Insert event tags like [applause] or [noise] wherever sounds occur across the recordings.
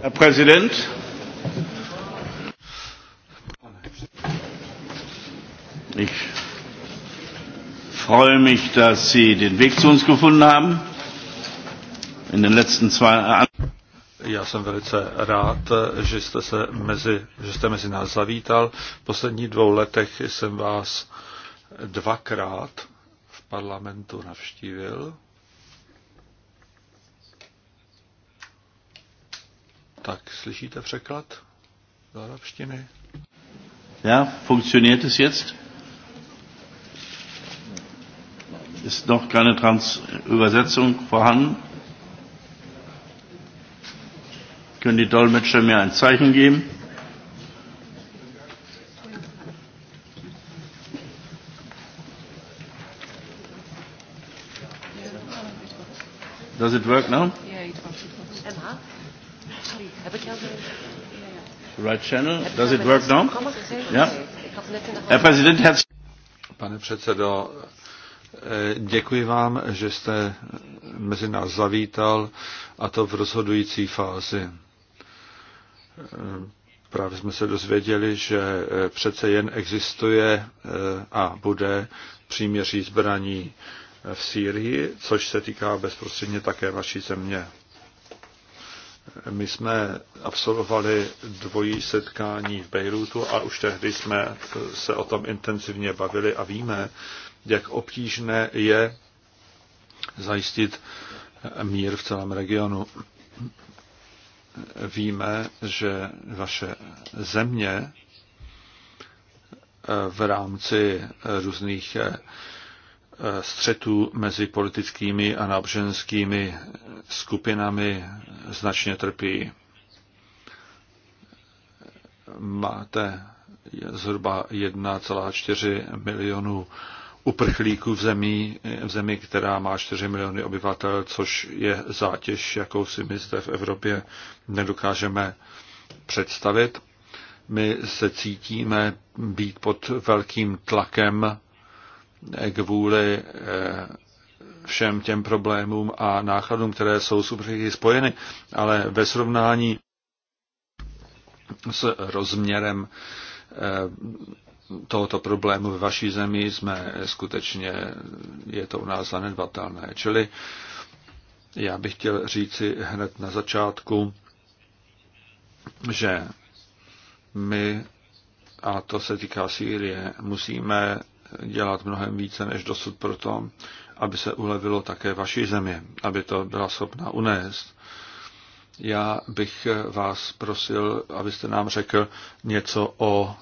Herr Präsident. Ich freue mich, dass Sie den Weg zu uns gefunden haben. In den letzten zwei já jsem velice rád, že jste, se mezi, že jste mezi nás zavítal. V posledních dvou letech jsem vás dvakrát v parlamentu navštívil. Tak, slyšíte překlad do arabštiny? Ja, funktioniert es jetzt? Ist noch keine Trans Übersetzung vorhanden? Können die Dolmetscher mir ein Zeichen geben? Does it work now? right channel. Does it work now? Yeah. Herr Präsident, Pane předsedo, eh, děkuji vám, že jste mezi nás zavítal a to v rozhodující fázi. Eh, právě jsme se dozvěděli, že eh, přece jen existuje a bude příměří zbraní v Sýrii, což se týká bezprostředně také vaší země. My jsme absolvovali dvojí setkání v Bejrutu a už tehdy jsme se o tom intenzivně bavili a víme, jak obtížné je zajistit mír v celém regionu. Víme, že vaše země v rámci různých střetů mezi politickými a náboženskými skupinami značně trpí. Máte zhruba 1,4 milionu uprchlíků v zemi, v zemi, která má 4 miliony obyvatel, což je zátěž, jakou si my zde v Evropě nedokážeme představit. My se cítíme být pod velkým tlakem kvůli eh, všem těm problémům a nákladům, které jsou s spojeny, ale ve srovnání s rozměrem eh, tohoto problému ve vaší zemi jsme skutečně, je to u nás zanedbatelné. Čili já bych chtěl říci hned na začátku, že my, a to se týká Sýrie, musíme dělat mnohem více než dosud pro to, aby se ulevilo také vaší zemi, aby to byla schopna unést. Já bych vás prosil, abyste nám řekl něco o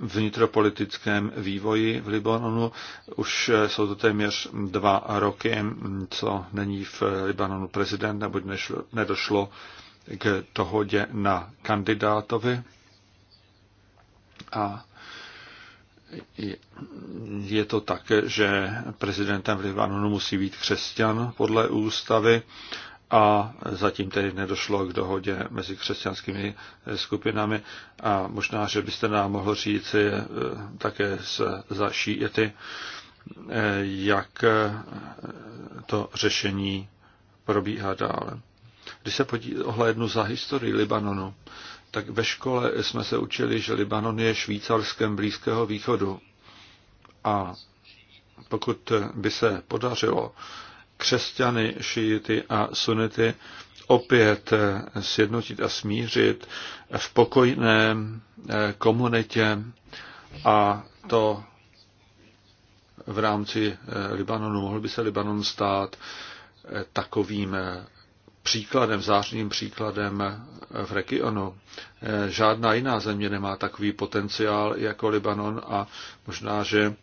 vnitropolitickém vývoji v Libanonu. Už jsou to téměř dva roky, co není v Libanonu prezident, nebo nešlo, nedošlo k dohodě na kandidátovi. A je to tak, že prezidentem v Libanonu musí být křesťan podle ústavy a zatím tedy nedošlo k dohodě mezi křesťanskými skupinami a možná, že byste nám mohl říct eh, také s šíjety, eh, jak eh, to řešení probíhá dále. Když se podí, ohlédnu za historii Libanonu, tak ve škole jsme se učili, že Libanon je švýcarském Blízkého východu. A pokud by se podařilo křesťany, šijity a sunity opět sjednotit a smířit v pokojné eh, komunitě a to v rámci eh, Libanonu. Mohl by se Libanon stát eh, takovým příkladem, zářným příkladem eh, v regionu. Eh, žádná jiná země nemá takový potenciál jako Libanon a možná, že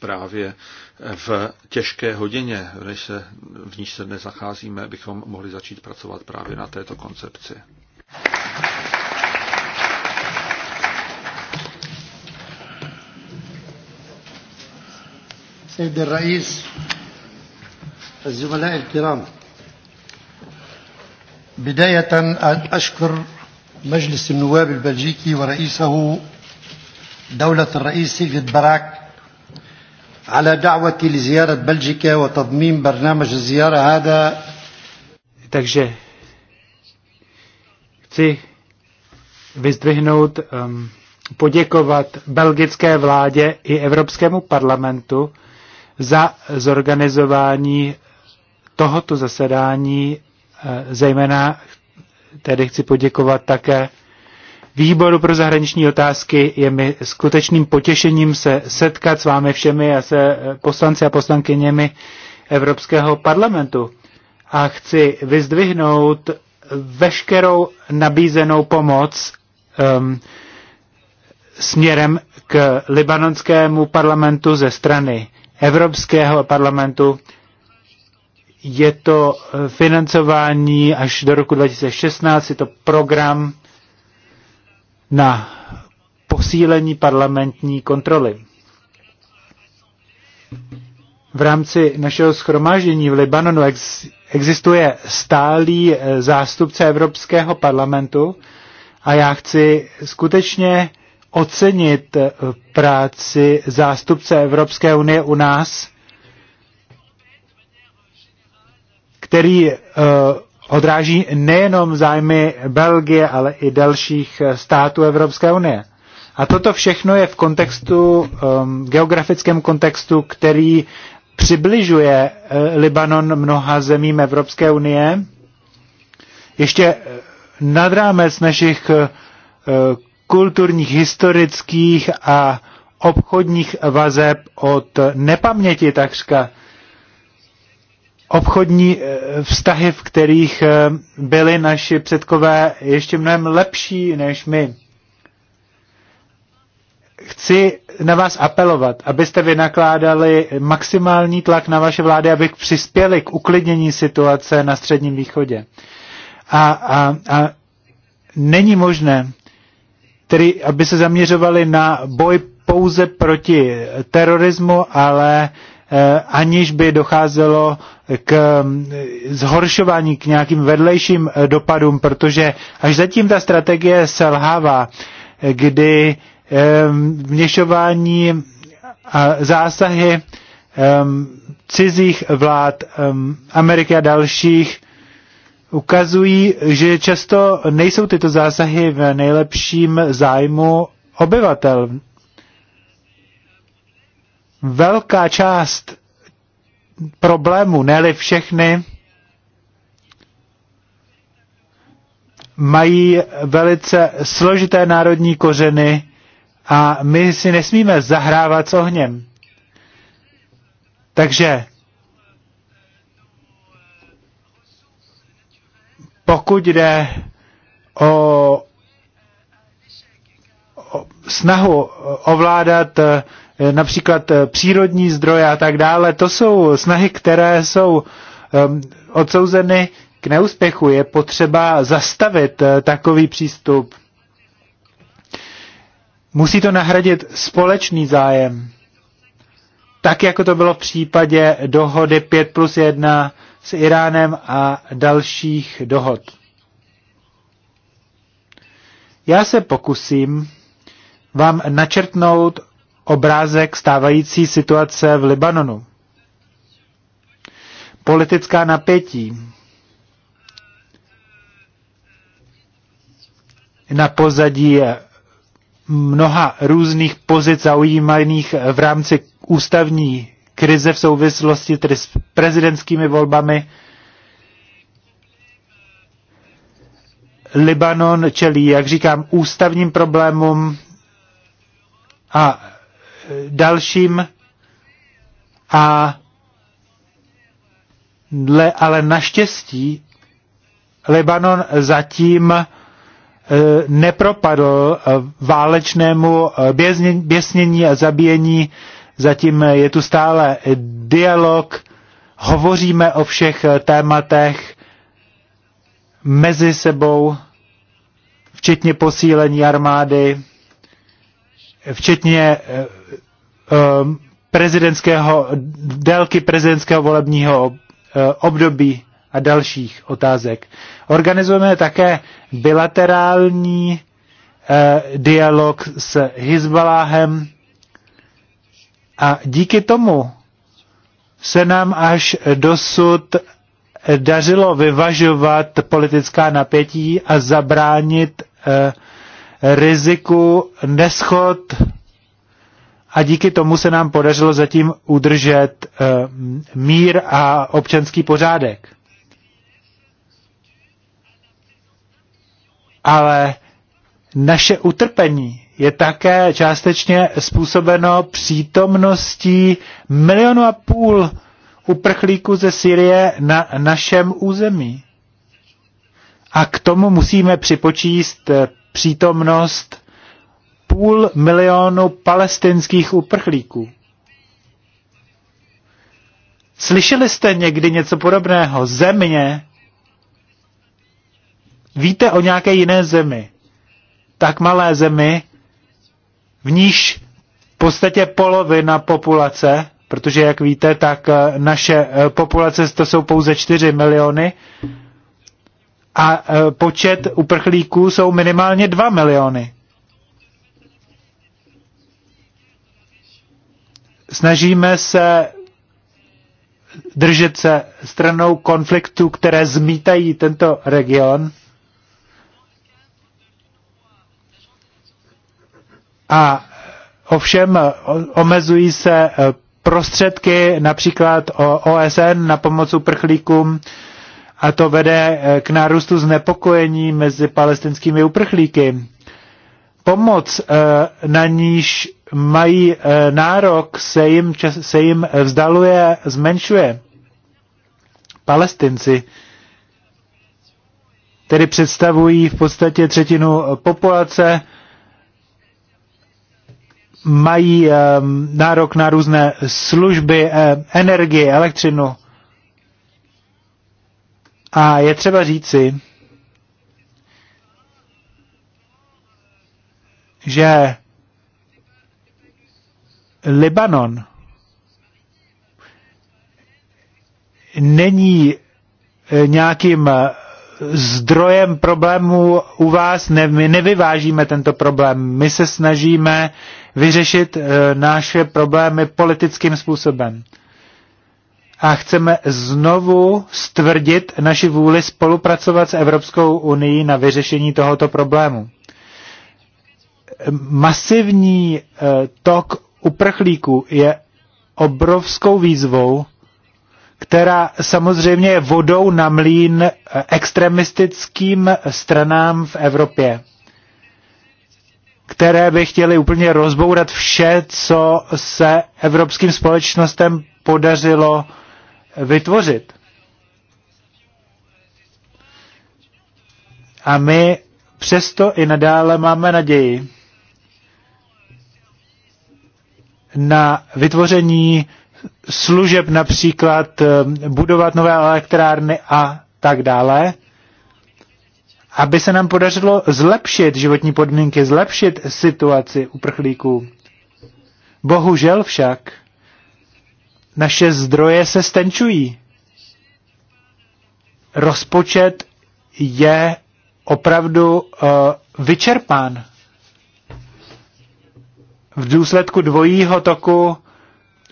právě eh, v těžké hodině, než se, v níž se dnes zacházíme, bychom mohli začít pracovat právě na této koncepci. Sejde الرئيس الزملاء الكرام بداية أن أشكر مجلس النواب البلجيكي ورئيسه دولة الرئيس سيفيد براك على دعوتي لزيارة بلجيكا وتضمين برنامج الزيارة هذا Takže chci vyzdvihnout, um, poděkovat belgické vládě i Evropskému parlamentu za zorganizování tohoto zasedání Eh, zejména tedy chci poděkovat také Výboru pro zahraniční otázky. Je mi skutečným potěšením se setkat s vámi všemi a se eh, poslanci a poslankyněmi Evropského parlamentu. A chci vyzdvihnout veškerou nabízenou pomoc um, směrem k libanonskému parlamentu ze strany Evropského parlamentu je to eh, financování až do roku 2016, je to program na posílení parlamentní kontroly. V rámci našeho schromáždění v Libanonu ex- existuje stálý eh, zástupce Evropského parlamentu a já chci skutečně ocenit eh, práci zástupce Evropské unie u nás který eh, odráží nejenom zájmy Belgie, ale i dalších eh, států Evropské unie. A toto všechno je v kontextu, um, geografickém kontextu, který přibližuje uh, Libanon mnoha zemím Evropské unie. Ještě nad rámec našich uh, kulturních, historických a obchodních vazeb od nepaměti takřka obchodní eh, vztahy, v kterých eh, byli naši předkové ještě mnohem lepší než my. Chci na vás apelovat, abyste vynakládali maximální tlak na vaše vlády, aby přispěli k uklidnění situace na Středním východě. A, a, a není možné, tedy aby se zaměřovali na boj pouze proti terorismu, ale eh, aniž by docházelo k eh, zhoršování, k nějakým vedlejším eh, dopadům, protože až zatím ta strategie selhává, eh, kdy vněšování a zásahy cizích vlád Ameriky a dalších ukazují, že často nejsou tyto zásahy v nejlepším zájmu obyvatel. Velká část problémů, ne všechny, mají velice složité národní kořeny a my si nesmíme zahrávat s ohněm. Takže pokud jde o, o snahu ovládat Eh, například eh, přírodní zdroje a tak dále. To jsou snahy, které jsou ehm, odsouzeny k neúspěchu. Je potřeba zastavit eh, takový přístup. Musí to nahradit společný zájem. Tak, jako to bylo v případě dohody 5 plus 1 s Iránem a dalších dohod. Já se pokusím vám načrtnout obrázek stávající situace v Libanonu. Politická napětí na pozadí mnoha různých pozic zaujímaných v rámci ústavní krize v souvislosti tedy s prezidentskými volbami. Libanon čelí, jak říkám, ústavním problémům a dalším a dle, ale naštěstí Libanon zatím e, nepropadl e, válečnému e, běsnění a zabíjení. Zatím je tu stále dialog, hovoříme o všech tématech mezi sebou, včetně posílení armády, včetně eh, eh, prezidentského, délky prezidentského volebního eh, období a dalších otázek. Organizujeme také bilaterální dialog s Hizbaláhem a díky tomu se nám až dosud dařilo vyvažovat politická napětí a zabránit riziku neschod a díky tomu se nám podařilo zatím udržet eh, mír a občanský pořádek. Ale naše utrpení je také částečně způsobeno přítomností milionu a půl uprchlíků ze Syrie na našem území. A k tomu musíme připočíst eh, přítomnost půl milionu palestinských uprchlíků. Slyšeli jste někdy něco podobného? Země? Víte o nějaké jiné zemi? Tak malé zemi, v níž v podstatě polovina populace, protože jak víte, tak eh, naše eh, populace to jsou pouze 4 miliony, a e, počet uprchlíků jsou minimálně 2 miliony. Snažíme se držet se stranou konfliktů, které zmítají tento region. A ovšem omezují se e, prostředky například OSN na pomoc uprchlíkům, a to vede eh, k nárůstu znepokojení mezi palestinskými uprchlíky. Pomoc, eh, na níž mají eh, nárok, se jim, se jim vzdaluje, zmenšuje. Palestinci tedy představují v podstatě třetinu populace, mají nárok na různé služby, energii, elektřinu. A je třeba říci, že Libanon není eh, nějakým eh, zdrojem problému u vás, ne, my nevyvážíme tento problém, my se snažíme vyřešit eh, naše problémy politickým způsobem a chceme znovu stvrdit naši vůli spolupracovat s Evropskou unii na vyřešení tohoto problému. Masivní eh, tok uprchlíků je obrovskou výzvou, která samozřejmě je vodou na mlín eh, extremistickým stranám v Evropě, které by chtěly úplně rozbourat vše, co se evropským společnostem podařilo vytvořit. A my přesto i nadále máme naději na vytvoření služeb, například eh, budovat nové elektrárny a tak dále, aby se nám podařilo zlepšit životní podmínky, zlepšit situaci uprchlíků. Bohužel však naše zdroje se stenčují. Rozpočet je opravdu uh, vyčerpán. V důsledku dvojího toku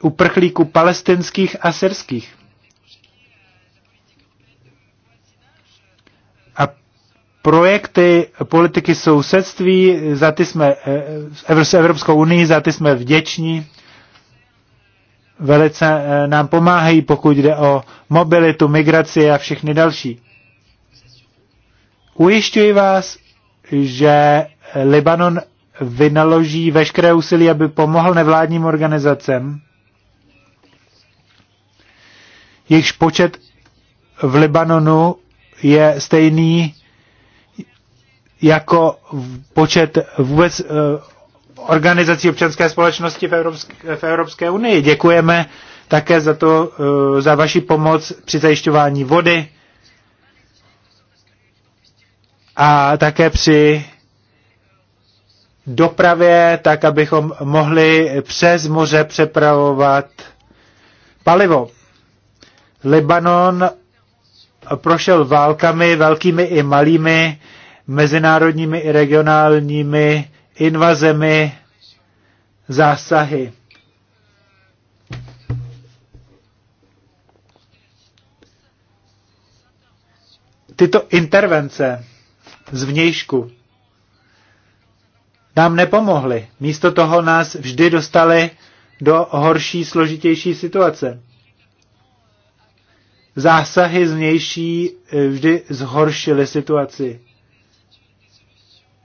uprchlíků palestinských a syrských. A projekty politiky sousedství, za ty jsme, eh, s Evropskou unii, za ty jsme vděční velice eh, nám pomáhají, pokud jde o mobilitu, migraci a všechny další. Ujišťuji vás, že Libanon vynaloží veškeré úsilí, aby pomohl nevládním organizacem, jejichž počet v Libanonu je stejný jako počet vůbec eh, organizací občanské společnosti v Evropské, v Evropské unii. Děkujeme také za to, eh, za vaši pomoc při zajišťování vody a také při dopravě, tak abychom mohli přes moře přepravovat palivo. Libanon prošel válkami, velkými i malými, mezinárodními i regionálními, invazemi, zásahy. Tyto intervence z vnějšku nám nepomohly. Místo toho nás vždy dostali do horší, složitější situace. Zásahy zvnější eh, vždy zhoršily situaci.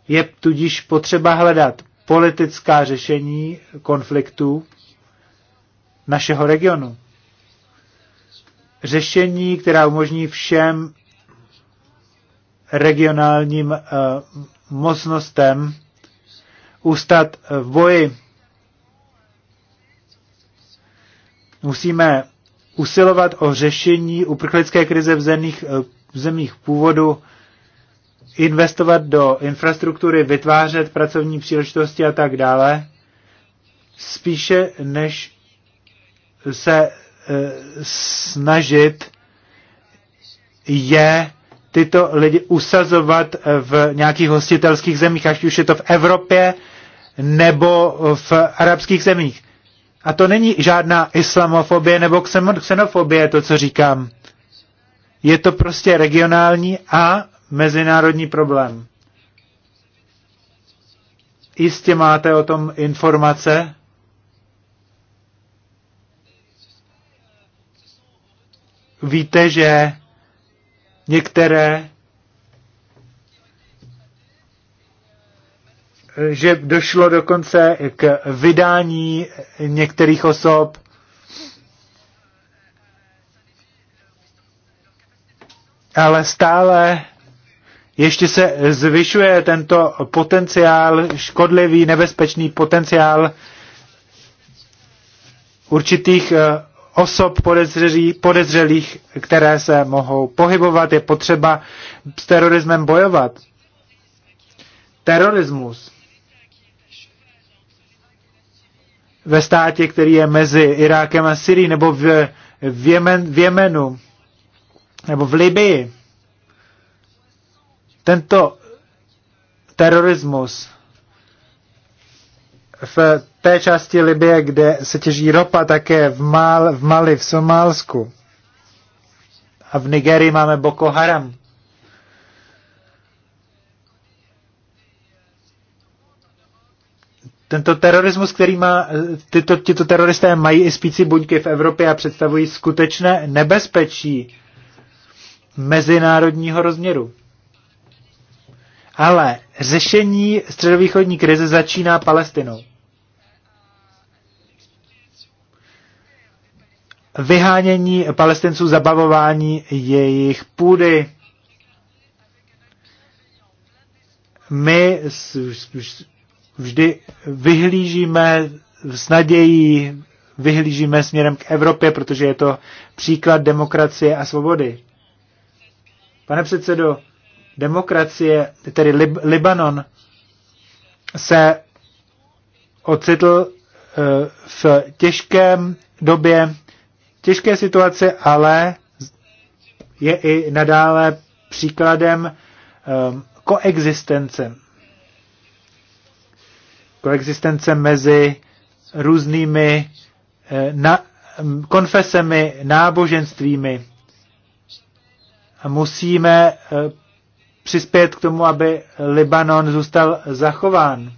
Je tudíž potřeba hledat politická řešení konfliktů našeho regionu. Řešení, která umožní všem regionálním uh, mocnostem ustat v boji. Musíme usilovat o řešení uprchlické krize v zemích, eh, v zemích původu investovat do infrastruktury, vytvářet pracovní příležitosti a tak dále, spíše než se e, snažit je tyto lidi usazovat v nějakých hostitelských zemích, ať už je to v Evropě nebo v arabských zemích. A to není žádná islamofobie nebo xenofobie, to, co říkám. Je to prostě regionální a mezinárodní problém. Jistě máte o tom informace. Víte, že některé že došlo dokonce k vydání některých osob. Ale stále ještě se zvyšuje tento potenciál, škodlivý, nebezpečný potenciál určitých eh, osob podezřelých, které se mohou pohybovat. Je potřeba s terorismem bojovat. Terorismus ve státě, který je mezi Irákem a Syrií, nebo v, v, Jemen, v Jemenu, nebo v Libii, tento terorismus v té části Libie, kde se těží ropa, také v, Mal, v Mali, v Somálsku. A v Nigerii máme Boko Haram. Tento terorismus, který má, tyto, tyto teroristé mají i spící buňky v Evropě a představují skutečné nebezpečí mezinárodního rozměru. Ale řešení středovýchodní krize začíná Palestinou. Vyhánění palestinců, zabavování jejich půdy. My vždy vyhlížíme s nadějí, vyhlížíme směrem k Evropě, protože je to příklad demokracie a svobody. Pane předsedo, demokracie, tedy Lib- Libanon, se ocitl eh, v těžkém době, těžké situaci, ale je i nadále příkladem eh, koexistence. Koexistence mezi různými eh, na, konfesemi, náboženstvími. Musíme přispět k tomu, aby Libanon zůstal zachován.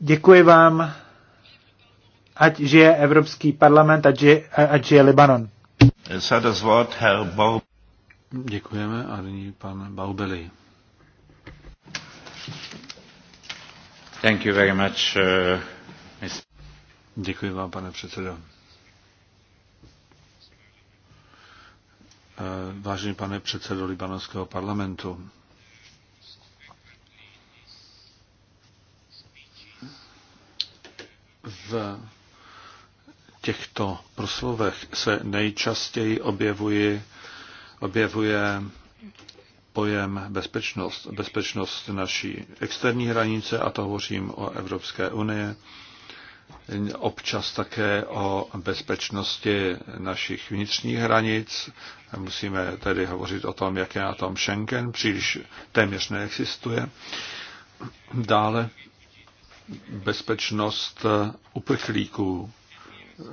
Děkuji vám, ať žije Evropský parlament, ať žije, ať žije Libanon. Děkujeme a nyní pan Baubeli. Thank you very much, uh, Děkuji vám, pane předsedo. Eh, vážený pane předsedo libanonského parlamentu. V těchto proslovech se nejčastěji objevuje, objevuje pojem bezpečnost, bezpečnost naší externí hranice, a to hovořím o Evropské unii, občas také o bezpečnosti našich vnitřních hranic. Musíme tedy hovořit o tom, jak je na tom Schengen, příliš téměř neexistuje. Dále bezpečnost uprchlíků,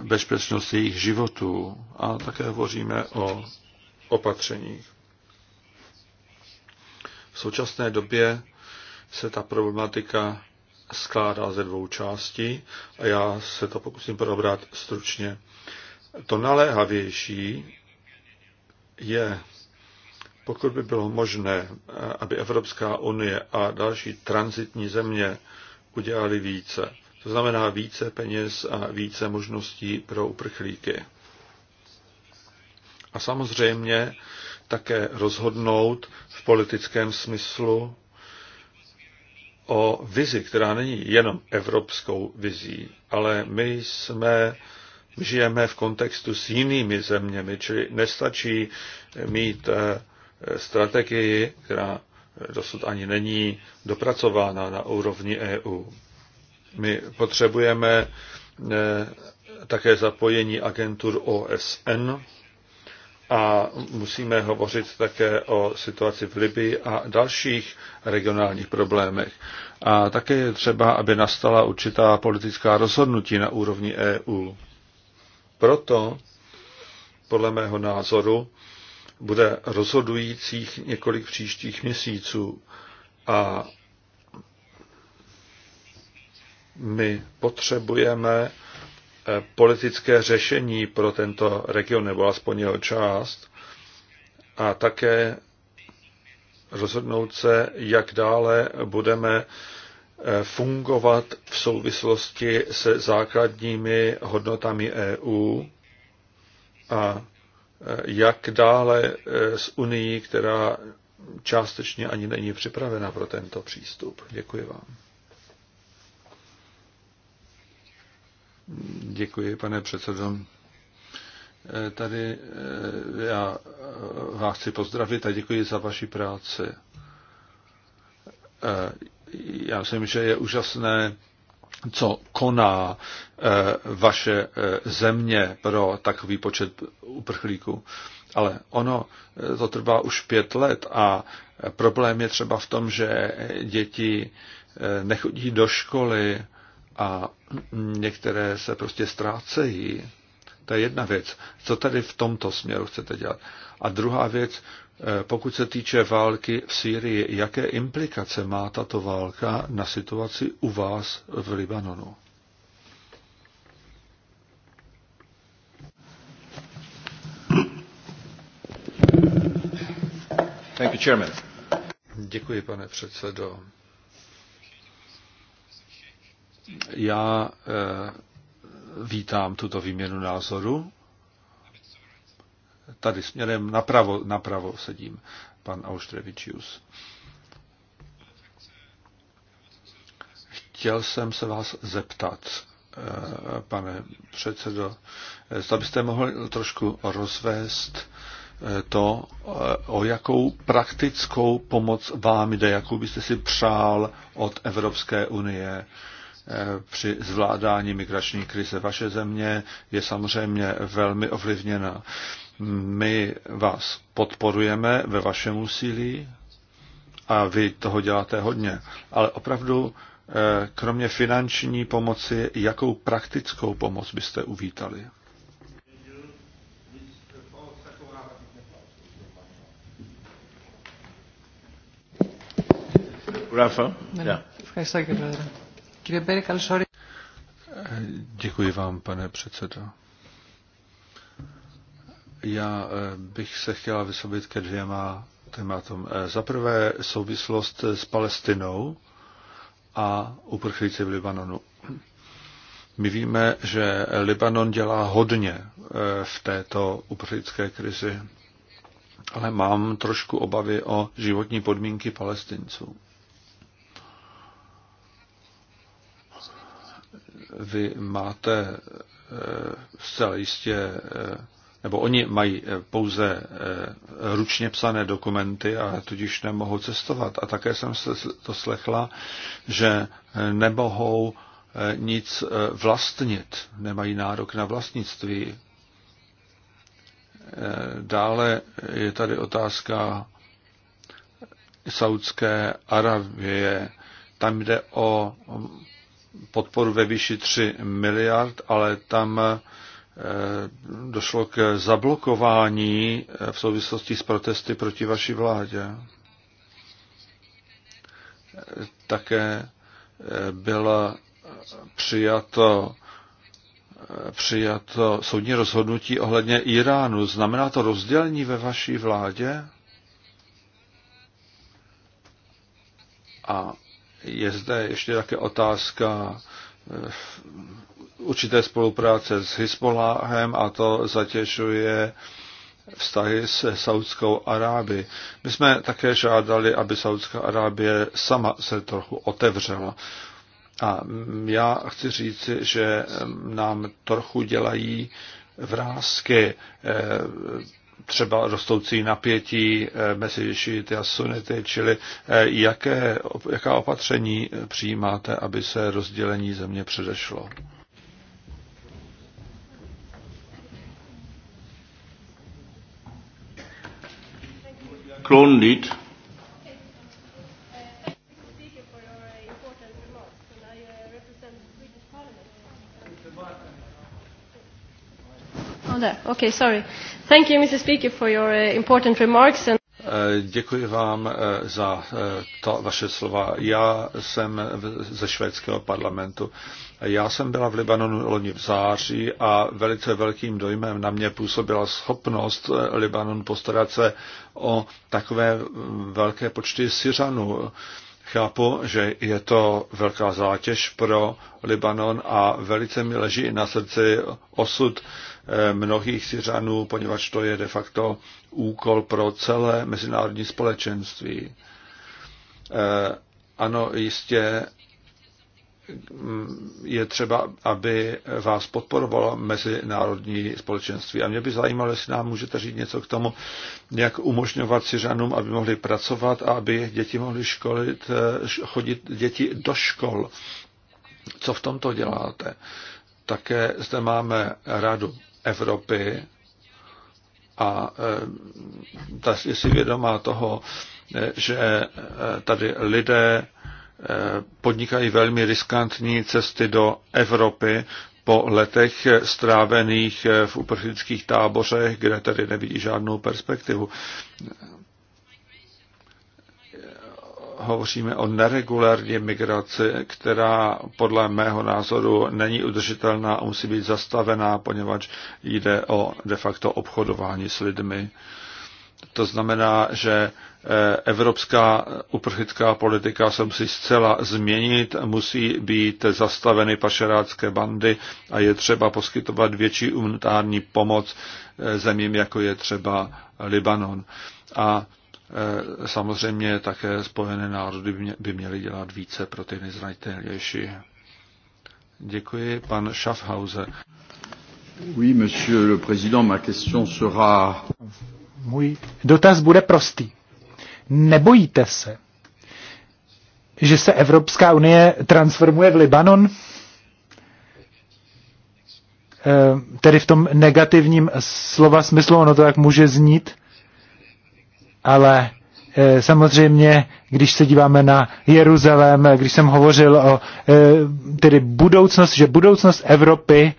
bezpečnost jejich životů a také hovoříme o opatřeních. V současné době se ta problematika skládá ze dvou částí a já se to pokusím probrat stručně. To naléhavější je, pokud by bylo možné, aby Evropská unie a další transitní země udělali více. To znamená více peněz a více možností pro uprchlíky. A samozřejmě také rozhodnout v politickém smyslu o vizi, která není jenom evropskou vizí, ale my jsme žijeme v kontextu s jinými zeměmi, čili nestačí mít eh, strategii, která dosud ani není dopracována na úrovni EU. My potřebujeme eh, také zapojení agentur OSN a musíme hovořit také o situaci v Libii a dalších regionálních problémech. A také je třeba, aby nastala určitá politická rozhodnutí na úrovni EU. Proto, podle mého názoru, bude rozhodujících několik příštích měsíců a my potřebujeme Eh, politické řešení pro tento region, nebo aspoň jeho část, a také rozhodnout se, jak dále budeme eh, fungovat v souvislosti se základními hodnotami EU a eh, jak dále s Unii, která částečně ani není připravena pro tento přístup. Děkuji vám. Děkuji, pane předsedo. Eh, tady eh, já eh, vás chci pozdravit a děkuji za vaši práci. Já myslím, že je úžasné, co koná vaše země pro takový počet uprchlíků. Ale ono to trvá už pět let a problém je třeba v tom, že děti nechodí do školy, a některé se prostě ztrácejí. To je jedna věc. Co tady v tomto směru chcete dělat? A druhá věc, eh, pokud se týče války v Sýrii, jaké implikace má tato válka na situaci u vás v Libanonu? Thank you, Chairman. Děkuji, pane předsedo. Já eh, vítám tuto výměnu názoru. Tady směrem napravo, napravo sedím, pan Austrevičius. Chtěl jsem se vás zeptat, eh, pane předsedo, eh, zda byste mohl trošku rozvést to, o jakou praktickou pomoc vám jde, jakou byste si přál od Evropské unie Eh, při zvládání migrační krize. Vaše země je samozřejmě velmi ovlivněna. My vás podporujeme ve vašem úsilí a vy toho děláte hodně. Ale opravdu, eh, kromě finanční pomoci, jakou praktickou pomoc byste uvítali? Rafa? Ja. Ευχαριστώ Děkuji vám, pane předsedo. Já eh, bych se chtěla vyslovit ke dvěma tématům. Eh, za prvé souvislost s Palestinou a uprchlíci v Libanonu. My víme, že Libanon dělá hodně eh, v této uprchlické krizi, ale mám trošku obavy o životní podmínky palestinců. Vy máte eh, zcela jistě, eh, nebo oni mají eh, pouze ručně psané dokumenty a tudíž nemohou cestovat. A také jsem se to slechla, že nemohou nic vlastnit, nemají nárok na vlastnictví. Dále je tady otázka Saudské Arabie. Tam jde o podporu ve výši 3 miliard, ale tam eh, došlo k zablokování eh, v souvislosti s protesty proti vaší vládě. Také eh, byla přijato, přijato soudní rozhodnutí ohledně Iránu. Znamená to rozdělení ve vaší vládě? A je zde ještě také otázka eh, určité spolupráce s Hispoláhem a to zatěžuje vztahy se Saudskou Arábií. My jsme také žádali, aby Saudská Arábie sama se trochu otevřela. A já chci říci, že nám trochu dělají vrázky eh, třeba rostoucí napětí eh, mezi šity a sunity, čili eh, jaké, jaká opatření eh, přijímáte, aby se rozdělení země předešlo? Klon lead Děkuji vám eh, za eh, to vaše slova. Já jsem ze švédského parlamentu. Já jsem byla v Libanonu loni v září a velice velkým dojmem na mě působila schopnost eh, Libanon postarat se o takové mm, velké počty Syřanů. Chápu, že je to velká zátěž pro Libanon a velice mi leží na srdci osud eh, mnohých Syřanů, poněvadž to je de facto úkol pro celé mezinárodní společenství. Eh, ano, jistě je třeba, aby vás podporovalo mezinárodní společenství. A mě by zajímalo, jestli nám můžete říct něco k tomu, jak umožňovat Syřanům, aby mohli pracovat a aby děti mohly školit, chodit děti do škol. Co v tomto děláte? Také zde máme Radu Evropy a eh, ta je si vědomá toho, eh, že eh, tady lidé podnikají velmi riskantní cesty do Evropy po letech strávených v uprchlických tábořech, kde tedy nevidí žádnou perspektivu. Hovoříme o neregulární migraci, která podle mého názoru není udržitelná a musí být zastavená, poněvadž jde o de facto obchodování s lidmi. To znamená, že evropská uprchlická politika se musí zcela změnit, musí být zastaveny pašerácké bandy a je třeba poskytovat větší humanitární pomoc eh, zemím, jako je třeba Libanon. A eh, samozřejmě také Spojené národy by měly dělat více pro ty nejzranitelnější. Děkuji, pan Schaffhauser. Oui, monsieur le président, ma question sera... Můj dotaz bude prostý. Nebojíte se, že se Evropská unie transformuje v Libanon? Eh, tedy v tom negativním slova smyslu, ono to tak může znít, ale eh, samozřejmě, když se díváme na Jeruzalém, eh, když jsem hovořil o tedy budoucnost, že budoucnost Evropy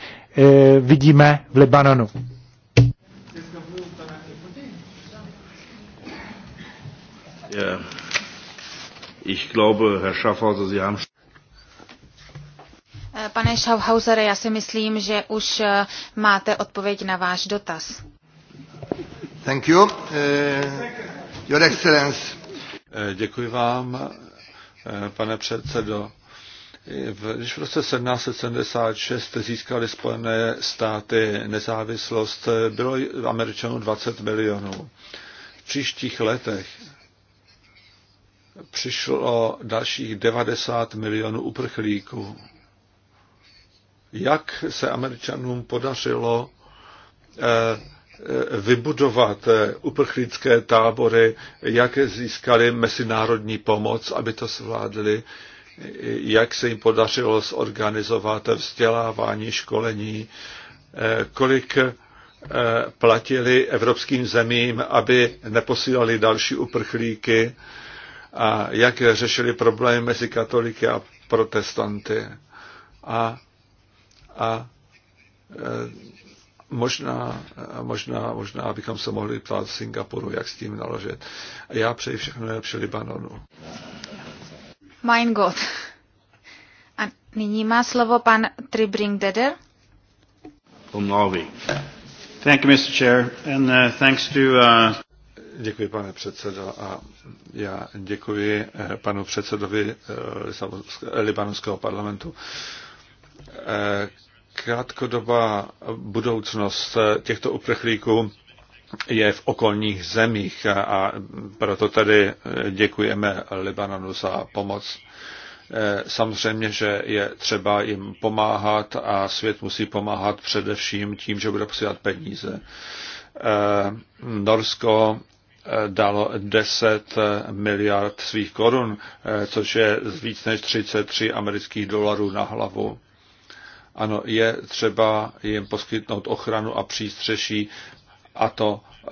vidíme v Libanonu. Ich glaube, Herr Schaffhauser, Sie haben eh, Pane Schaffhauser, já si myslím, že už eh, máte odpověď na váš dotaz. Thank you. Uh, your Excellence. Děkuji vám, pane předsedo. Když v roce 1776 získali Spojené státy nezávislost, bylo Američanů 20 milionů. V příštích letech přišlo dalších 90 milionů uprchlíků. Jak se američanům podařilo eh, eh, vybudovat eh, uprchlícké tábory, jak získali mezinárodní pomoc, aby to zvládli, jak se jim podařilo zorganizovat vzdělávání, školení, kolik platili evropským zemím, aby neposílali další uprchlíky, a jak řešili problémy mezi katoliky a protestanty. A, a e, možná, možná, možná bychom se mohli ptát v Singapuru, jak s tím naložit. Já přeji všechno nejlepší Libanonu. Mein Gott. A nyní má slovo pan Tribring Deder. Thank you, Mr. Chair, and uh, thanks to uh... Děkuji, pane předsedo, a já děkuji eh, panu předsedovi eh, libanonského parlamentu. Eh, krátkodobá budoucnost těchto uprchlíků je v okolních zemích a proto tedy děkujeme Libanonu za pomoc. Samozřejmě, že je třeba jim pomáhat a svět musí pomáhat především tím, že bude posílat peníze. Norsko dalo 10 miliard svých korun, eh, což je víc než 33 amerických dolarů na hlavu. Ano, je třeba jim poskytnout ochranu a přístřeší, a to eh,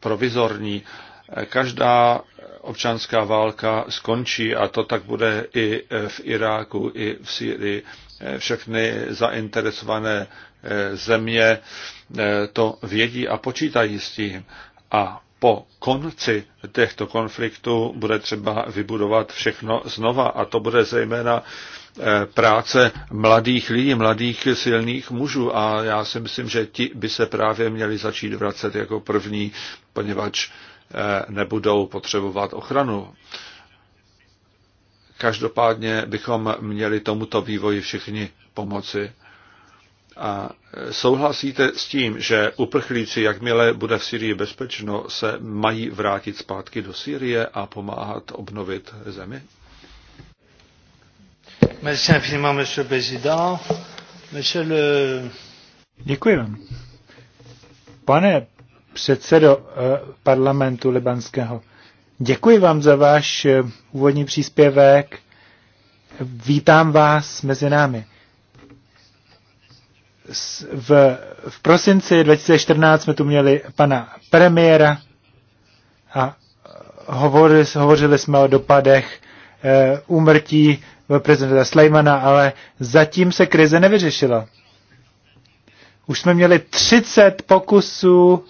provizorní. Každá občanská válka skončí a to tak bude i eh, v Iráku, i v Syrii. Všechny zainteresované země to vědí a počítají s tím. A po konci těchto konfliktů bude třeba vybudovat všechno znova a to bude zejména eh, práce mladých lidí, mladých silných mužů a já si myslím, že ti by se právě měli začít vracet jako první, poněvadž eh, nebudou potřebovat ochranu. Každopádně bychom měli tomuto vývoji všichni pomoci. A souhlasíte s tím, že uprchlíci, jakmile bude v Syrii bezpečno, se mají vrátit zpátky do Syrie a pomáhat obnovit zemi? Děkuji vám. Pane předsedo eh, parlamentu libanského, děkuji vám za váš eh, úvodní příspěvek. Vítám vás mezi námi v, v prosinci 2014 jsme tu měli pana premiéra a hovořili, hovořili jsme o dopadech e, úmrtí prezidenta Slejmana, ale zatím se krize nevyřešila. Už jsme měli 30 pokusů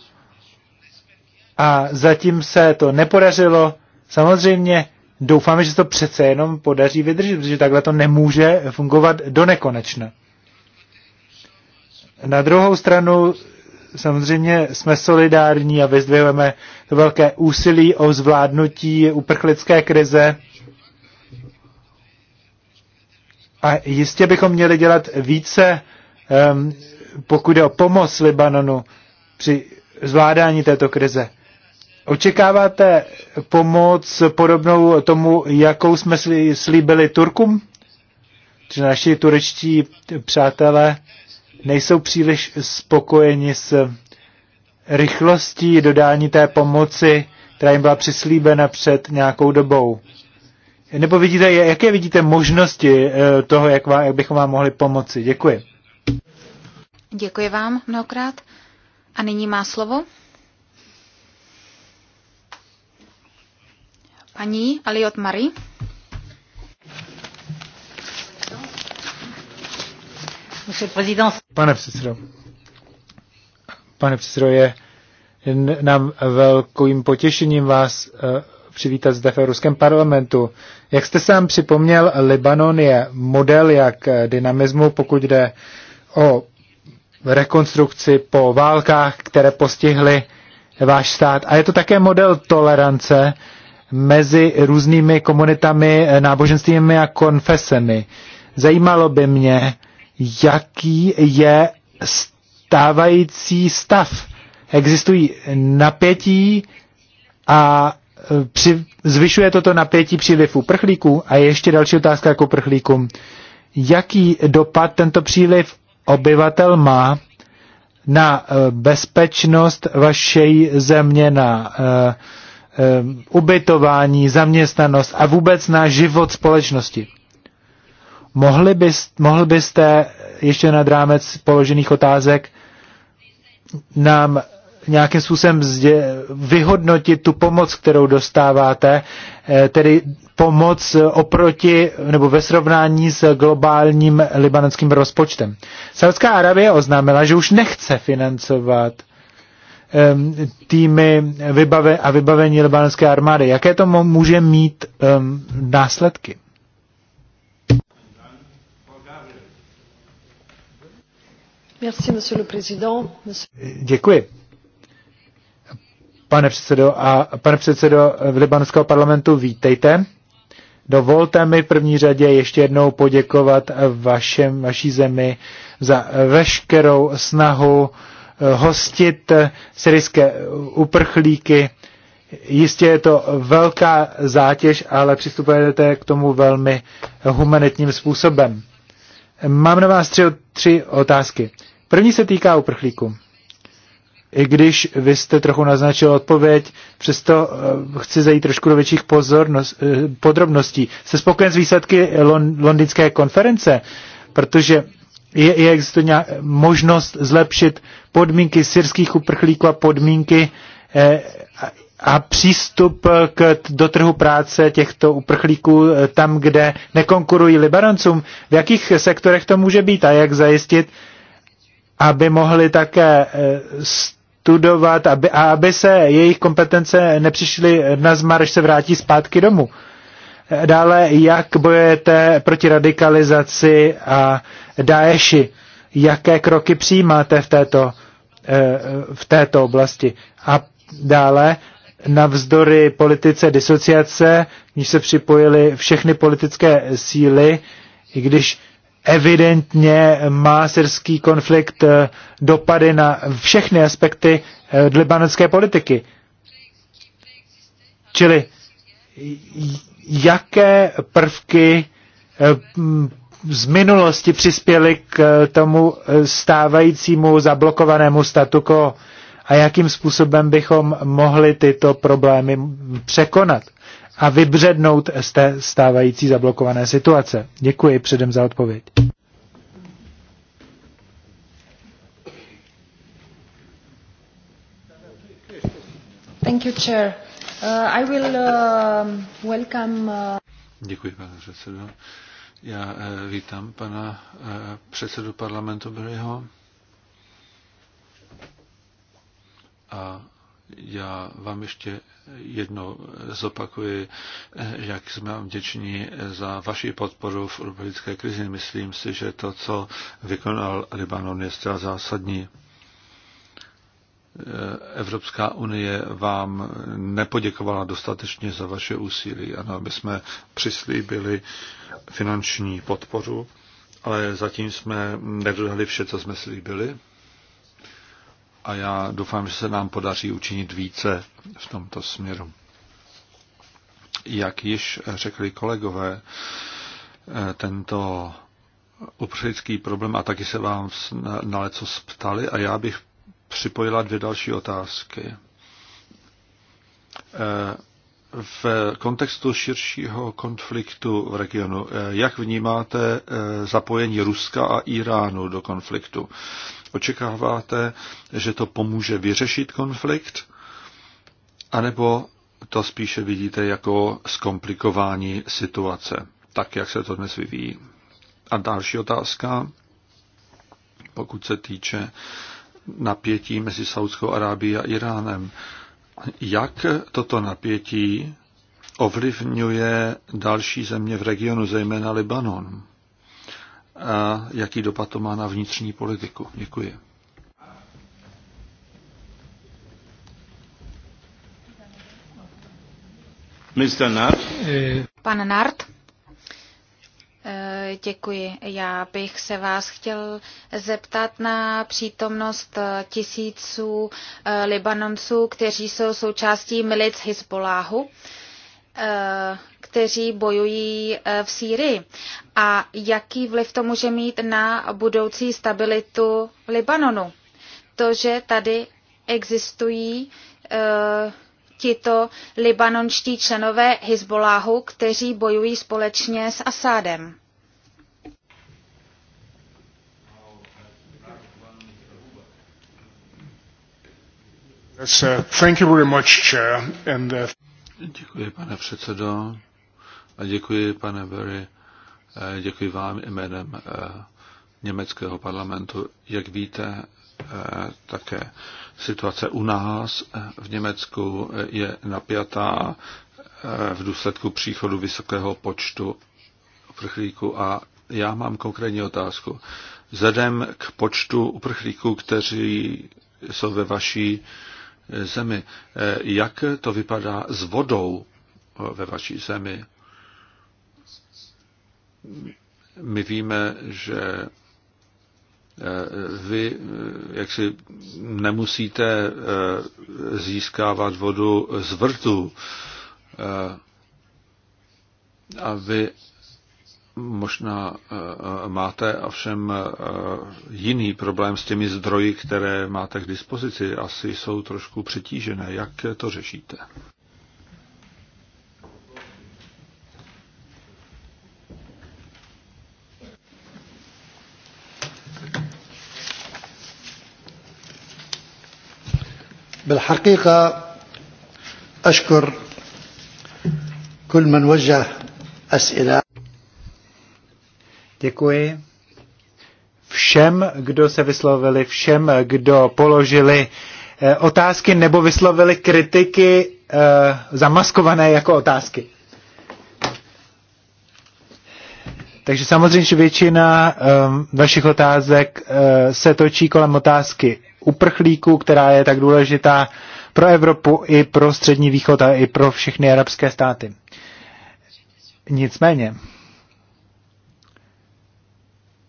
a zatím se to nepodařilo. Samozřejmě doufáme, že to přece jenom podaří vydržet, protože takhle to nemůže fungovat do nekonečna. Na druhou stranu samozřejmě jsme solidární a vyzdvihujeme to velké úsilí o zvládnutí uprchlické krize. A jistě bychom měli dělat více, um, pokud jde o pomoc Libanonu při zvládání této krize. Očekáváte pomoc podobnou tomu, jakou jsme slíbili Turkům? Či naši turečtí přátelé nejsou příliš spokojeni s rychlostí dodání té pomoci, která jim byla přislíbena před nějakou dobou. Nebo vidíte, jaké vidíte možnosti eh, toho, jak, vám, jak bychom vám mohli pomoci? Děkuji. Děkuji vám mnohokrát. A nyní má slovo paní Aliot Marie. Pane předsedo, pane předsedo, je nám velkým potěšením vás eh, přivítat zde v Evropském parlamentu. Jak jste sám připomněl, Libanon je model jak eh, dynamismu, pokud jde o rekonstrukci po válkách, které postihly váš stát. A je to také model tolerance mezi různými komunitami, eh, náboženstvími a konfesemi. Zajímalo by mě, jaký je stávající stav. Existují napětí a e, při, zvyšuje toto napětí příliv uprchlíků? A ještě další otázka k jako prchlíkům: Jaký dopad tento příliv obyvatel má na e, bezpečnost vaší země, na uh, ubytování, zaměstnanost a vůbec na život společnosti? Mohli byst, mohl byste ještě nad rámec položených otázek nám nějakým způsobem zdě, vyhodnotit tu pomoc, kterou dostáváte, eh, tedy pomoc oproti nebo ve srovnání s globálním libanonským rozpočtem. Saudská Arabie oznámila, že už nechce financovat um, týmy vybave a vybavení libanonské armády. Jaké to může mít um, následky? Děkuji. Pane předsedo a pane předsedo Libanského parlamentu, vítejte. Dovolte mi v první řadě ještě jednou poděkovat vašem, vaší zemi za veškerou snahu eh, hostit syrijské uprchlíky. Jistě je to velká zátěž, ale přistupujete k tomu velmi humanitním způsobem. Mám na vás tři, tři otázky. První se týká uprchlíků. I když vy jste trochu naznačil odpověď, přesto eh, chci zajít trošku do větších eh, podrobností. Jste spokojen s výsledky londýnské konference? Protože je, je existuje nějak možnost zlepšit podmínky syrských uprchlíků a podmínky eh, a přístup eh, k, do trhu práce těchto uprchlíků tam, kde nekonkurují Libanoncům. V jakých sektorech to může být a jak zajistit, eh, aby mohli také eh, studovat, aby, a aby se jejich kompetence nepřišly na zmar, až se vrátí zpátky domů. Eh, dále, jak bojujete proti radikalizaci a Daeši? Jaké kroky přijímáte v této, eh, v této oblasti? A dále, navzdory politice disociace, když se připojily všechny politické síly, i když evidentně má syrský konflikt eh, dopady na všechny aspekty eh, libanonské politiky. Čili jaké prvky eh, z minulosti přispěly k tomu stávajícímu zablokovanému statu a jakým způsobem bychom mohli tyto problémy překonat a vybřednout z té stávající zablokované situace. Děkuji předem za odpověď. Thank you, Chair. Uh, I will uh, welcome... Uh... Děkuji, pane předsedo. Já uh, vítám pana uh, předsedu parlamentu Berryho. A já vám ještě Jedno zopakuji, jak jsme vám vděční za vaši podporu v urbanické krizi. Myslím si, že to, co vykonal Libanon, je zcela zásadní. Evropská unie vám nepoděkovala dostatečně za vaše úsilí. Ano, aby jsme přislíbili finanční podporu, ale zatím jsme nedodali vše, co jsme slíbili a já doufám, že se nám podaří učinit více v tomto směru. Jak již řekli kolegové, eh, tento uprchlický problém a taky se vám na leco ptali a já bych připojila dvě další otázky. Eh, v kontextu širšího konfliktu v regionu, eh, jak vnímáte zapojení Ruska a Iránu do konfliktu? Očekáváte, že to pomůže vyřešit konflikt? anebo to spíše vidíte jako zkomplikování situace, tak jak se to dnes vyvíjí. A další otázka, pokud se týče napětí mezi Saudskou Arábií a Iránem. Jak toto napětí ovlivňuje další země v regionu, zejména Libanon? a jaký dopad to má na vnitřní politiku. Děkuji. Pan Nart. Eh, děkuji. Já bych se vás chtěl zeptat na přítomnost tisíců eh, Libanonců, kteří jsou součástí milic Hezbollahu eh, kteří bojují eh, v Sýrii a jaký vliv to může mít na budoucí stabilitu Libanonu. To, že tady existují eh, tito libanonští členové Hezboláhu, kteří bojují společně s Asádem. Uh, Děkuji, pane předsedo. A děkuji, pane Berry, eh, děkuji vám jménem eh, německého parlamentu. Jak víte, eh, také situace u nás v Německu je napjatá v důsledku příchodu vysokého počtu uprchlíků. A já mám konkrétní otázku. Vzhledem k počtu uprchlíků, kteří jsou ve vaší zemi, jak to vypadá s vodou ve vaší zemi? my víme, že eh, vy eh, jak si nemusíte eh, získávat vodu z vrtu a vy možná máte ovšem jiný problém s těmi zdroji, které máte k dispozici. Asi jsou trošku přetížené. Jak to řešíte? بالحقيقة أشكر كل من وجه أسئلة Děkuji všem, kdo se vyslovili, všem, kdo položili eh, otázky nebo vyslovili kritiky eh, zamaskované jako otázky. Takže samozřejmě, že většina um, vašich otázek uh, se točí kolem otázky uprchlíků, která je tak důležitá pro Evropu i pro Střední východ a i pro všechny arabské státy. Nicméně,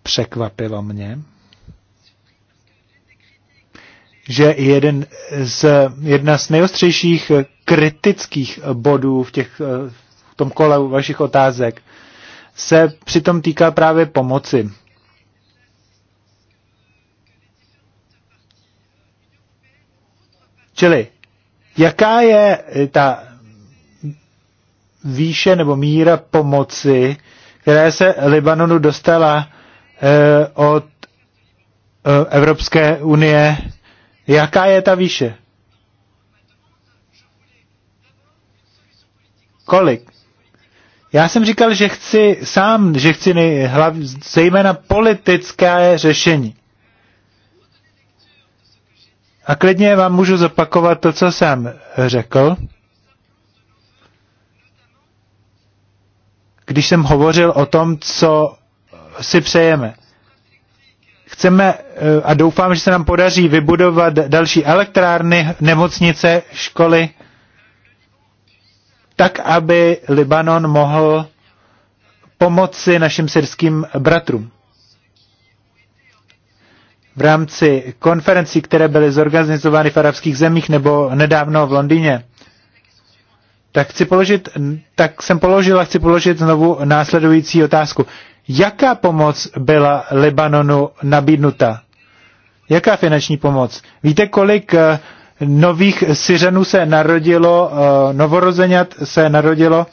překvapilo mě, že jeden z, jedna z nejostřejších kritických bodů v, těch, eh, v tom kole vašich otázek se přitom týká právě pomoci. Čili jaká je eh, ta výše nebo míra pomoci, která se Libanonu dostala eh, od eh, Evropské unie, jaká je ta výše? Kolik? Já jsem říkal, že chci sám, že chci nejhlav, zejména politické řešení. A klidně vám můžu zopakovat to, co jsem řekl. Když jsem hovořil o tom, co si přejeme. Chceme eh, a doufám, že se nám podaří vybudovat další elektrárny, nemocnice, školy, tak aby Libanon mohl pomoci našim syrským bratrům. V rámci konferencí, které byly zorganizovány v arabských zemích nebo nedávno v Londýně, tak, chci položit, tak jsem položil, a chci položit znovu následující otázku. Jaká pomoc byla Libanonu nabídnuta? Jaká finanční pomoc? Víte, kolik eh, nových syřenů se narodilo, eh, novorozenat se narodilo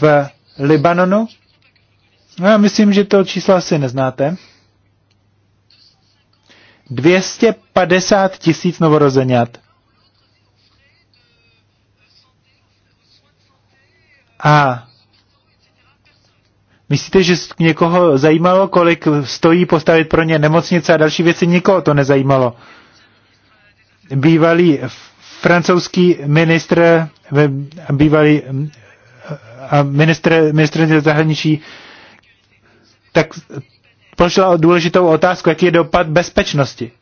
v Libanonu. No já myslím, že to číslo asi neznáte. 250 tisíc novorozenat. A myslíte, že někoho zajímalo, kolik stojí postavit pro ně nemocnice a další věci? Nikoho to nezajímalo bývalý francouzský ministr, bývalý a ministr, ministr zahraničí, tak pošla důležitou otázku, jaký je dopad bezpečnosti.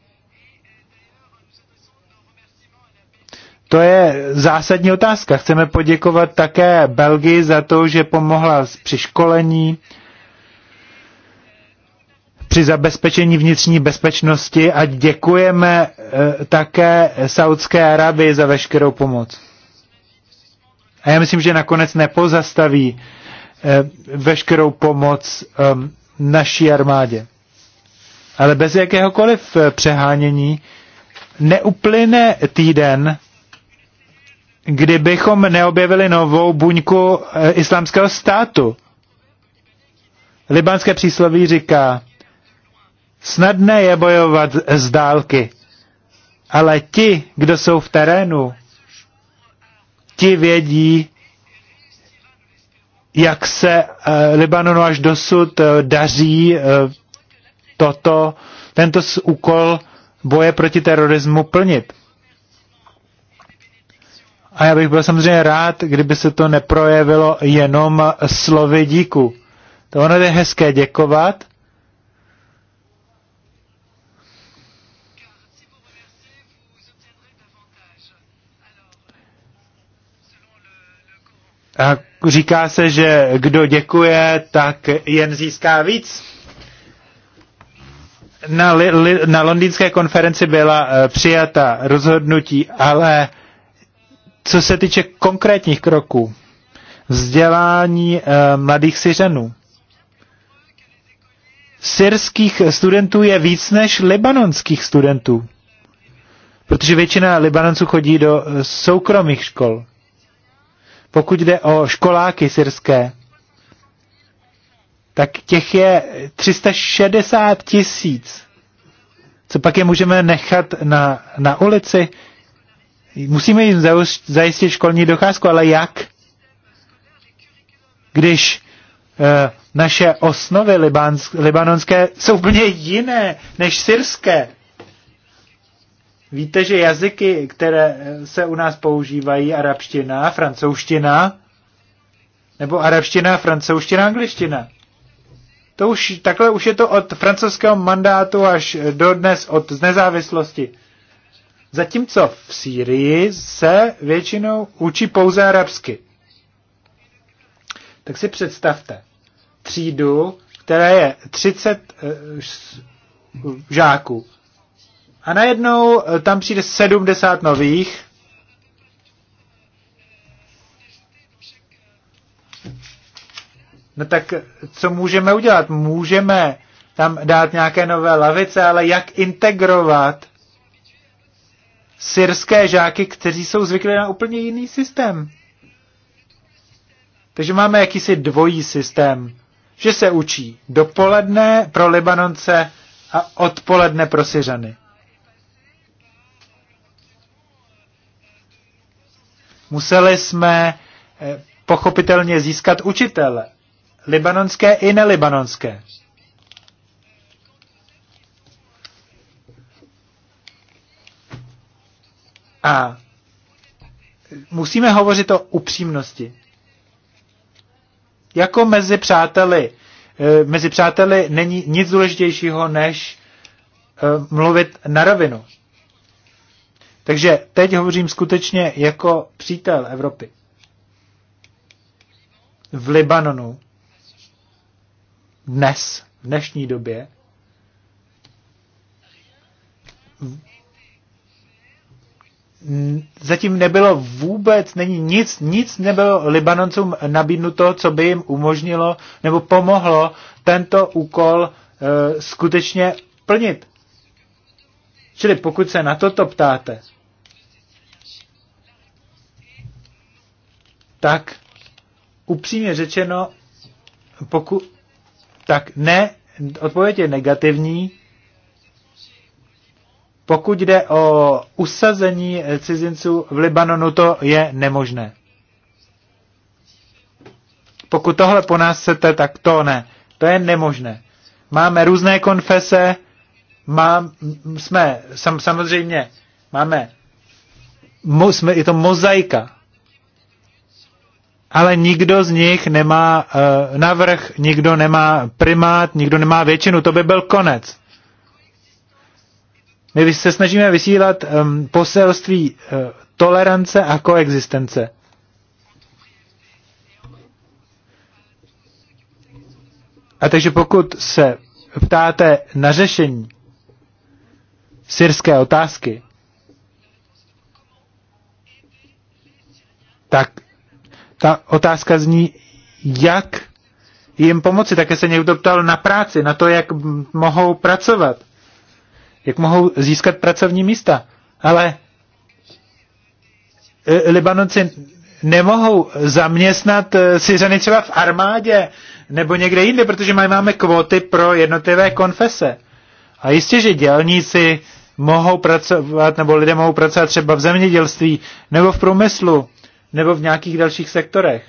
To je zásadní otázka. Chceme poděkovat také Belgii za to, že pomohla při školení, při zabezpečení vnitřní bezpečnosti a děkujeme eh, také Saudské Arabii za veškerou pomoc. A já myslím, že nakonec nepozastaví eh, veškerou pomoc ehm, naší armádě. Ale bez jakéhokoliv eh, přehánění neuplyne týden, kdybychom neobjevili novou buňku islámského státu. Libánské přísloví říká, Snadné je bojovat z dálky, ale ti, kdo jsou v terénu, ti vědí, jak se eh, Libanonu až dosud eh, daří eh, toto, tento úkol boje proti terorismu plnit. A já bych byl samozřejmě rád, kdyby se to neprojevilo jenom slovy díku. To ono je hezké děkovat, A říká se, že kdo děkuje, tak jen získá víc. Na, li, li, na londýnské konferenci byla uh, přijata rozhodnutí, ale co se týče konkrétních kroků, vzdělání uh, mladých Syřanů, syrských studentů je víc než libanonských studentů, protože většina Libanonců chodí do eh, soukromých škol. Pokud jde o školáky syrské, tak těch je 360 tisíc. Co pak je můžeme nechat na, na ulici? Musíme jim zajistit školní docházku, ale jak? Když eh, naše osnovy libánsk, libanonské jsou úplně jiné než syrské. Víte, že jazyky, které se u nás používají, arabština, francouzština, nebo arabština, francouzština, angliština. To už, takhle už je to od francouzského mandátu až do dnes, od nezávislosti. Zatímco v Sýrii se většinou učí pouze arabsky. Tak si představte třídu, která je 30 eh, žáků a najednou eh, tam přijde 70 nových. No tak eh, co můžeme udělat? Můžeme tam dát nějaké nové lavice, ale jak integrovat syrské žáky, kteří jsou zvyklí na úplně jiný systém? Takže máme jakýsi dvojí systém, že se učí dopoledne pro Libanonce a odpoledne pro Syřany. Museli jsme eh, pochopitelně získat učitele, libanonské i nelibanonské. A musíme hovořit o upřímnosti. Jako mezi přáteli. Eh, mezi přáteli není nic důležitějšího, než eh, mluvit na rovinu. Takže teď hovořím skutečně jako přítel Evropy. V Libanonu dnes, v dnešní době, zatím nebylo vůbec, není nic, nic nebylo Libanoncům nabídnuto, co by jim umožnilo nebo pomohlo tento úkol e, skutečně plnit. Čili pokud se na toto ptáte, tak upřímně řečeno, pokud, tak ne, odpověď je negativní, pokud jde o usazení cizinců v Libanonu, to je nemožné. Pokud tohle po nás chcete, tak to ne. To je nemožné. Máme různé konfese, mám, jsme, sam, samozřejmě, máme, mo, jsme, je to mozaika ale nikdo z nich nemá uh, eh, navrh, nikdo nemá primát, nikdo nemá většinu. To by byl konec. My se snažíme vysílat um, poselství uh, tolerance a koexistence. A takže pokud se ptáte na řešení syrské otázky, tak ta otázka zní, jak jim pomoci. Také se někdo ptal na práci, na to, jak mohou pracovat, jak mohou získat pracovní místa. Ale e, Libanonci nemohou zaměstnat e, Syřany třeba v armádě nebo někde jinde, protože mají máme kvóty pro jednotlivé konfese. A jistě, že dělníci mohou pracovat, nebo lidé mohou pracovat třeba v zemědělství nebo v průmyslu nebo v nějakých dalších sektorech.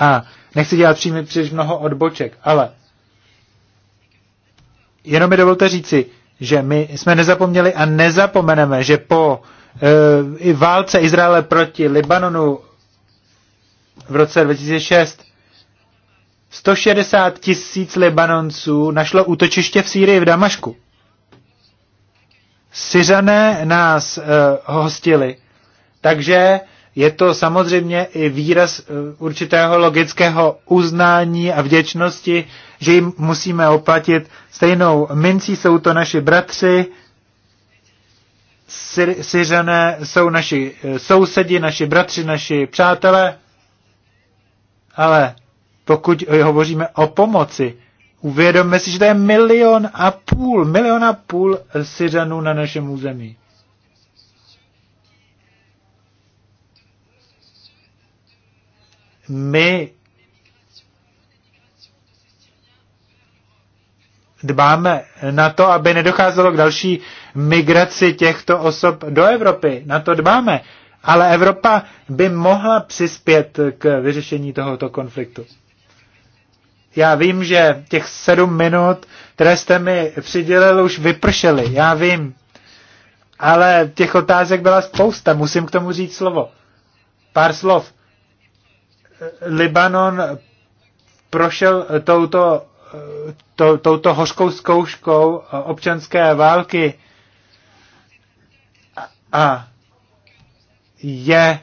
A nechci dělat příjmy příliš mnoho odboček, ale jenom mi dovolte říci, že my jsme nezapomněli a nezapomeneme, že po e, válce Izraele proti Libanonu v roce 2006 160 tisíc Libanonců našlo útočiště v Sýrii v Damašku. Syřané nás uh, hostili, takže je to samozřejmě i výraz eh, určitého logického uznání a vděčnosti, že jim musíme oplatit stejnou mincí, jsou to naši bratři, Syřané jsou naši eh, sousedi, naši bratři, naši přátelé, ale pokud hovoříme o pomoci, uvědomme si, že to je milion a půl, milion a půl Syřanů na našem území. My dbáme na to, aby nedocházelo k další migraci těchto osob do Evropy. Na to dbáme. Ale Evropa by mohla přispět k vyřešení tohoto konfliktu. Já vím, že těch sedm minut, které jste mi přidělil, už vypršely. Já vím. Ale těch otázek byla spousta. Musím k tomu říct slovo. Pár slov. Libanon prošel touto, to, touto hořkou zkouškou občanské války a je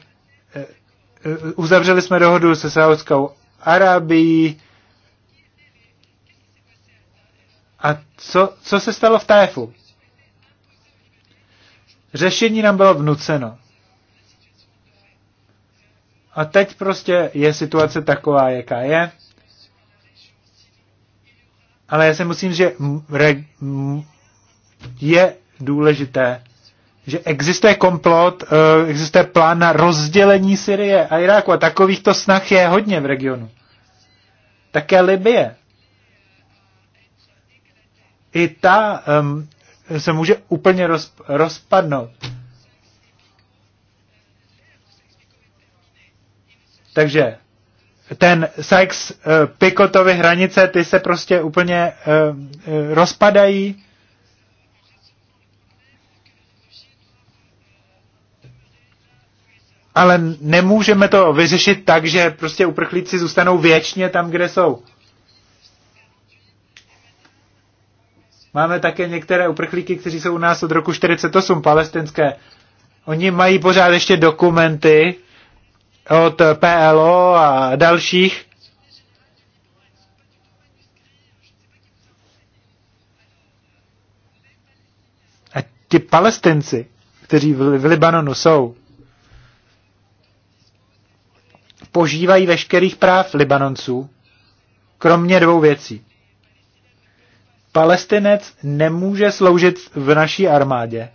uzavřeli jsme dohodu se Saudskou Arabií, A co, co se stalo v TAEFu? Řešení nám bylo vnuceno. A teď prostě je situace taková, jaká je. Ale já si myslím, že je důležité, že existuje komplot, eh, existuje plán na rozdělení Syrie a Iráku a takovýchto snah je hodně v regionu. Také Libie i ta um, se může úplně roz, rozpadnout. Takže ten sykes eh, pikotovy hranice, ty se prostě úplně uh, rozpadají. Ale nemůžeme to vyřešit tak, že prostě uprchlíci zůstanou věčně tam, kde jsou. Máme také některé uprchlíky, kteří jsou u nás od roku 1948 palestinské. Oni mají pořád ještě dokumenty od PLO a dalších. A ti palestinci, kteří v Libanonu jsou, požívají veškerých práv Libanonců, kromě dvou věcí. Palestinec nemůže sloužit v naší armádě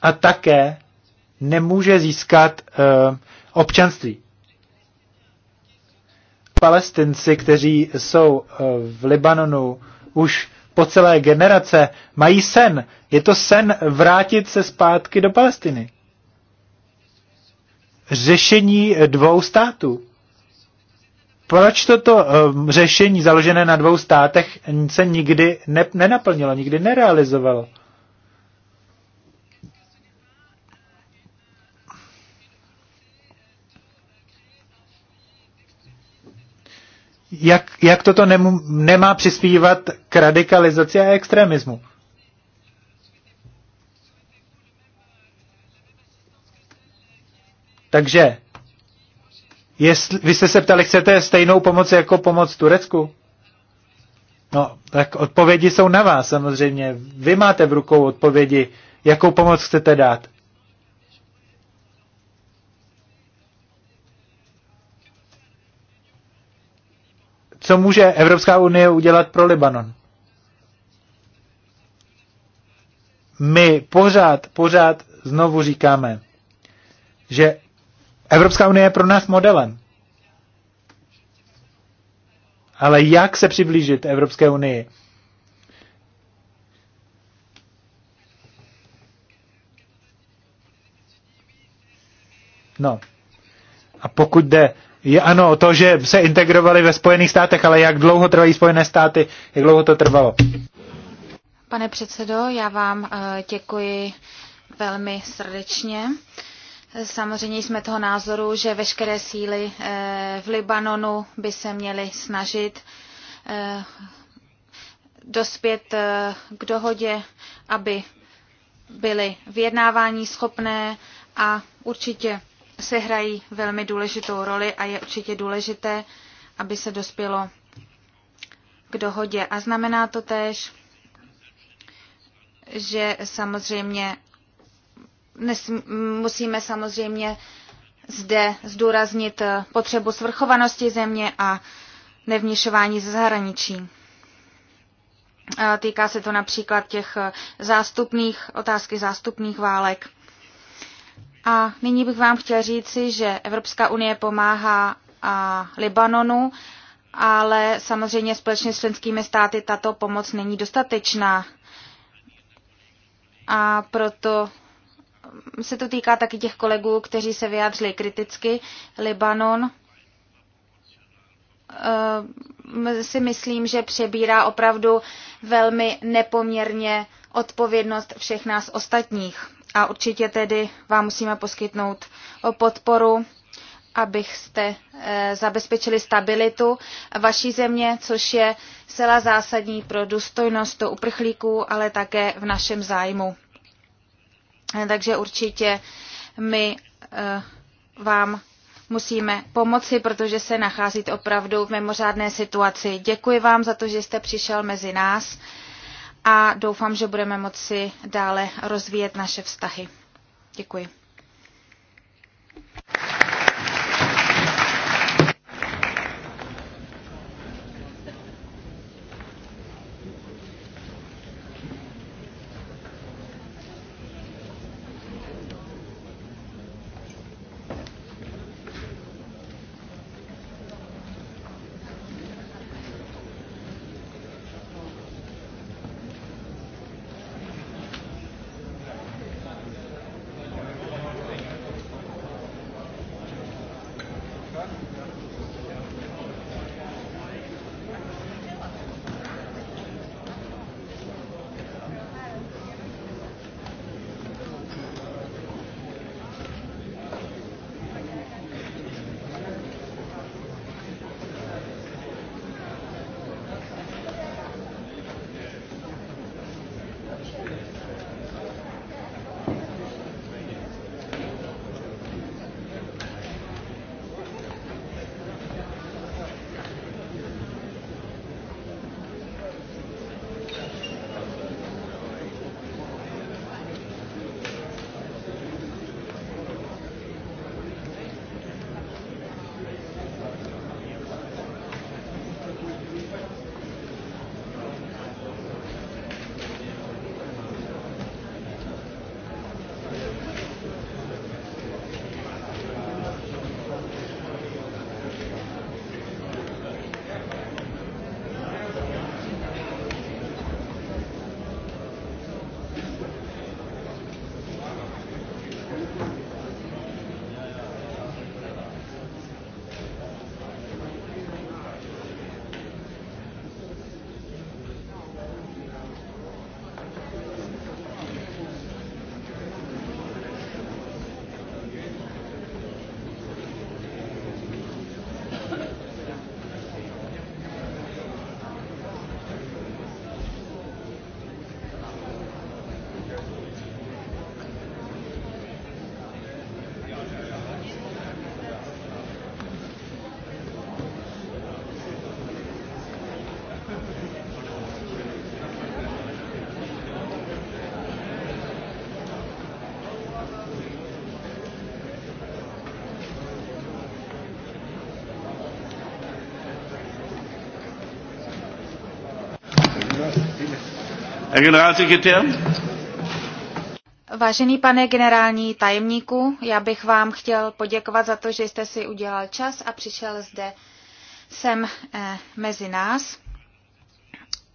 a také nemůže získat uh, občanství. Palestinci, kteří jsou uh, v Libanonu už po celé generace, mají sen. Je to sen vrátit se zpátky do Palestiny. Řešení dvou států proč toto um, řešení založené na dvou státech se nikdy ne, nenaplnilo, nikdy nerealizovalo? Jak, jak toto nemu, nemá přispívat k radikalizaci a extremismu? Takže Jestli, vy jste se ptali, chcete stejnou pomoc jako pomoc Turecku? No, tak odpovědi jsou na vás samozřejmě. Vy máte v rukou odpovědi, jakou pomoc chcete dát. Co může Evropská unie udělat pro Libanon? My pořád, pořád znovu říkáme, že Evropská unie je pro nás modelem. Ale jak se přiblížit Evropské unii? No. A pokud jde, je ano, o to, že se integrovali ve Spojených státech, ale jak dlouho trvají Spojené státy, jak dlouho to trvalo? Pane předsedo, já vám eh, děkuji velmi srdečně Samozřejmě jsme toho názoru, že veškeré síly eh, v Libanonu by se měly snažit eh, dospět eh, k dohodě, aby byly vyjednávání schopné a určitě se hrají velmi důležitou roli a je určitě důležité, aby se dospělo k dohodě. A znamená to též, že samozřejmě musíme samozřejmě zde zdůraznit eh, potřebu svrchovanosti země a nevněšování ze zahraničí. Eh, týká se to například těch eh, zástupných, otázky zástupných válek. A nyní bych vám chtěl říci, že Evropská unie pomáhá a Libanonu, ale samozřejmě společně s členskými státy tato pomoc není dostatečná. A proto se to týká taky těch kolegů, kteří se vyjádřili kriticky. Libanon eh, si myslím, že přebírá opravdu velmi nepoměrně odpovědnost všech nás ostatních. A určitě tedy vám musíme poskytnout podporu, abyste eh, zabezpečili stabilitu vaší země, což je celá zásadní pro důstojnost uprchlíků, ale také v našem zájmu takže určitě my eh, vám musíme pomoci, protože se nacházíte opravdu v mimořádné situaci. Děkuji vám za to, že jste přišel mezi nás a doufám, že budeme moci dále rozvíjet naše vztahy. Děkuji. Vážený pane generální tajemníku, já bych vám chtěl poděkovat za to, že jste si udělal čas a přišel zde sem eh, mezi nás.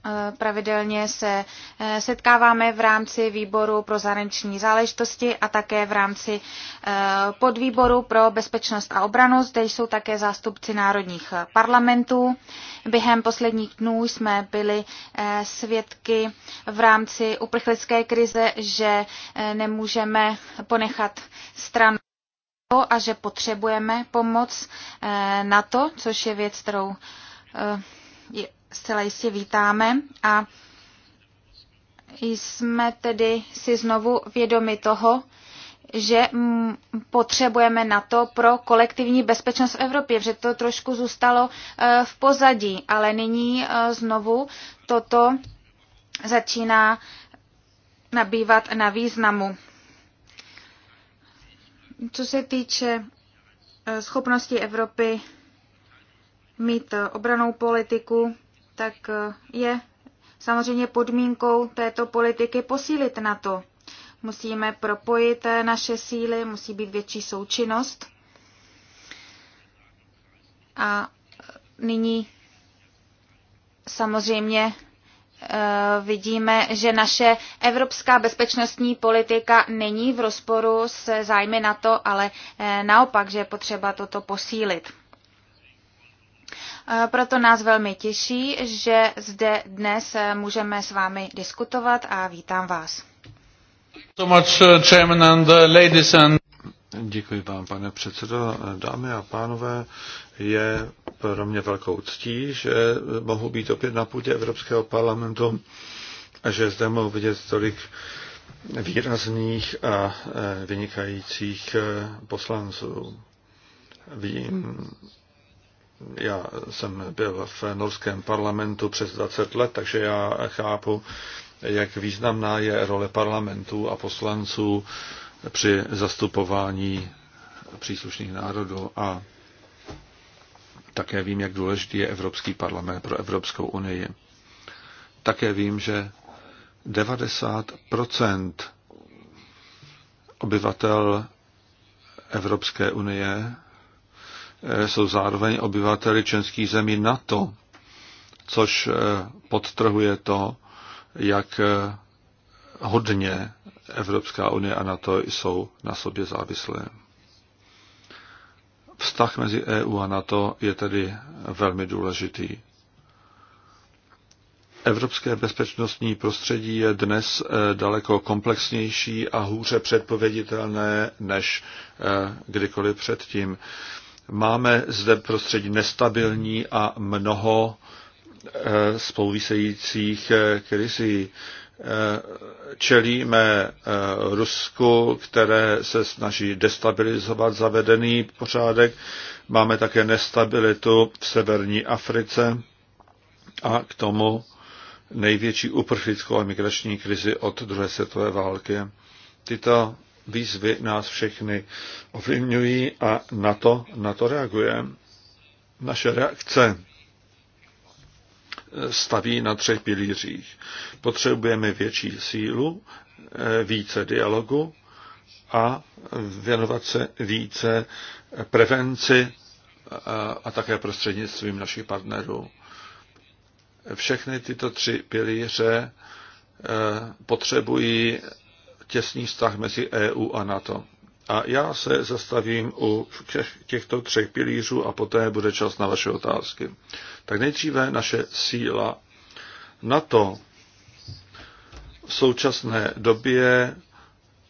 Eh, pravidelně se eh, setkáváme v rámci výboru pro zahraniční záležitosti a také v rámci eh, podvýboru pro bezpečnost a obranu. Zde jsou také zástupci národních parlamentů. Během posledních dnů jsme byli svědky v rámci uprchlické krize, že nemůžeme ponechat stranu a že potřebujeme pomoc na to, což je věc, kterou zcela jistě vítáme a jsme tedy si znovu vědomi toho, že potřebujeme na to pro kolektivní bezpečnost v Evropě, že to trošku zůstalo e, v pozadí, ale nyní e, znovu toto začíná nabývat na významu. Co se týče e, schopnosti Evropy mít obranou politiku, tak eh, je samozřejmě podmínkou této politiky posílit na to. Musíme propojit eh, naše síly, musí být větší součinnost. A eh, nyní samozřejmě vidíme, že naše evropská bezpečnostní politika není v rozporu s zájmy NATO, ale naopak, že je potřeba toto posílit. Proto nás velmi těší, že zde dnes e, můžeme s vámi diskutovat a vítám vás. much, e, e, ladies and... Děkuji vám, pane předsedo. Dámy a pánové, je pro mě velkou ctí, že mohu být opět na půdě Evropského parlamentu a že zde mohu vidět tolik výrazných a vynikajících poslanců. Vím, já jsem byl v norském parlamentu přes 20 let, takže já chápu, jak významná je role parlamentu a poslanců při zastupování příslušných národů a také vím, jak důležitý je Evropský parlament pro Evropskou unii. Také vím, že 90 obyvatel Evropské unie Eh, jsou zároveň obyvateli členských zemí NATO, což eh, podtrhuje to, jak eh, hodně Evropská unie a NATO jsou na sobě závislé. Vztah mezi EU a NATO je tedy velmi důležitý. Evropské bezpečnostní prostředí je dnes daleko komplexnější a hůře předpověditelné než kdykoliv předtím. Máme zde prostředí nestabilní a mnoho eh, spouvisejících eh, krizí. Eh, čelíme Rusku, které se snaží destabilizovat zavedený pořádek. Máme také nestabilitu v severní Africe a k tomu největší uprchlickou a migrační krizi od druhé světové války. Tyto výzvy nás všechny ovlivňují a na to, na to reaguje. Naše reakce staví na třech pilířích. Potřebujeme větší sílu, eh, více dialogu a věnovat se více prevenci a také prostřednictvím našich partnerů. Všechny tyto tři pilíře eh, potřebují těsný vztah mezi EU a NATO. A já se zastavím u těchto třech pilířů a poté bude čas na vaše otázky. Tak nejdříve naše síla. NATO v současné době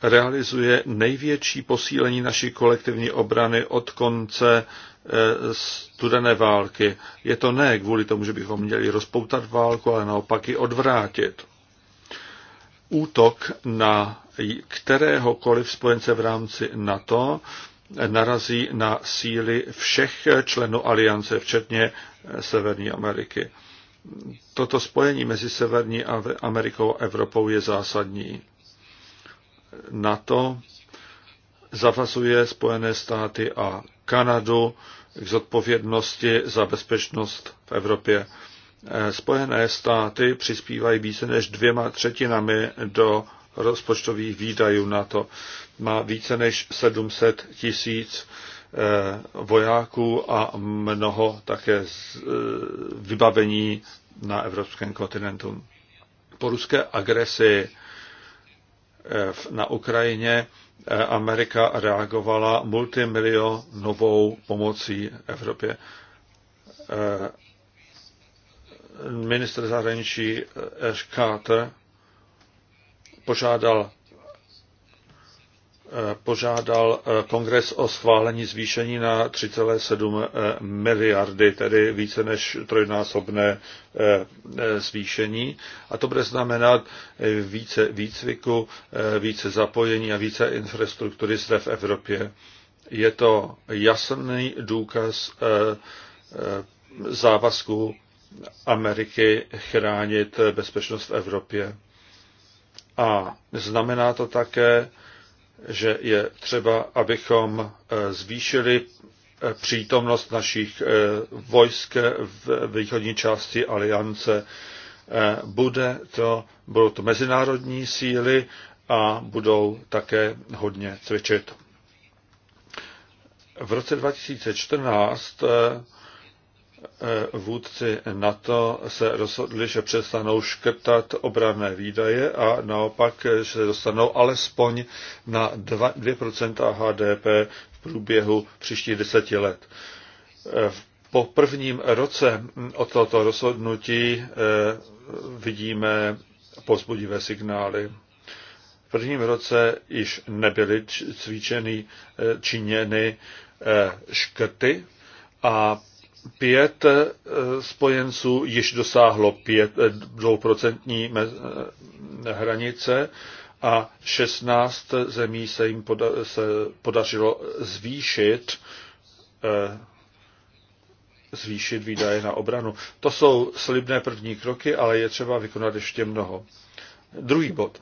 realizuje největší posílení naší kolektivní obrany od konce eh, studené války. Je to ne kvůli tomu, že bychom měli rozpoutat válku, ale naopak ji odvrátit. Útok na kteréhokoliv spojence v rámci NATO narazí na síly všech členů aliance, včetně Severní Ameriky. Toto spojení mezi Severní Amerikou a Evropou je zásadní. NATO zavazuje Spojené státy a Kanadu k zodpovědnosti za bezpečnost v Evropě. Spojené státy přispívají více než dvěma třetinami do rozpočtových výdajů na to. Má více než 700 tisíc eh, vojáků a mnoho také eh, vybavení na evropském kontinentu. Po ruské agresi eh, na Ukrajině Amerika reagovala multimilionovou pomocí Evropě. Minister zahraničí Ash Carter požádal eh, požádal eh, kongres o schválení zvýšení na 3,7 eh, miliardy, tedy více než trojnásobné zvýšení. A to bude znamenat více výcviku, více zapojení a více infrastruktury zde v Evropě. Je to jasný důkaz závazku Ameriky chránit bezpečnost v Evropě. A znamená to také, že je třeba, abychom e, zvýšili e, přítomnost našich e, vojsk v východní části aliance. Bude to, budou to mezinárodní síly a budou také hodně cvičit. V roce 2014 Eh, vůdci NATO se rozhodli, že přestanou škrtat obranné výdaje a naopak, eh, že se dostanou alespoň na 2, HDP v průběhu příštích deseti let. Eh, po prvním roce hm, od tohoto rozhodnutí vidíme pozbudivé signály. V prvním roce již nebyly cvičeny, činěny škrty a pět eh, spojenců již dosáhlo pět, eh, dvouprocentní eh, hranice a 16 zemí se jim poda, se podařilo zvýšit zvýšit výdaje na obranu. To jsou slibné první kroky, ale je třeba vykonat ještě mnoho. Druhý bod.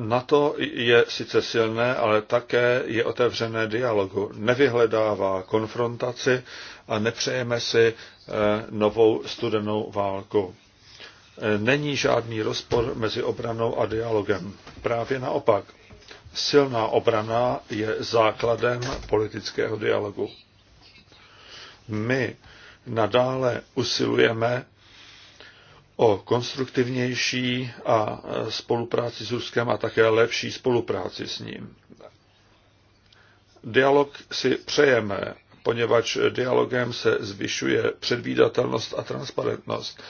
NATO je sice silné, ale také je otevřené dialogu. Nevyhledává konfrontaci a nepřejeme si eh, novou studenou válku. Eh, není žádný rozpor mezi obranou a dialogem. Právě naopak. Silná obrana je základem politického dialogu. My nadále usilujeme o konstruktivnější a spolupráci s Ruskem a také lepší spolupráci s ním. Dialog si přejeme, poněvadž dialogem se zvyšuje předvídatelnost a transparentnost.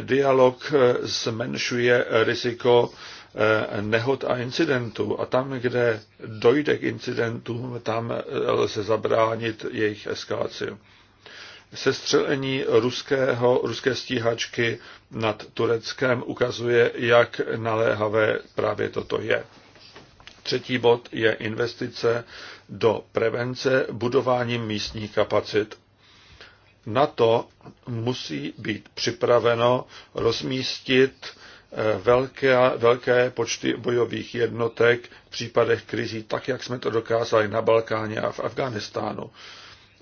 Dialog zmenšuje riziko eh, nehod a incidentů a tam, kde dojde k incidentům, tam lze zabránit jejich eskalaci sestřelení ruského, ruské stíhačky nad Tureckem ukazuje, jak naléhavé právě toto je. Třetí bod je investice do prevence budováním místních kapacit. Na to musí být připraveno rozmístit eh, velké, velké počty bojových jednotek v případech krizí, tak jak jsme to dokázali na Balkáně a v Afghánistánu.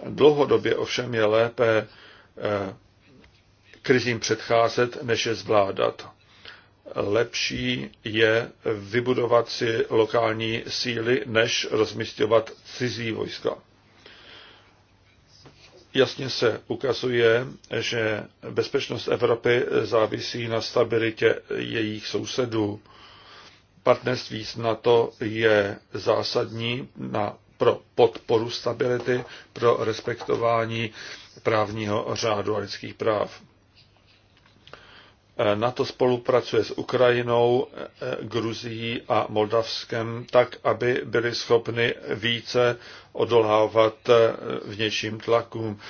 Dlouhodobě ovšem je lépe eh, krizím předcházet, než je zvládat. Lepší je vybudovat si lokální síly, než rozmistovat cizí vojska. Jasně se ukazuje, že bezpečnost Evropy závisí na stabilitě jejich sousedů. Partnerství s NATO je zásadní na pro podporu stability, pro respektování právního řádu a lidských práv. E, NATO spolupracuje s Ukrajinou, e, Gruzií a Moldavskem tak, aby byli schopni více odolávat e, vnějším tlakům.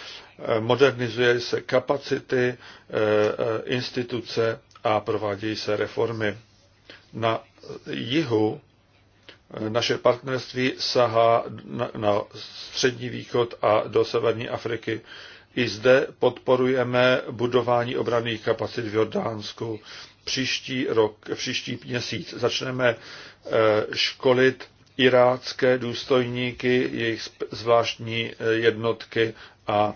Modernizuje se kapacity, instituce a provádějí se reformy. Na jihu naše partnerství sahá na střední východ a do severní Afriky. I zde podporujeme budování obraných kapacit v Jordánsku. Příští rok, příští měsíc začneme eh, školit irácké důstojníky, jejich zvláštní eh, jednotky a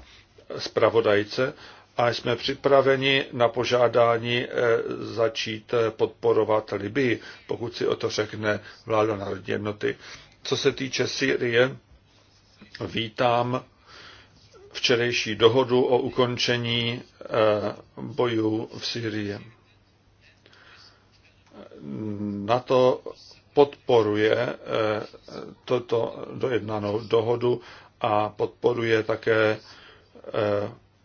zpravodajce a jsme připraveni na požádání eh, začít eh, podporovat Libii, pokud si o to řekne vláda národní jednoty. Co se týče Sýrie, vítám včerejší dohodu o ukončení eh, bojů v Sýrii. to podporuje toto dojednanou dohodu a podporuje také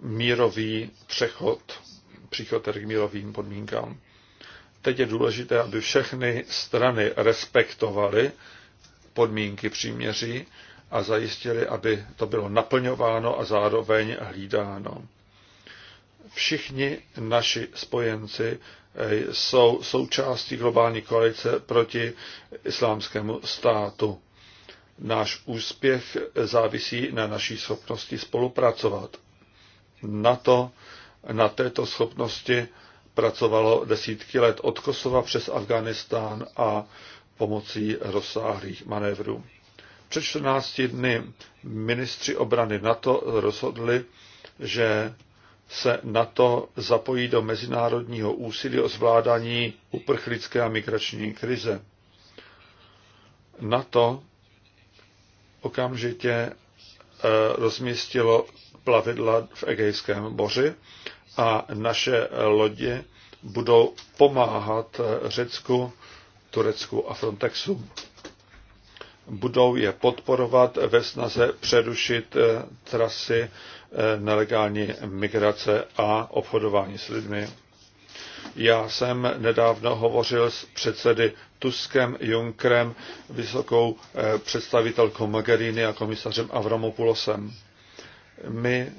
mírový přechod, příchod k mírovým podmínkám. Teď je důležité, aby všechny strany respektovaly podmínky příměří a zajistili, aby to bylo naplňováno a zároveň hlídáno. Všichni naši spojenci eh, jsou součástí globální koalice proti islámskému státu. Náš úspěch závisí na naší schopnosti spolupracovat na, to, na této schopnosti pracovalo desítky let od Kosova přes Afganistán a pomocí rozsáhlých manévrů. Před 14 dny ministři obrany NATO rozhodli, že se NATO zapojí do mezinárodního úsilí o zvládání uprchlické a migrační krize. NATO okamžitě eh, rozmístilo plavidla v Egejském moři a naše lodi budou pomáhat Řecku, Turecku a Frontexu. Budou je podporovat ve snaze přerušit eh, trasy eh, nelegální migrace a obchodování s lidmi. Já jsem nedávno hovořil s předsedy Tuskem, Junkrem, vysokou eh, představitelkou Magerini a komisařem Avramopulosem. My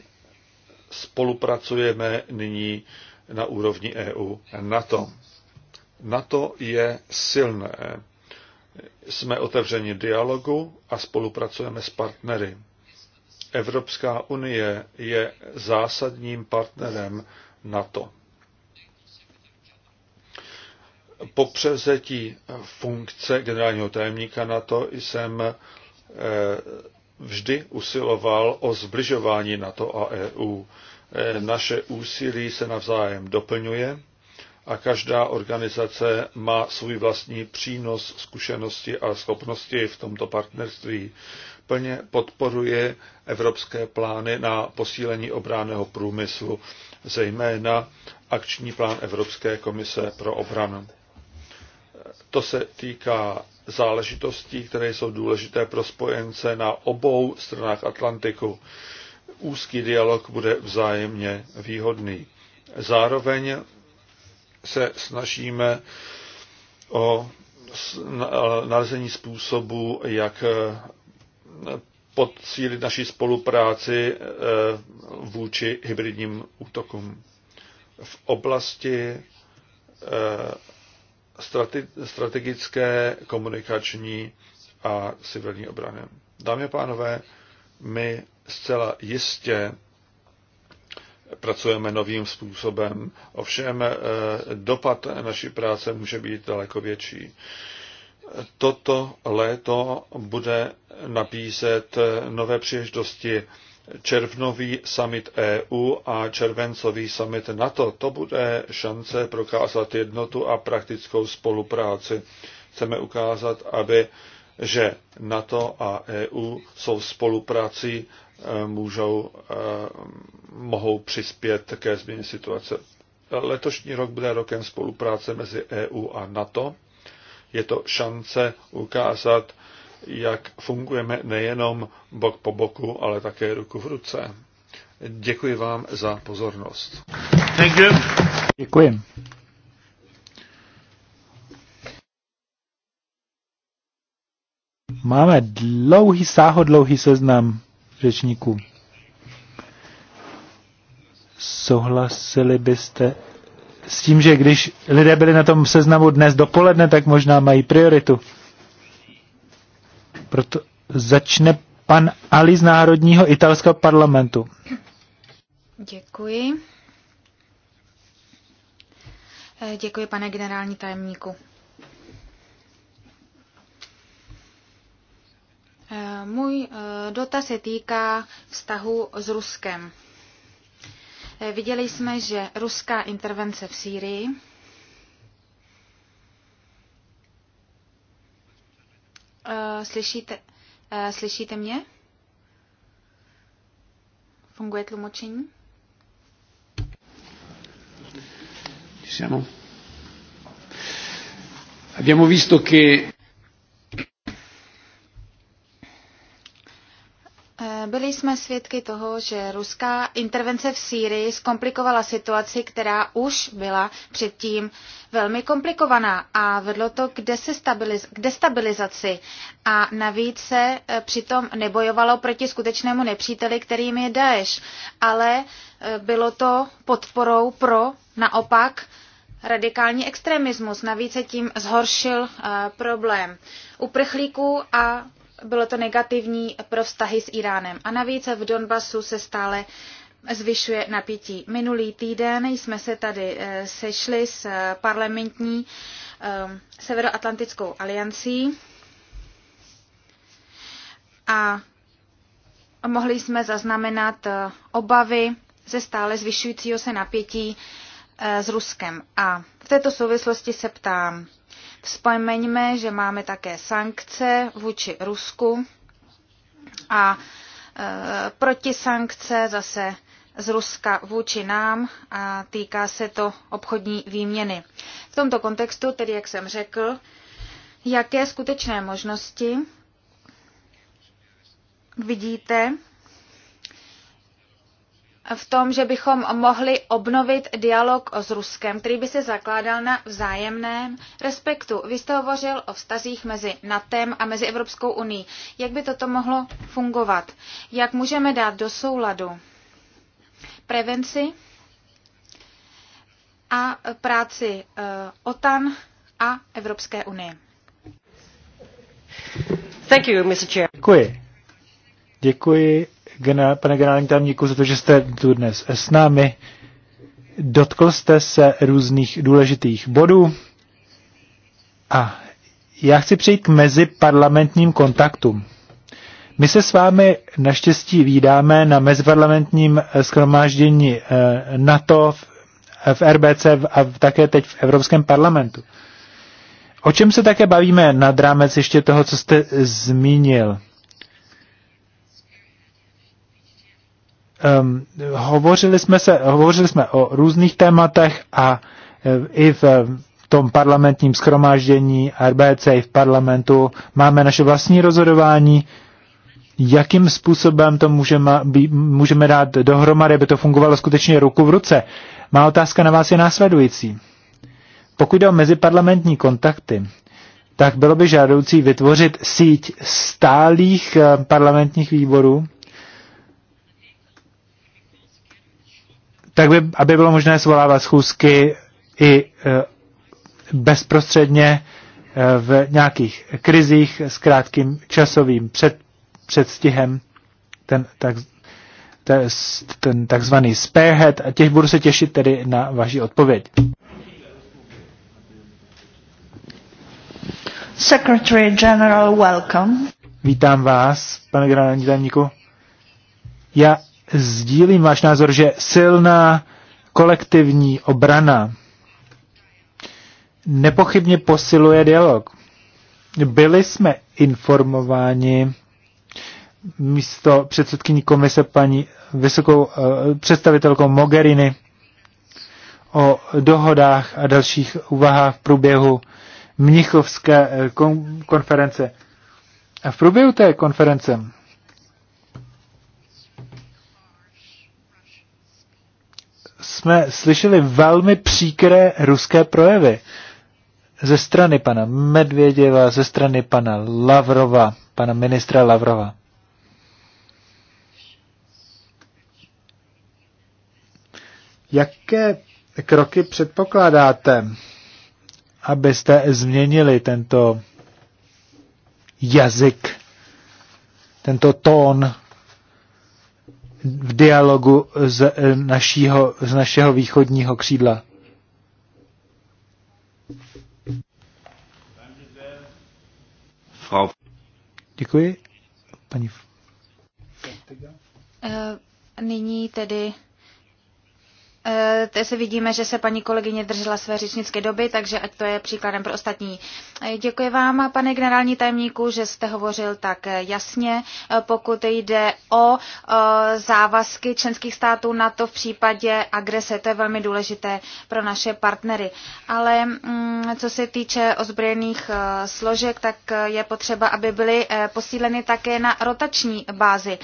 spolupracujeme nyní na úrovni EU na to. NATO je silné. Jsme otevřeni dialogu a spolupracujeme s partnery. Evropská unie je zásadním partnerem NATO. Po převzetí funkce generálního tajemníka NATO jsem eh, vždy usiloval o zbližování NATO a EU. E, naše úsilí se navzájem doplňuje a každá organizace má svůj vlastní přínos, zkušenosti a schopnosti v tomto partnerství. Plně podporuje evropské plány na posílení obráného průmyslu, zejména akční plán Evropské komise pro obranu. E, to se týká záležitostí, které jsou důležité pro spojence na obou stranách Atlantiku. Úzký dialog bude vzájemně výhodný. Zároveň se snažíme o nalezení způsobu, jak eh, podcílit naši spolupráci eh, vůči hybridním útokům. V oblasti eh, strategické, komunikační a civilní obrany. Dámy a pánové, my zcela jistě pracujeme novým způsobem, ovšem eh, dopad naší práce může být daleko větší. Toto léto bude nabízet nové příležitosti červnový summit EU a červencový summit NATO. To bude šance prokázat jednotu a praktickou spolupráci. Chceme ukázat, aby, že NATO a EU jsou spoluprací, spolupráci, e, můžou, e, mohou přispět ke změně situace. Letošní rok bude rokem spolupráce mezi EU a NATO. Je to šance ukázat, jak fungujeme nejenom bok po boku, ale také ruku v ruce. Děkuji vám za pozornost. Thank you. Děkuji. Máme dlouhý, sáhodlouhý seznam řečníků. Souhlasili byste s tím, že když lidé byli na tom seznamu dnes dopoledne, tak možná mají prioritu. Proto začne pan Ali z Národního italského parlamentu. Děkuji. Eh, děkuji, pane generální tajemníku. Eh, můj eh, dotaz se týká vztahu s Ruskem. Viděli jsme, že ruská intervence v Sýrii Eh, slyšíte, uh, slyšíte mě? Funguje tlumočení? Siamo. Abbiamo visto che Eh, byli jsme svědky toho, že ruská intervence v Sýrii zkomplikovala situaci, která už byla předtím velmi komplikovaná a vedlo to k, k destabilizaci. A navíc se eh, přitom nebojovalo proti skutečnému nepříteli, kterým je Daesh, ale eh, bylo to podporou pro naopak radikální extremismus. Navíc se tím zhoršil problém uprchlíků a bylo to negativní pro vztahy s Iránem. A navíc v Donbasu se stále zvyšuje napětí. Minulý týden jsme se tady eh, sešli s eh, parlamentní eh, Severoatlantickou aliancí a mohli jsme zaznamenat obavy ze stále zvyšujícího se napětí s Ruskem. A v této souvislosti se ptám, Vzpomeňme, že máme také sankce vůči Rusku a e, protisankce zase z Ruska vůči nám a týká se to obchodní výměny. V tomto kontextu, tedy jak jsem řekl, jaké skutečné možnosti vidíte v tom, že bychom mohli obnovit dialog s Ruskem, který by se zakládal na vzájemném respektu. Vy jste hovořil o vztazích mezi NATEM a mezi Evropskou unii. Jak by toto mohlo fungovat? Jak můžeme dát do souladu prevenci a práci eh, OTAN a Evropské unie? Thank you, Mr. Chair. Děkuji. Děkuji generál, pane generální tajemníku, za to, že jste tu dnes s námi. Dotkl jste se různých důležitých bodů a já chci přejít k meziparlamentním kontaktům. My se s vámi naštěstí výdáme na meziparlamentním eh, schromáždění eh, NATO v RBC a také teď v Evropském parlamentu. O čem se také bavíme nad rámec ještě toho, co jste zmínil? um, hovořili, jsme se, hovořili jsme o různých tématech a eh, i eh, v tom parlamentním schromáždění RBC i v parlamentu máme naše vlastní rozhodování, jakým způsobem to můžeme, můžeme dát dohromady, aby to fungovalo skutečně ruku v ruce. Má otázka na vás je následující. Pokud jde o meziparlamentní kontakty, tak bylo by žádoucí vytvořit síť stálých eh, parlamentních výborů, tak by, aby bylo možné svolávat schůzky i eh, bezprostředně eh, v nějakých krizích s krátkým časovým před, předstihem, ten, tak, ten takzvaný sparehead a těch budu se těšit tedy na vaši odpověď. Secretary General, welcome. Vítám vás, pane generální tajemníku. Já sdílím váš názor, že silná kolektivní obrana nepochybně posiluje dialog. Byli jsme informováni místo předsedkyní komise paní vysokou eh, představitelkou Mogherini o dohodách a dalších úvahách v průběhu Mnichovské eh, konference. A v průběhu té konference jsme slyšeli velmi příkré ruské projevy ze strany pana Medvěděva, ze strany pana Lavrova, pana ministra Lavrova. Jaké kroky předpokládáte, abyste změnili tento jazyk, tento tón v dialogu z, eh, našího, z našeho východního křídla. Frau. Děkuji. Paní. Eh, nyní tedy Eh, te se vidíme, že se paní kolegyně držela své řečnické doby, takže ať to je příkladem pro ostatní. Eh, děkuji vám, pane generální tajemníku, že jste hovořil tak eh, jasně, pokud jde o závazky členských států na to v případě agrese. To je velmi důležité pro naše partnery. Ale mm, co se týče ozbrojených složek, tak je potřeba, aby byly posíleny také na rotační bázi.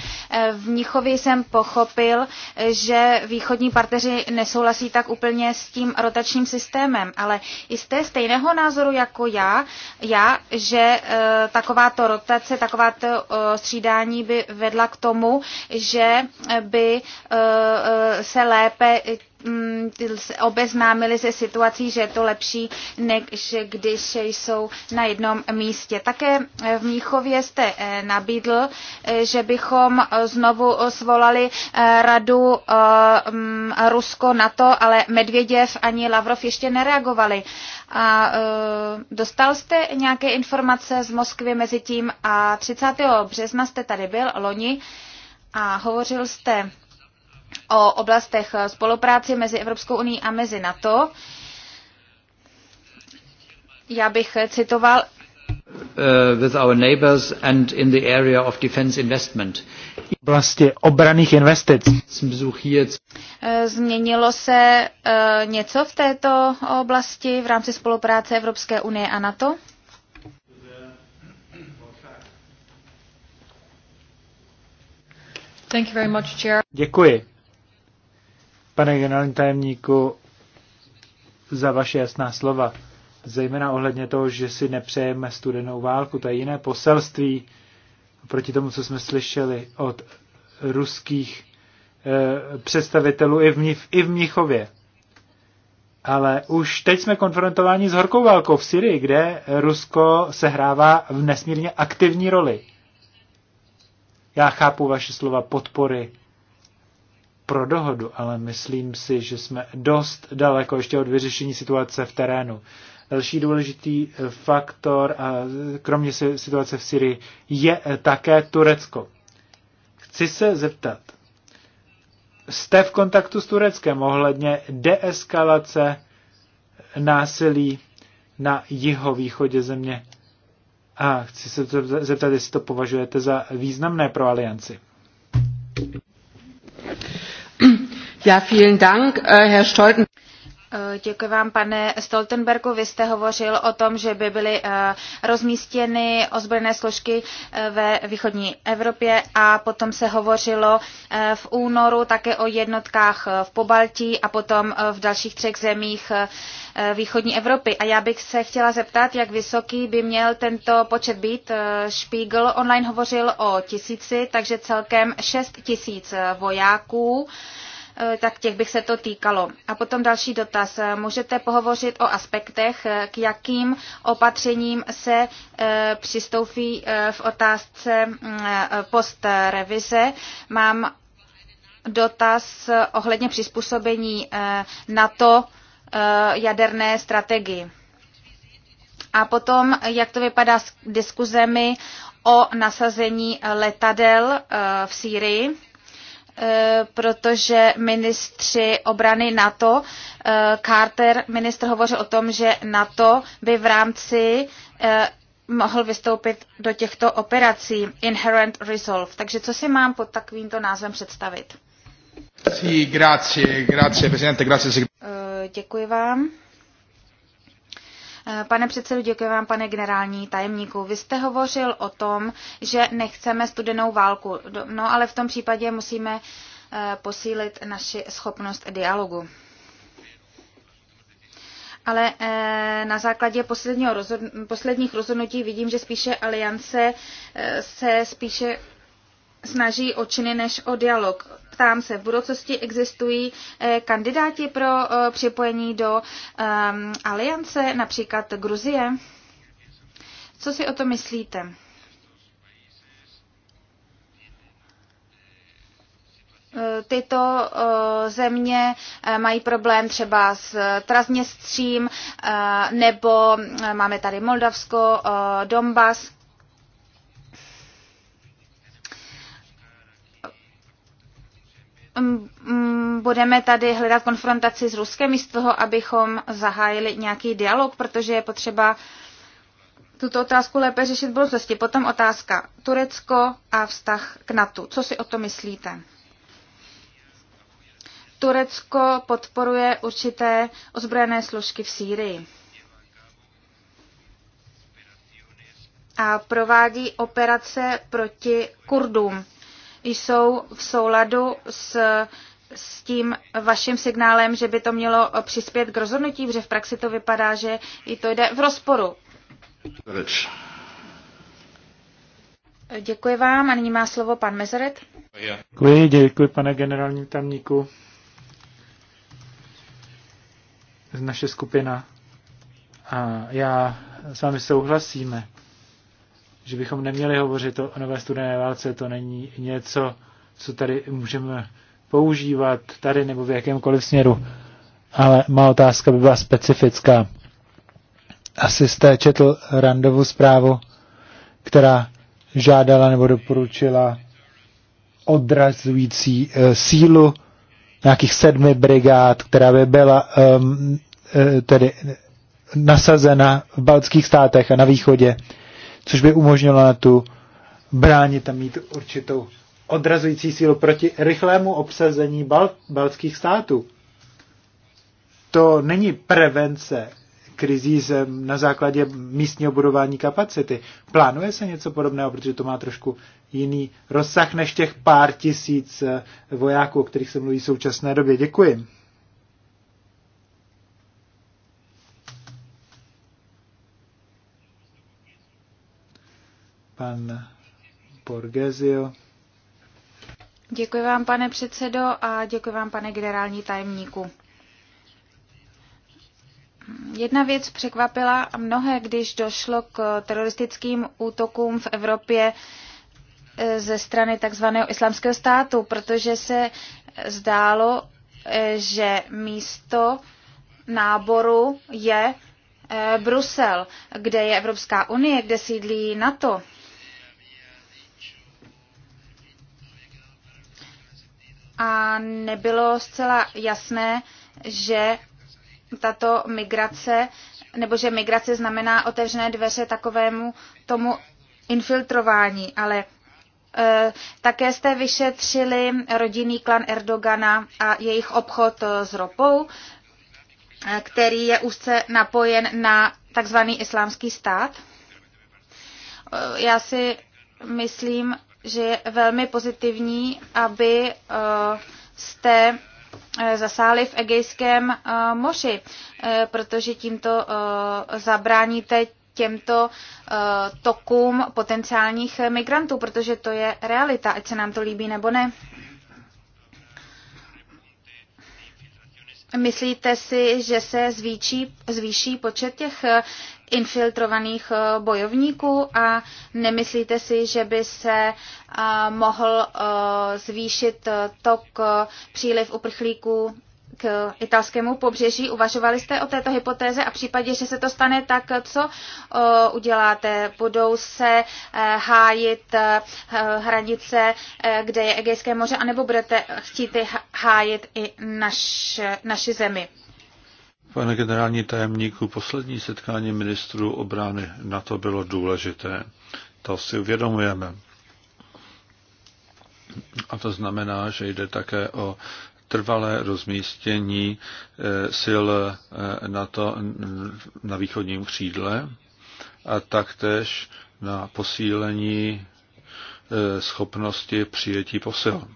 V Mnichově jsem pochopil, že východní partneři nesouhlasí tak úplně s tím rotačním systémem, ale jste stejného názoru jako já, já že e, takováto rotace, takováto e, eh, střídání by vedla k tomu, že eh, by e, se lépe Mm, obeznámili se situací, že je to lepší, než když jsou na jednom místě. Také eh, v Míchově jste eh, nabídl, eh, že bychom znovu svolali radu mm, Rusko na to, ale Medvěděv ani Lavrov ještě nereagovali. A dostal jste nějaké informace z Moskvy mezi tím a 30. března jste tady byl, loni, a hovořil jste o oblastech spolupráce mezi Evropskou uní a mezi NATO. Já bych citoval uh, with our neighbors and in the area of defense investment. Vlastně obraných investic. Eh, změnilo se eh, něco v této oblasti v rámci spolupráce Evropské unie a NATO? Thank you very much, Chair. Děkuji, pane generální tajemníku, za vaše jasná slova, zejména ohledně toho, že si nepřejeme studenou válku. To je jiné poselství proti tomu, co jsme slyšeli od ruských e, představitelů i v, i v Mnichově. Ale už teď jsme konfrontováni s horkou válkou v Syrii, kde Rusko sehrává v nesmírně aktivní roli. Já chápu vaše slova podpory pro dohodu, ale myslím si, že jsme dost daleko ještě od vyřešení situace v terénu. Další důležitý eh, faktor, a kromě situace v Syrii, je eh, také Turecko. Chci se zeptat, jste v kontaktu s Tureckem ohledně deeskalace násilí na jihovýchodě země? A chci se zeptat, jestli to považujete za významné pro alianci. Äh, eh, děkuji vám, pane Stoltenbergu. Vy jste hovořil o tom, že by byly eh, rozmístěny ozbrojené složky eh, ve východní Evropě a potom se hovořilo v únoru také o jednotkách v Pobaltí a potom v dalších třech zemích východní Evropy. A já bych se chtěla zeptat, jak vysoký by měl tento počet být. Spiegel online hovořil o tisíci, takže celkem šest tisíc vojáků Eh, tak těch bych se to týkalo. A potom další dotaz. Eh, můžete pohovořit o aspektech, eh, k jakým opatřením se přistoupí v otázce mm, post-revize. Mám dotaz ohledně přizpůsobení NATO jaderné strategii. A potom, jak to vypadá s diskuzemi o nasazení letadel v Sýrii Eh, protože ministři obrany NATO, eh, Carter, ministr hovořil o tom, že NATO by v rámci eh, mohl vystoupit do těchto operací Inherent Resolve. Takže co si mám pod takovýmto názvem představit? Děkuji vám. Pane předsedu, děkuji vám, pane generální tajemníku. Vy jste hovořil o tom, že nechceme studenou válku, no ale v tom případě musíme eh, posílit naši schopnost dialogu. Ale eh, na základě posledního rozhodn- posledních rozhodnutí vidím, že spíše aliance eh, se spíše snaží o činy než o dialog ptám se, v budoucnosti existují eh, kandidáti pro eh, připojení do ehm, aliance, například Gruzie? Co si o to myslíte? Eh, tyto země mají problém třeba s Trazměstřím, nebo máme tady Moldavsko, Donbass. Mm, budeme tady hledat konfrontaci s Ruskem z toho, abychom zahájili nějaký dialog, protože je potřeba tuto otázku lépe řešit v budoucnosti. Potom otázka Turecko a vztah k NATO. Co si o to myslíte? Turecko podporuje určité ozbrojené složky v Sýrii a provádí operace proti Kurdům jsou v souladu s, s tím vaším signálem, že by to mělo přispět k rozhodnutí, protože v praxi to vypadá, že i to jde v rozporu. Reč. Děkuji vám a nyní má slovo pan Mezeret. Děkuji, děkuji pane generální tamníku. Naše skupina a já s vámi souhlasíme že bychom neměli hovořit o nové studené válce, to není něco, co tady můžeme používat tady nebo v jakémkoliv směru. Ale má otázka by byla specifická. Asi jste četl randovou zprávu, která žádala nebo doporučila odrazující e, sílu nějakých sedmi brigád, která by byla e, e, tedy nasazena v baltských státech a na východě. E, což by umožnilo na tu bránit a mít určitou odrazující sílu proti rychlému obsazení bal- baltských států. To není prevence krizí na základě místního budování kapacity. Plánuje se něco podobného, protože to má trošku jiný rozsah než těch pár tisíc eh, vojáků, o kterých se mluví v současné době. Děkuji. pan Borgesio. Děkuji vám, pane předsedo, a děkuji vám, pane generální tajemníku. Jedna věc překvapila mnohé, když došlo k teroristickým útokům v Evropě e, ze strany takzvaného islamského státu, protože se zdálo, e, že místo náboru je e, Brusel, kde je Evropská unie, kde sídlí NATO. a nebylo zcela jasné, že tato migrace, nebo že migrace znamená otevřené dveře takovému tomu infiltrování, ale e, také jste vyšetřili rodinný klan Erdogana a jejich obchod e, s ropou, e, který je úzce napojen na takzvaný islámský stát. Já si myslím, že je velmi pozitivní, aby eh, jste eh, zasáli v Egejském eh, moři, protože tímto zabráníte těmto tokům potenciálních migrantů, protože to je realita, ať se nám to líbí nebo ne. Myslíte si, že se zvýší, zvýší počet těch eh, infiltrovaných eh, bojovníků a nemyslíte si, že by se eh, mohl zvýšit tok příliv uprchlíků k italskému pobřeží. Uvažovali jste o této hypotéze a v případě, že se to stane, tak co uděláte? Budou se eh, hájit eh, hranice, eh, kde je Egejské moře, anebo budete chtít hájit i naš, naši zemi? Pane generální tajemníku, poslední setkání ministrů obrany na to bylo důležité. To si uvědomujeme. A to znamená, že jde také o trvalé rozmístění eh, sil eh, na to na východním křídle a taktéž na posílení eh, schopnosti přijetí posil.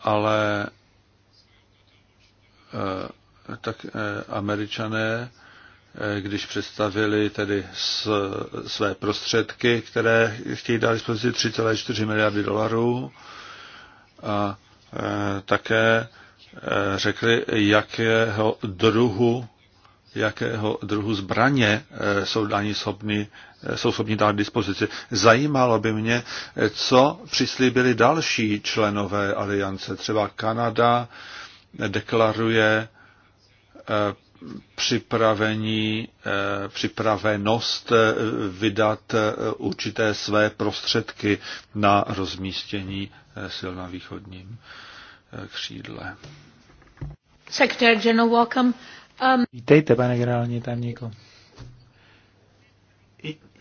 Ale tak američané, když představili tedy své prostředky, které chtějí dát dispozici 3,4 miliardy dolarů, a Eh, také eh, řekli, jakého druhu, jakého druhu zbraně eh, jsou daní schopni, jsou schopni dát dispozici. Zajímalo by mě, co přislíbili další členové aliance. Třeba Kanada deklaruje připravení, eh, připravenost eh, vydat eh, určité své prostředky na rozmístění sil na východním křídle. Secretary General, welcome. Um... Vítejte, pane generální tajemníku.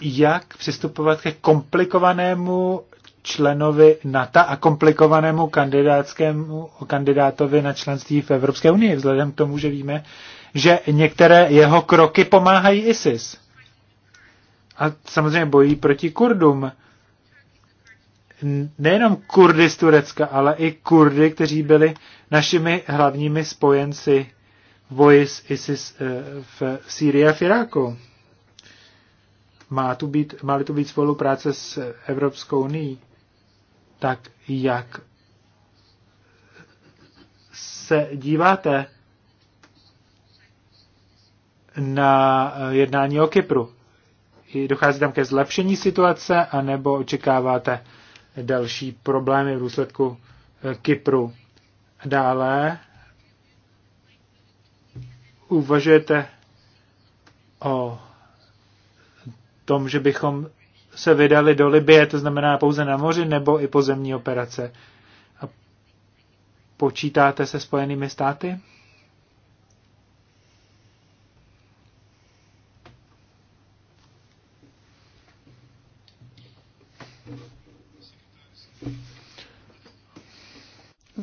Jak přistupovat ke komplikovanému členovi NATO a komplikovanému kandidátskému kandidátovi na členství v Evropské unii, vzhledem k tomu, že víme, že některé jeho kroky pomáhají ISIS. A samozřejmě bojí proti Kurdům. Nejenom Kurdy z Turecka, ale i Kurdy, kteří byli našimi hlavními spojenci v boji s ISIS eh, v Sýrii a v Iráku. Má tu být, má tu být spolupráce s Evropskou unii, tak jak se díváte na eh, jednání o Kypru? Dochází tam ke zlepšení situace, anebo očekáváte další problémy v důsledku eh, Kypru? Dále uvažujete o tom, že bychom se vydali do Libie, to znamená pouze na moři nebo i pozemní operace. A počítáte se Spojenými státy?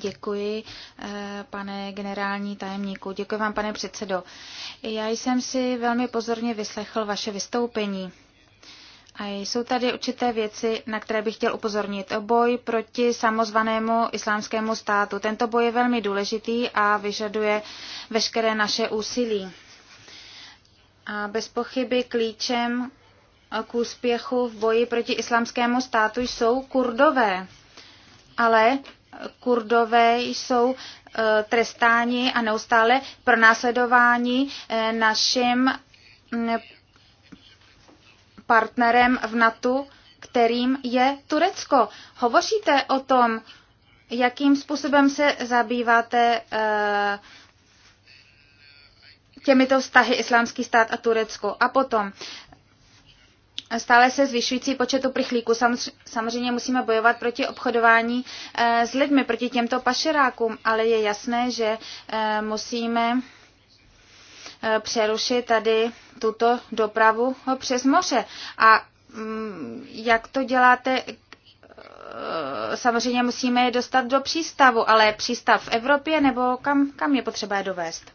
Děkuji, eh, pane generální tajemníku. Děkuji vám, pane předsedo. Já jsem si velmi pozorně vyslechl vaše vystoupení. A jsou tady určité věci, na které bych chtěl upozornit. Boj proti samozvanému islámskému státu. Tento boj je velmi důležitý a vyžaduje veškeré naše úsilí. A bez pochyby klíčem k úspěchu v boji proti islámskému státu jsou kurdové. Ale kurdové jsou eh, trestáni a neustále pronásledováni eh, našim mm, partnerem v NATO, kterým je Turecko. Hovoříte o tom, jakým způsobem se zabýváte eh, těmito vztahy Islámský stát a Turecko. A potom stále se zvyšující počet uprchlíků. Samozřejmě musíme bojovat proti obchodování eh, s lidmi, proti těmto pašerákům, ale je jasné, že eh, musíme eh, přerušit tady tuto dopravu přes moře. A mm, jak to děláte, samozřejmě musíme je dostat do přístavu, ale přístav v Evropě nebo kam, kam je potřeba je dovést?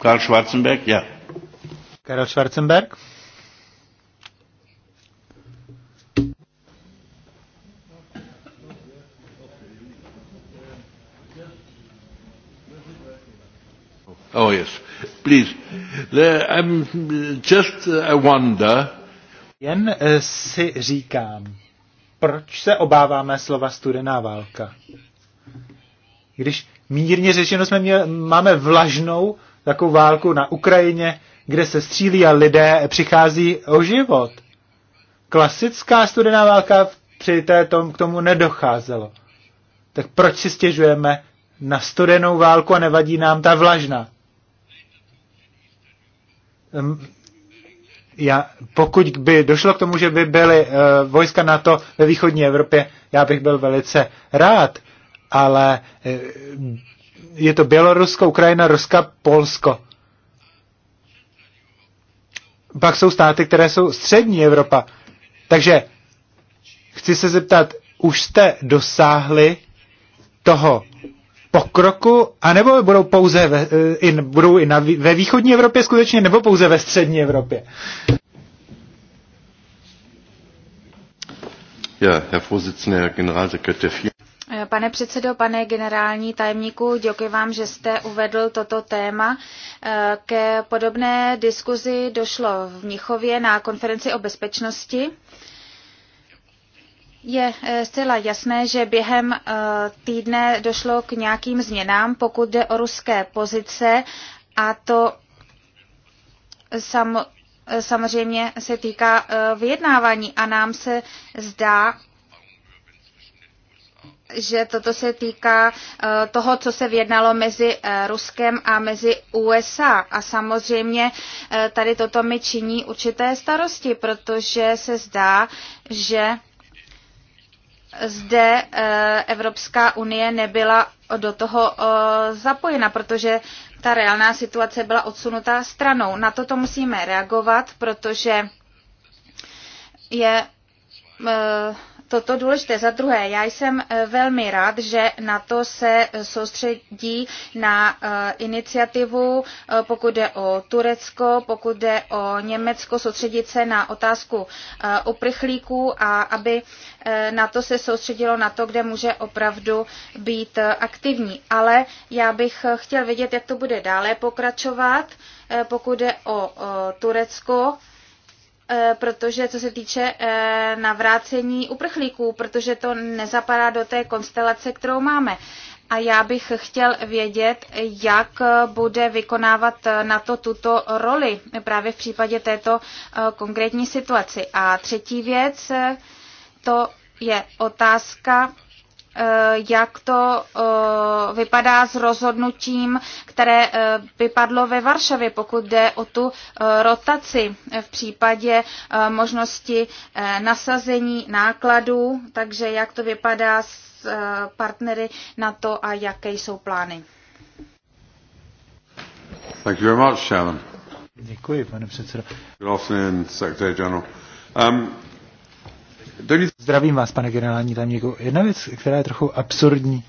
Karl Schwarzenberg, Ja. Karl Schwarzenberg? Oh, yes. Please. I'm just a uh, wonder. Jen eh, si říkám, proč se obáváme slova studená válka? Když mírně řečeno jsme měli, máme vlažnou takovou válku na Ukrajině, kde se střílí a lidé přichází o život. Klasická studená válka při té tom, k tomu nedocházelo. Tak proč si stěžujeme na studenou válku a nevadí nám ta vlažná? já, pokud by došlo k tomu, že by byly uh, vojska NATO ve východní Evropě, já bych byl velice rád, ale uh, je to Bělorusko, Ukrajina, Ruska, Polsko. Pak jsou státy, které jsou střední Evropa. Takže chci se zeptat, už jste dosáhli toho pokroku, anebo budou pouze ve, eh, in, budou i na, ve východní Evropě skutečně, nebo pouze ve střední Evropě? Ja, Herr Vorsitzender, Herr Generalsekretär, eh, Pane předsedo, pane generální tajemníku, děkuji vám, že jste uvedl toto téma. Eh, ke podobné diskuzi došlo v Mnichově na konferenci o bezpečnosti. Je eh, zcela jasné, že během eh, týdne došlo k nějakým změnám, pokud jde o ruské pozice a to sam, eh, samozřejmě se týká vyjednávání a nám se zdá, že toto se týká toho, co se vyjednalo mezi Ruskem a mezi USA. A samozřejmě tady toto mi činí určité starosti, protože se zdá, že zde eh, Evropská unie nebyla do toho eh, zapojena, protože ta reálná situace byla odsunutá stranou. Na toto musíme reagovat, protože je eh, toto důležité. Za druhé, já jsem e, velmi rád, že na to se e, soustředí na e, iniciativu, pokud jde o Turecko, pokud jde o Německo, soustředit se na otázku uprchlíků a aby na to se soustředilo na to, kde může opravdu být aktivní. Ale já bych chtěl vědět, jak to bude dále pokračovat, pokud jde o Turecko Eh, protože co se týče eh, navrácení uprchlíků, protože to nezapadá do té konstelace, kterou máme. A já bych chtěl vědět, jak eh, bude vykonávat na to tuto roli právě v případě této konkrétní situaci. A třetí věc, to je otázka Eh, jak to eh, vypadá s rozhodnutím, které vypadlo eh, ve Varšavě, pokud jde o tu rotaci v případě možnosti nasazení nákladů, takže jak to vypadá s partnery na to a jaké jsou plány. Thank you very much, Sharon. Děkuji, pane předsedo. Good afternoon, Secretary General. Um, Zdravím vás, pane generální tajemníku. Jedna věc, která je trochu absurdní,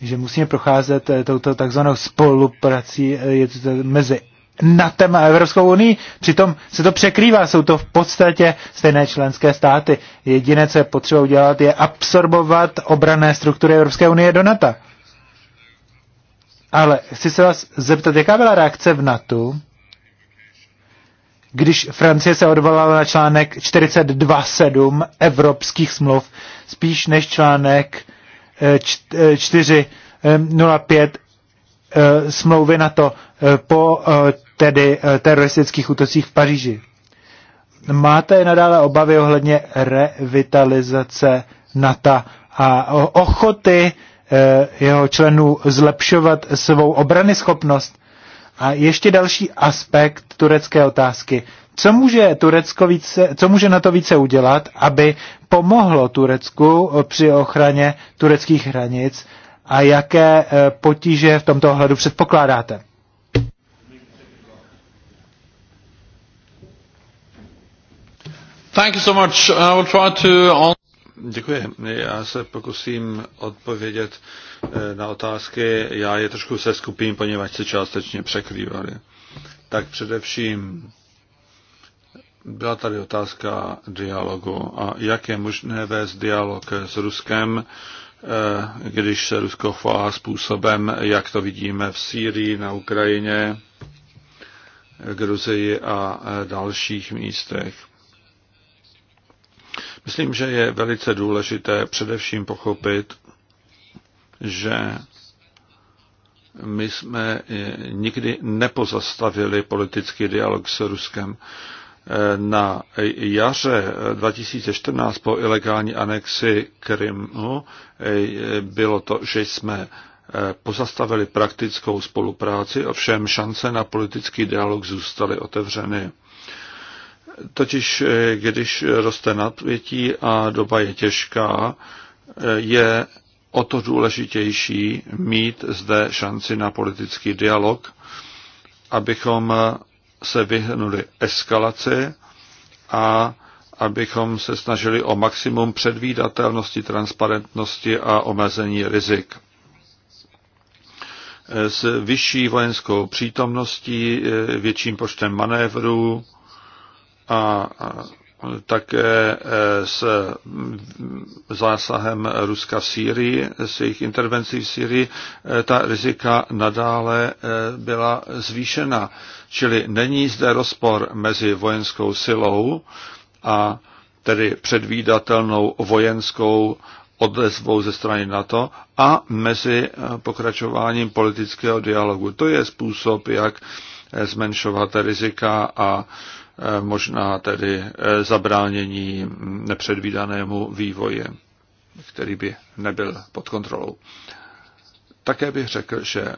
že musíme procházet eh, touto takzvanou spoluprací eh, mezi NATO a Evropskou unii. Přitom se to překrývá, jsou to v podstatě stejné členské státy. Jediné, co je potřeba udělat, je absorbovat obrané struktury Evropské unie do NATO. Ale chci se vás zeptat, jaká byla reakce v NATO když Francie se odvolala na článek 42.7 evropských smluv, spíš než článek 405 eh, eh, eh, smlouvy na to po tedy teroristických útocích v Paříži. Máte nadále obavy ohledně revitalizace NATO a ochoty jeho členů zlepšovat svou obrany schopnost? A ještě další aspekt turecké otázky. Co může, Turecko více, co může na to více udělat, aby pomohlo Turecku při ochraně tureckých hranic a jaké eh, potíže v tomto ohledu předpokládáte? Thank you so much. I will try to Děkuji. Já se pokusím odpovědět eh, na otázky. Já je trošku se skupím, poněvadž se částečně překrývaly. Tak především byla tady otázka dialogu a jak je možné vést dialog s Ruskem, eh, když se Rusko chová způsobem, jak to vidíme v Sýrii, na Ukrajině, Gruzii a eh, dalších místech. Myslím, že je velice důležité především pochopit, že my jsme eh, nikdy nepozastavili politický dialog s Ruskem. Eh, na jaře 2014 eh, po ilegální anexi Krymu bylo to, že jsme pozastavili praktickou spolupráci, ovšem šance na politický dialog zůstaly otevřeny. Totiž eh, když roste nadvětí a doba je těžká, eh, je o to důležitější mít zde šanci na politický dialog, abychom se vyhnuli eskalaci a abychom se snažili o maximum předvídatelnosti, transparentnosti a omezení rizik. Eh, s vyšší vojenskou přítomností, větším počtem manévrů, a také e, s zásahem Ruska v Sýrii, s jejich intervencí v Sýrii, e, ta rizika nadále e, byla zvýšena. Čili není zde rozpor mezi vojenskou silou a tedy předvídatelnou vojenskou odezvou ze strany NATO a mezi pokračováním politického dialogu. To je způsob, jak zmenšovat rizika a Eh, možná tedy eh, zabránění nepředvídanému vývoji, který by nebyl pod kontrolou. Také bych řekl, že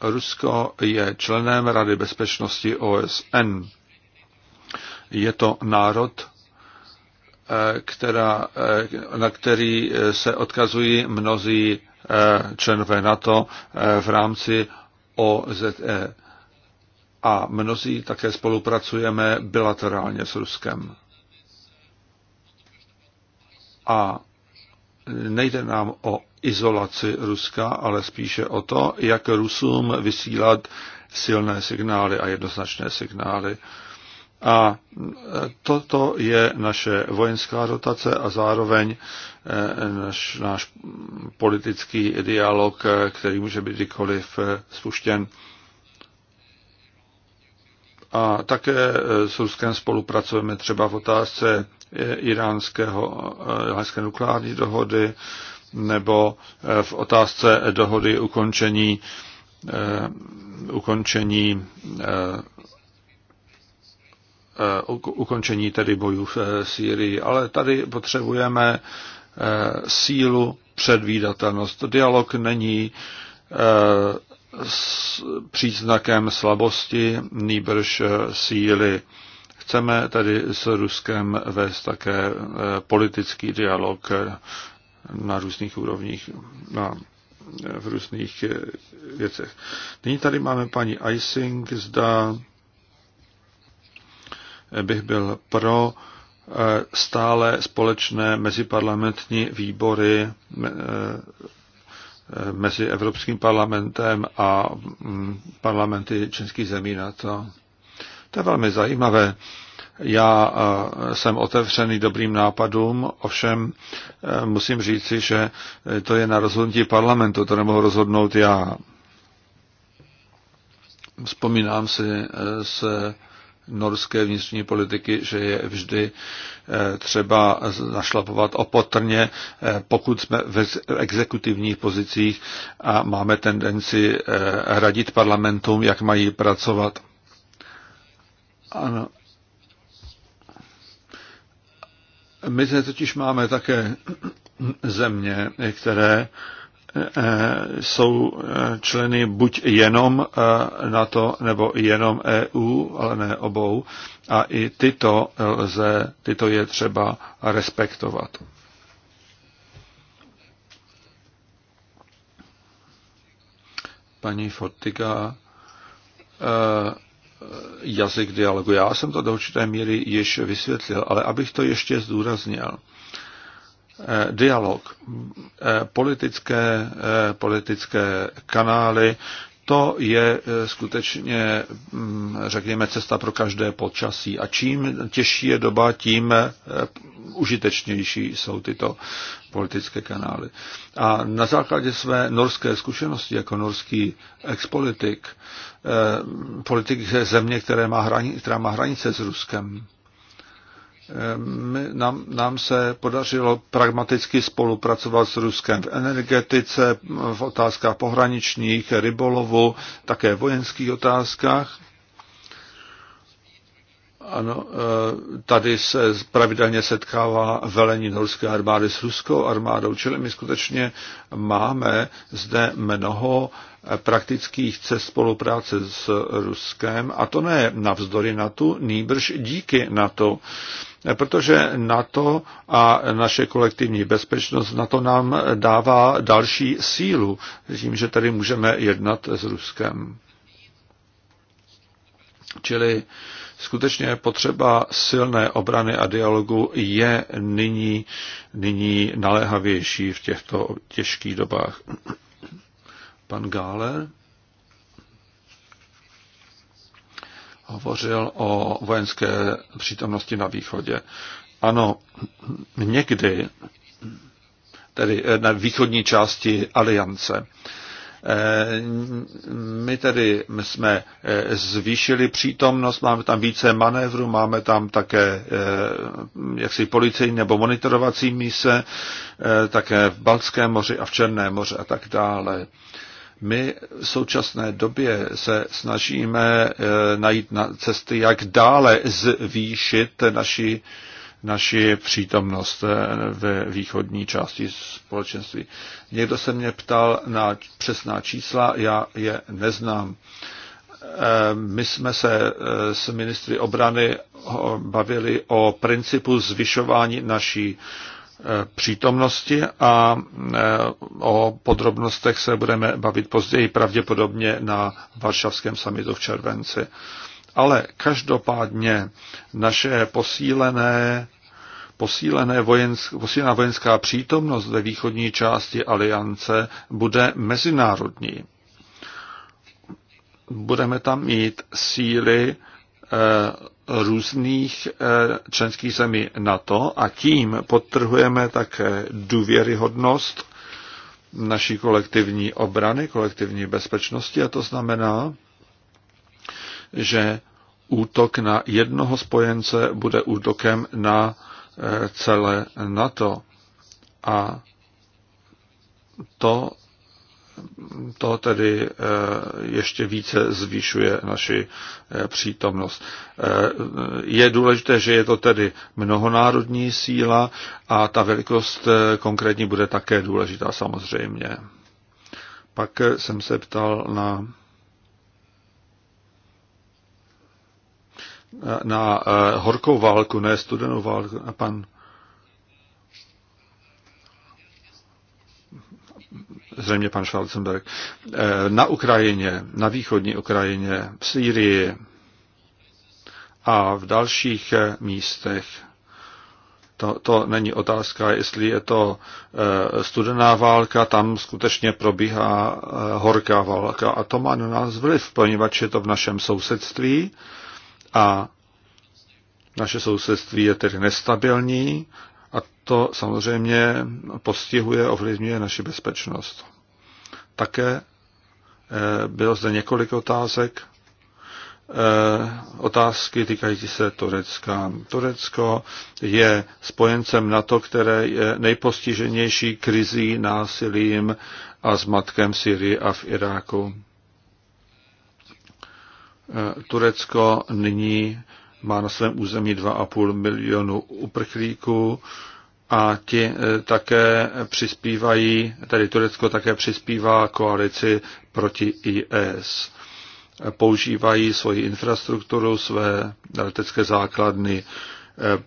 Rusko je členem Rady bezpečnosti OSN. Je to národ, eh, která, na který se odkazují mnozí členové NATO v rámci OZE a mnozí také spolupracujeme bilaterálně s Ruskem. A nejde nám o izolaci Ruska, ale spíše o to, jak Rusům vysílat silné signály a jednoznačné signály. A toto je naše vojenská rotace a zároveň eh, naš, náš politický dialog, eh, který může být kdykoliv eh, spuštěn. A také eh, s Ruskem spolupracujeme třeba v otázce eh, iránského, eh, iránské nukleární dohody nebo v otázce dohody ukončení, ukončení ukončení tedy bojů v Sýrii. Ale tady potřebujeme sílu, předvídatelnost. Dialog není s příznakem slabosti, nýbrž síly. Chceme tedy s Ruskem vést také e, politický dialog e, na různých úrovních, na, e, v různých věcech. Nyní tady máme paní Icing, zda bych byl pro stále společné meziparlamentní výbory Eh, mezi Evropským parlamentem a mm, parlamenty českých zemí na to. To je velmi zajímavé. Já eh, jsem otevřený dobrým nápadům, ovšem eh, musím říci, že to je na rozhodnutí parlamentu, to nemohu rozhodnout já. Vzpomínám si se norské vnitřní politiky, že je vždy eh, třeba našlapovat opotrně, eh, pokud jsme v exekutivních pozicích a máme tendenci eh, radit parlamentům, jak mají pracovat. Ano. My zde totiž máme také země, které eh, jsou eh, členy buď jenom eh, NATO nebo jenom EU, ale ne obou. A i tyto lze, tyto je třeba respektovat. Paní Fortiga, eh, jazyk dialogu. Já jsem to do určité míry již vysvětlil, ale abych to ještě zdůraznil. Eh, dialog, eh, politické, eh, politické kanály, to je skutečně, mm, řekněme, cesta pro každé počasí. A čím těžší je doba, tím užitečnější jsou tyto politické kanály. A na základě své norské zkušenosti jako norský expolitik, politik země, které má která má hranice s Ruskem, my, nám, nám se podařilo pragmaticky spolupracovat s Ruskem v energetice, v otázkách pohraničních, rybolovu, také vojenských otázkách. Ano, e, tady se pravidelně setkává velení norské armády s ruskou armádou, čili my skutečně máme zde mnoho praktických cest spolupráce s Ruskem, a to ne navzdory NATO, nýbrž díky NATO protože NATO a naše kolektivní bezpečnost NATO nám dává další sílu, tím, že tady můžeme jednat s Ruskem. Čili skutečně potřeba silné obrany a dialogu je nyní, nyní naléhavější v těchto těžkých dobách. Pan Gáler. hovořil o vojenské přítomnosti na východě. Ano, někdy, tedy eh, na východní části aliance, eh, my tedy jsme eh, zvýšili přítomnost, máme tam více manévru, máme tam také jaksi policejní nebo monitorovací mise, také v Balckém moři a v Černém moři a tak dále. My v současné době se snažíme eh, najít cesty, jak dále zvýšit naši, naši přítomnost eh, ve východní části společenství. Někdo se mě ptal na přesná čísla, já je neznám. Eh, my jsme se s ministry obrany bavili o principu zvyšování naší Eh, přítomnosti a eh, o podrobnostech se budeme bavit později, pravděpodobně na Varšavském samitu v červenci. Ale každopádně naše posílené, posílené vojensk, posílená vojenská přítomnost ve východní části aliance bude mezinárodní. Budeme tam mít síly eh, různých eh, členských zemí NATO a tím podtrhujeme také důvěryhodnost naší kolektivní obrany, kolektivní bezpečnosti a to znamená, že útok na jednoho spojence bude útokem na eh, celé NATO. A to to tedy eh, ještě více zvýšuje naši eh, přítomnost. Eh, je důležité, že je to tedy mnohonárodní síla a ta velikost konkrétní bude také důležitá samozřejmě. Pak jsem se ptal na na horkou válku, ne studenou válku. A pan zřejmě pan Schwarzenberg, eh, na Ukrajině, na východní Ukrajině, v Sýrii a v dalších eh, místech. To, to není otázka, jestli je to eh, studená válka, tam skutečně probíhá horká válka a to má na nás vliv, poněvadž je to v našem sousedství a naše sousedství je tedy nestabilní a to samozřejmě postihuje, ovlivňuje naši bezpečnost. Také eh, bylo zde několik otázek. Eh, otázky týkající se Turecka. Turecko je spojencem NATO, které je nejpostiženější krizí, násilím a zmatkem v Syrii a v Iráku. Eh, Turecko nyní má na svém území 2,5 milionu uprchlíků a ti eh, také přispívají, tedy Turecko také přispívá koalici proti IS. Používají svoji infrastrukturu, své letecké základny eh,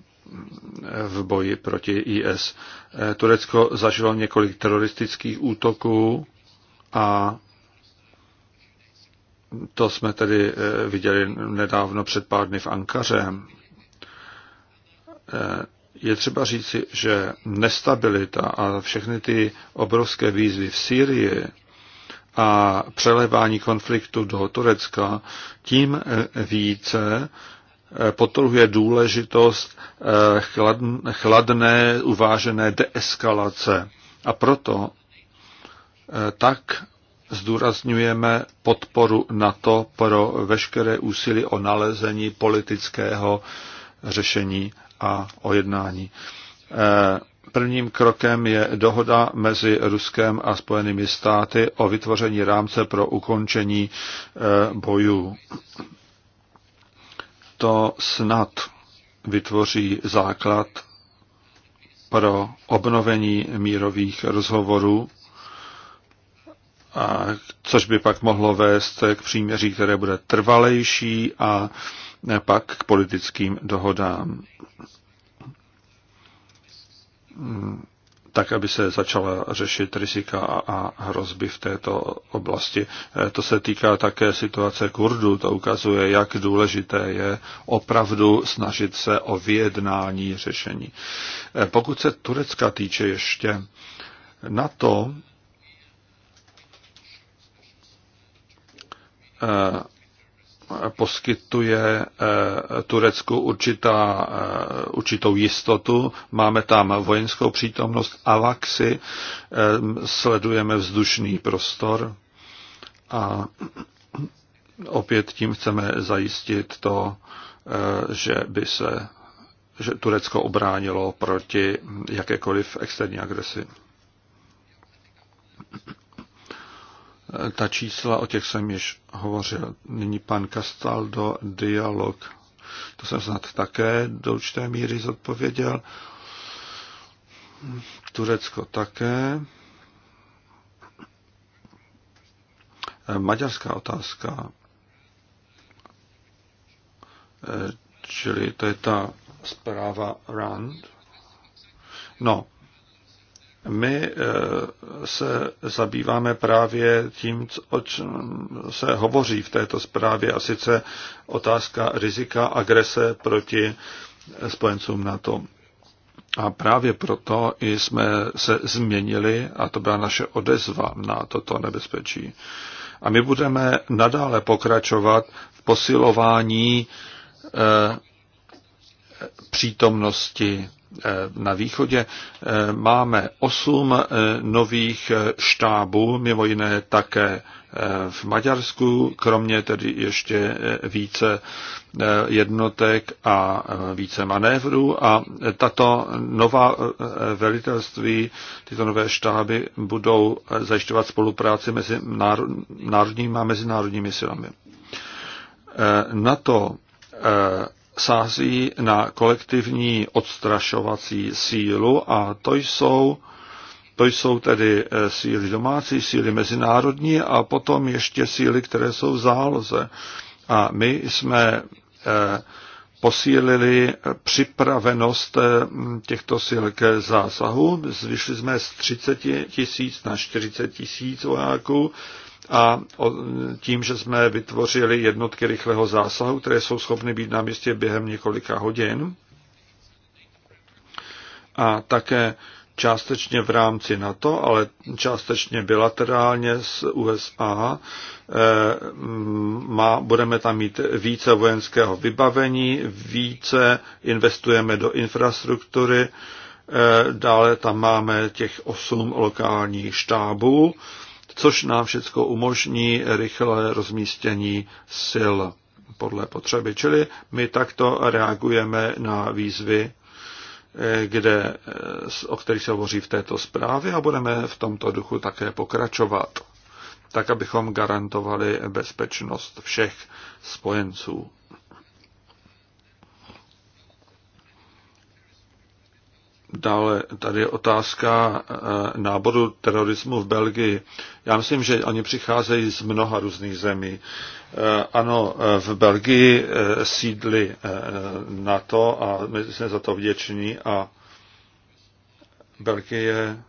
v boji proti IS. Eh, Turecko zažilo několik teroristických útoků a to jsme tedy eh, viděli nedávno před pár dny v Ankaře. Eh, je třeba říci, že nestabilita a všechny ty obrovské výzvy v Sýrii a přelevání konfliktu do Turecka tím eh, více potrhuje důležitost chladné, uvážené deeskalace. A proto tak zdůrazňujeme podporu NATO pro veškeré úsilí o nalezení politického řešení a o jednání. Eh, prvním krokem je dohoda mezi Ruskem a Spojenými státy o vytvoření rámce pro ukončení eh, bojů. To snad vytvoří základ pro obnovení mírových rozhovorů a což by pak mohlo vést k příměří, které bude trvalejší a pak k politickým dohodám. Tak, aby se začala řešit rizika a hrozby v této oblasti. E, to se týká také situace Kurdů. To ukazuje, jak důležité je opravdu snažit se o vyjednání řešení. E, pokud se Turecka týče ještě, na to Eh, poskytuje eh, Turecku určitá, eh, určitou jistotu. Máme tam vojenskou přítomnost AVAXy, sledujeme vzdušný prostor a opět tím chceme zajistit to, že by se že Turecko obránilo proti jakékoliv externí agresi. Eh, ta čísla, o těch jsem již hovořil. Nyní pan Castaldo, dialog. To jsem snad také do určité míry zodpověděl. Turecko také. Eh, maďarská otázka. Eh, čili to je ta zpráva RAND. No, my eh, se zabýváme právě tím, o čem se hovoří v této zprávě, a sice otázka rizika agrese proti spojencům NATO. A právě proto i jsme se změnili, a to byla naše odezva na toto nebezpečí. A my budeme nadále pokračovat v posilování eh, přítomnosti Eh, na východě eh, máme osm eh, nových štábů, mimo jiné také v Maďarsku, kromě tedy ještě více jednotek a více manévrů a tato nová velitelství, tyto nové štáby budou zajišťovat spolupráci mezi národními a mezinárodními silami. Na to sází na kolektivní odstrašovací sílu a to jsou, to jsou tedy eh, síly domácí, síly mezinárodní a potom ještě síly, které jsou v záloze. A my jsme eh, posílili připravenost eh, těchto sil ke zásahu. Zvyšli jsme z 30 tisíc na 40 tisíc vojáků a tím, že jsme vytvořili jednotky rychlého zásahu, které jsou schopny být na místě během několika hodin a také částečně v rámci NATO, ale částečně bilaterálně s USA. Eh, má, budeme tam mít více vojenského vybavení, více investujeme do infrastruktury, eh, dále tam máme těch osm lokálních štábů což nám všechno umožní rychlé rozmístění sil podle potřeby. Čili my takto reagujeme na výzvy, kde, o kterých se hovoří v této zprávě a budeme v tomto duchu také pokračovat, tak abychom garantovali bezpečnost všech spojenců. Dále tady je otázka eh, náboru terorismu v Belgii. Já myslím, že oni přicházejí z mnoha různých zemí. Eh, ano, eh, v Belgii sídli NATO a my jsme za to vděční a Belgie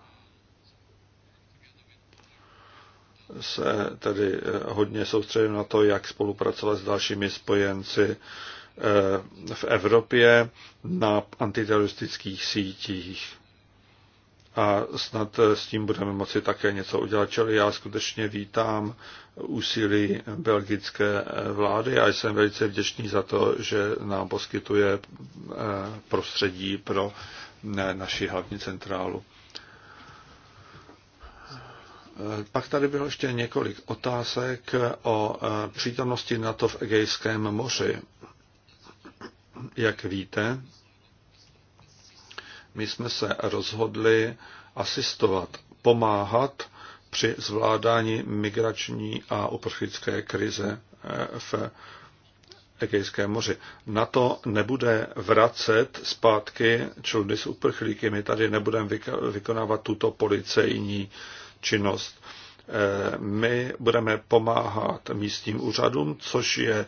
se tedy hodně soustředí na to, jak spolupracovat s dalšími spojenci Eh, v Evropě na antiteroristických sítích. A snad eh, s tím budeme moci také něco udělat. Čili já skutečně vítám úsilí belgické eh, vlády a jsem velice vděčný za to, že nám poskytuje prostředí pro naši hlavní centrálu. Pak tady bylo ještě několik otázek o přítomnosti NATO v Egejském moři jak víte, my jsme se rozhodli asistovat, pomáhat při zvládání migrační a uprchlické krize eh, v Egejské moři. Na to nebude vracet zpátky čluny s uprchlíky. My tady nebudeme vykonávat tuto policejní činnost my budeme pomáhat místním úřadům, což je e,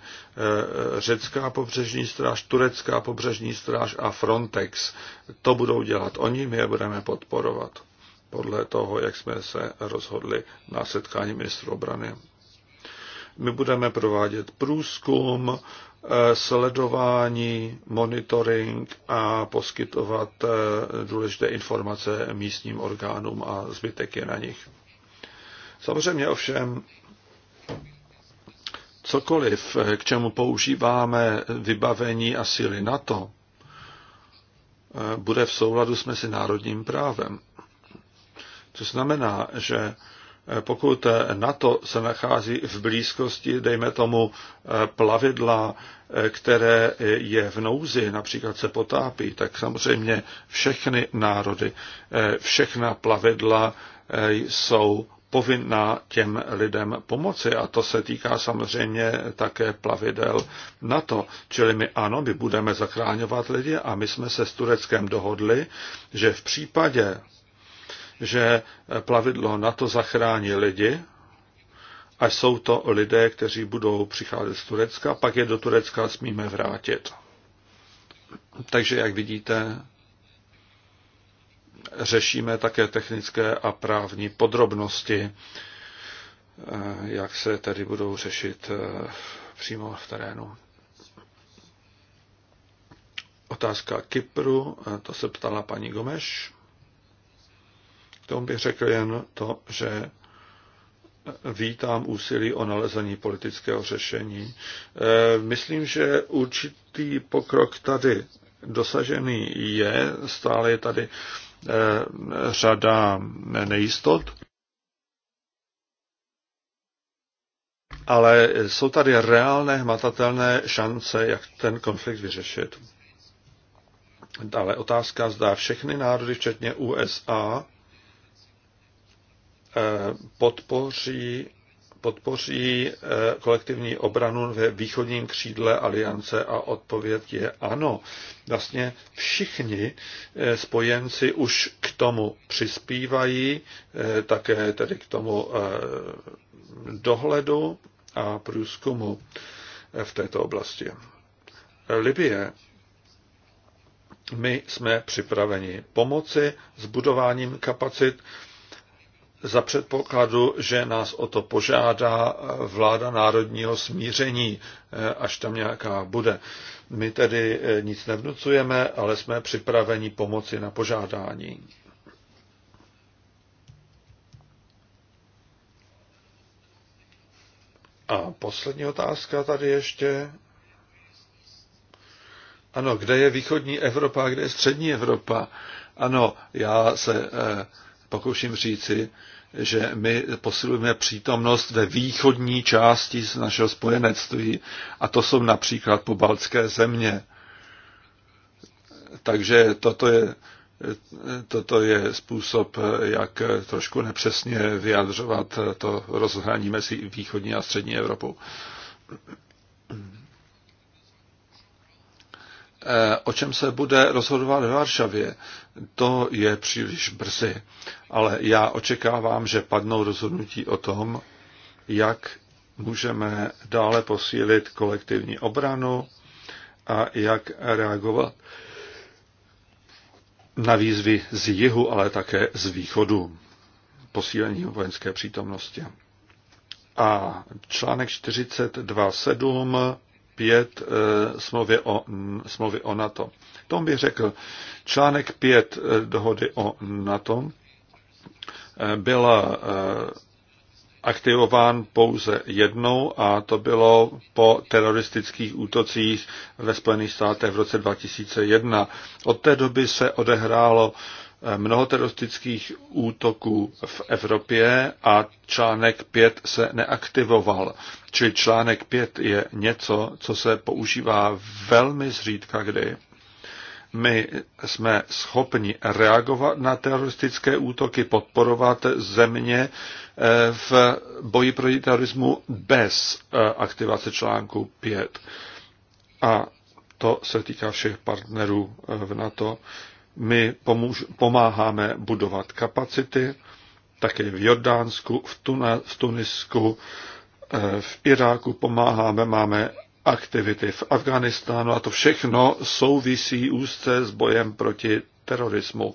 řecká pobřežní stráž, turecká pobřežní stráž a Frontex. To budou dělat oni, my je budeme podporovat podle toho, jak jsme se rozhodli na setkání ministru obrany. My budeme provádět průzkum, e, sledování, monitoring a poskytovat e, důležité informace místním orgánům a zbytek je na nich. Samozřejmě ovšem cokoliv, k čemu používáme vybavení a síly NATO, eh, bude v souladu s mezinárodním právem. To znamená, že eh, pokud NATO se nachází v blízkosti, dejme tomu, eh, plavidla, které je v nouzi, například se potápí, tak samozřejmě všechny národy, všechna plavidla jsou povinná těm lidem pomoci. A to se týká samozřejmě také plavidel NATO. Čili my ano, my budeme zachráňovat lidi a my jsme se s Tureckem dohodli, že v případě, že plavidlo NATO zachrání lidi, a jsou to lidé, kteří budou přicházet z Turecka, pak je do Turecka smíme vrátit. Takže, jak vidíte, řešíme také technické a právní podrobnosti, eh, jak se tedy budou řešit eh, přímo v terénu. Otázka Kypru, eh, to se ptala paní Gomeš. K tomu bych řekl jen to, že vítám úsilí o nalezení politického řešení. Myslím, že určitý pokrok tady dosažený je, stále je tady řada nejistot, ale jsou tady reálné, hmatatelné šance, jak ten konflikt vyřešit. Dále otázka, zdá všechny národy, včetně USA, eh, podpoří podpoří eh, kolektivní obranu ve východním křídle aliance a odpověď je ano. Vlastně všichni eh, spojenci už k tomu přispívají, eh, také tedy k tomu dohledu a průzkumu v této oblasti. Libie my jsme připraveni pomoci s budováním kapacit za předpokladu, že nás o to požádá vláda národního smíření, eh, až tam nějaká bude. My tedy eh, nic nevnucujeme, ale jsme připraveni pomoci na požádání. A poslední otázka tady ještě. Ano, kde je východní Evropa a kde je střední Evropa? Ano, já se eh, pokouším říci, že my posilujeme přítomnost ve východní části z našeho spojenectví a to jsou například pobaltské země. Takže toto je, toto je způsob, jak trošku nepřesně vyjadřovat to rozhraní mezi východní a střední Evropou. Eh, o čem se bude rozhodovat v Varšavě, to je příliš brzy. Ale já očekávám, že padnou rozhodnutí o tom, jak můžeme dále posílit kolektivní obranu a jak reagovat na výzvy z jihu, ale také z východu posílení vojenské přítomnosti. A článek 42.7 5 eh, smlouvy o, mm, smlouvy o NATO. Tom bych řekl, článek 5 eh, dohody o NATO eh, byla aktivován pouze jednou a to bylo po teroristických útocích ve Spojených státech v roce 2001. Od té doby se odehrálo mnoho teroristických útoků v Evropě a článek 5 se neaktivoval. Čili článek 5 je něco, co se používá velmi zřídka kdy. My jsme schopni reagovat na teroristické útoky, podporovat země eh, v boji proti terorismu bez eh, aktivace článku 5. A to se týká všech partnerů eh, v NATO. My pomůž, pomáháme budovat kapacity, také v Jordánsku, v, Tuna, v Tunisku, eh, v Iráku pomáháme, máme aktivity v Afganistánu a to všechno souvisí úzce s bojem proti terorismu.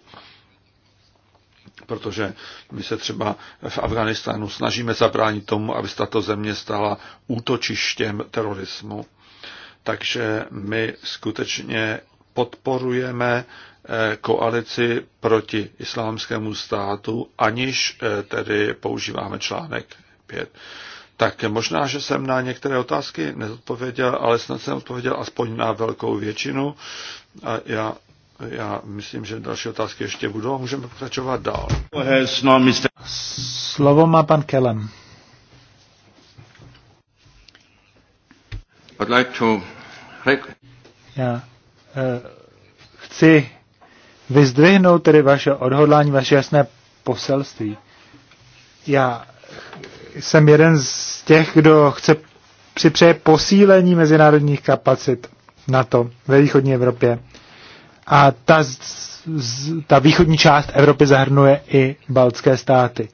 Protože my se třeba v Afganistánu snažíme zabránit tomu, aby se tato země stala útočištěm terorismu. Takže my skutečně podporujeme eh, koalici proti islámskému státu, aniž eh, tedy používáme článek 5. Tak možná, že jsem na některé otázky nezodpověděl, ale snad jsem odpověděl aspoň na velkou většinu. A já, já myslím, že další otázky ještě budou a můžeme pokračovat dál. Slovo má pan Kelem. Já Eh, chci vyzdvihnout tedy vaše odhodlání, vaše jasné poselství. Já jsem jeden z těch, kdo chce připřeje posílení mezinárodních kapacit na to ve východní Evropě. A ta, ta východní část Evropy zahrnuje i baltské státy.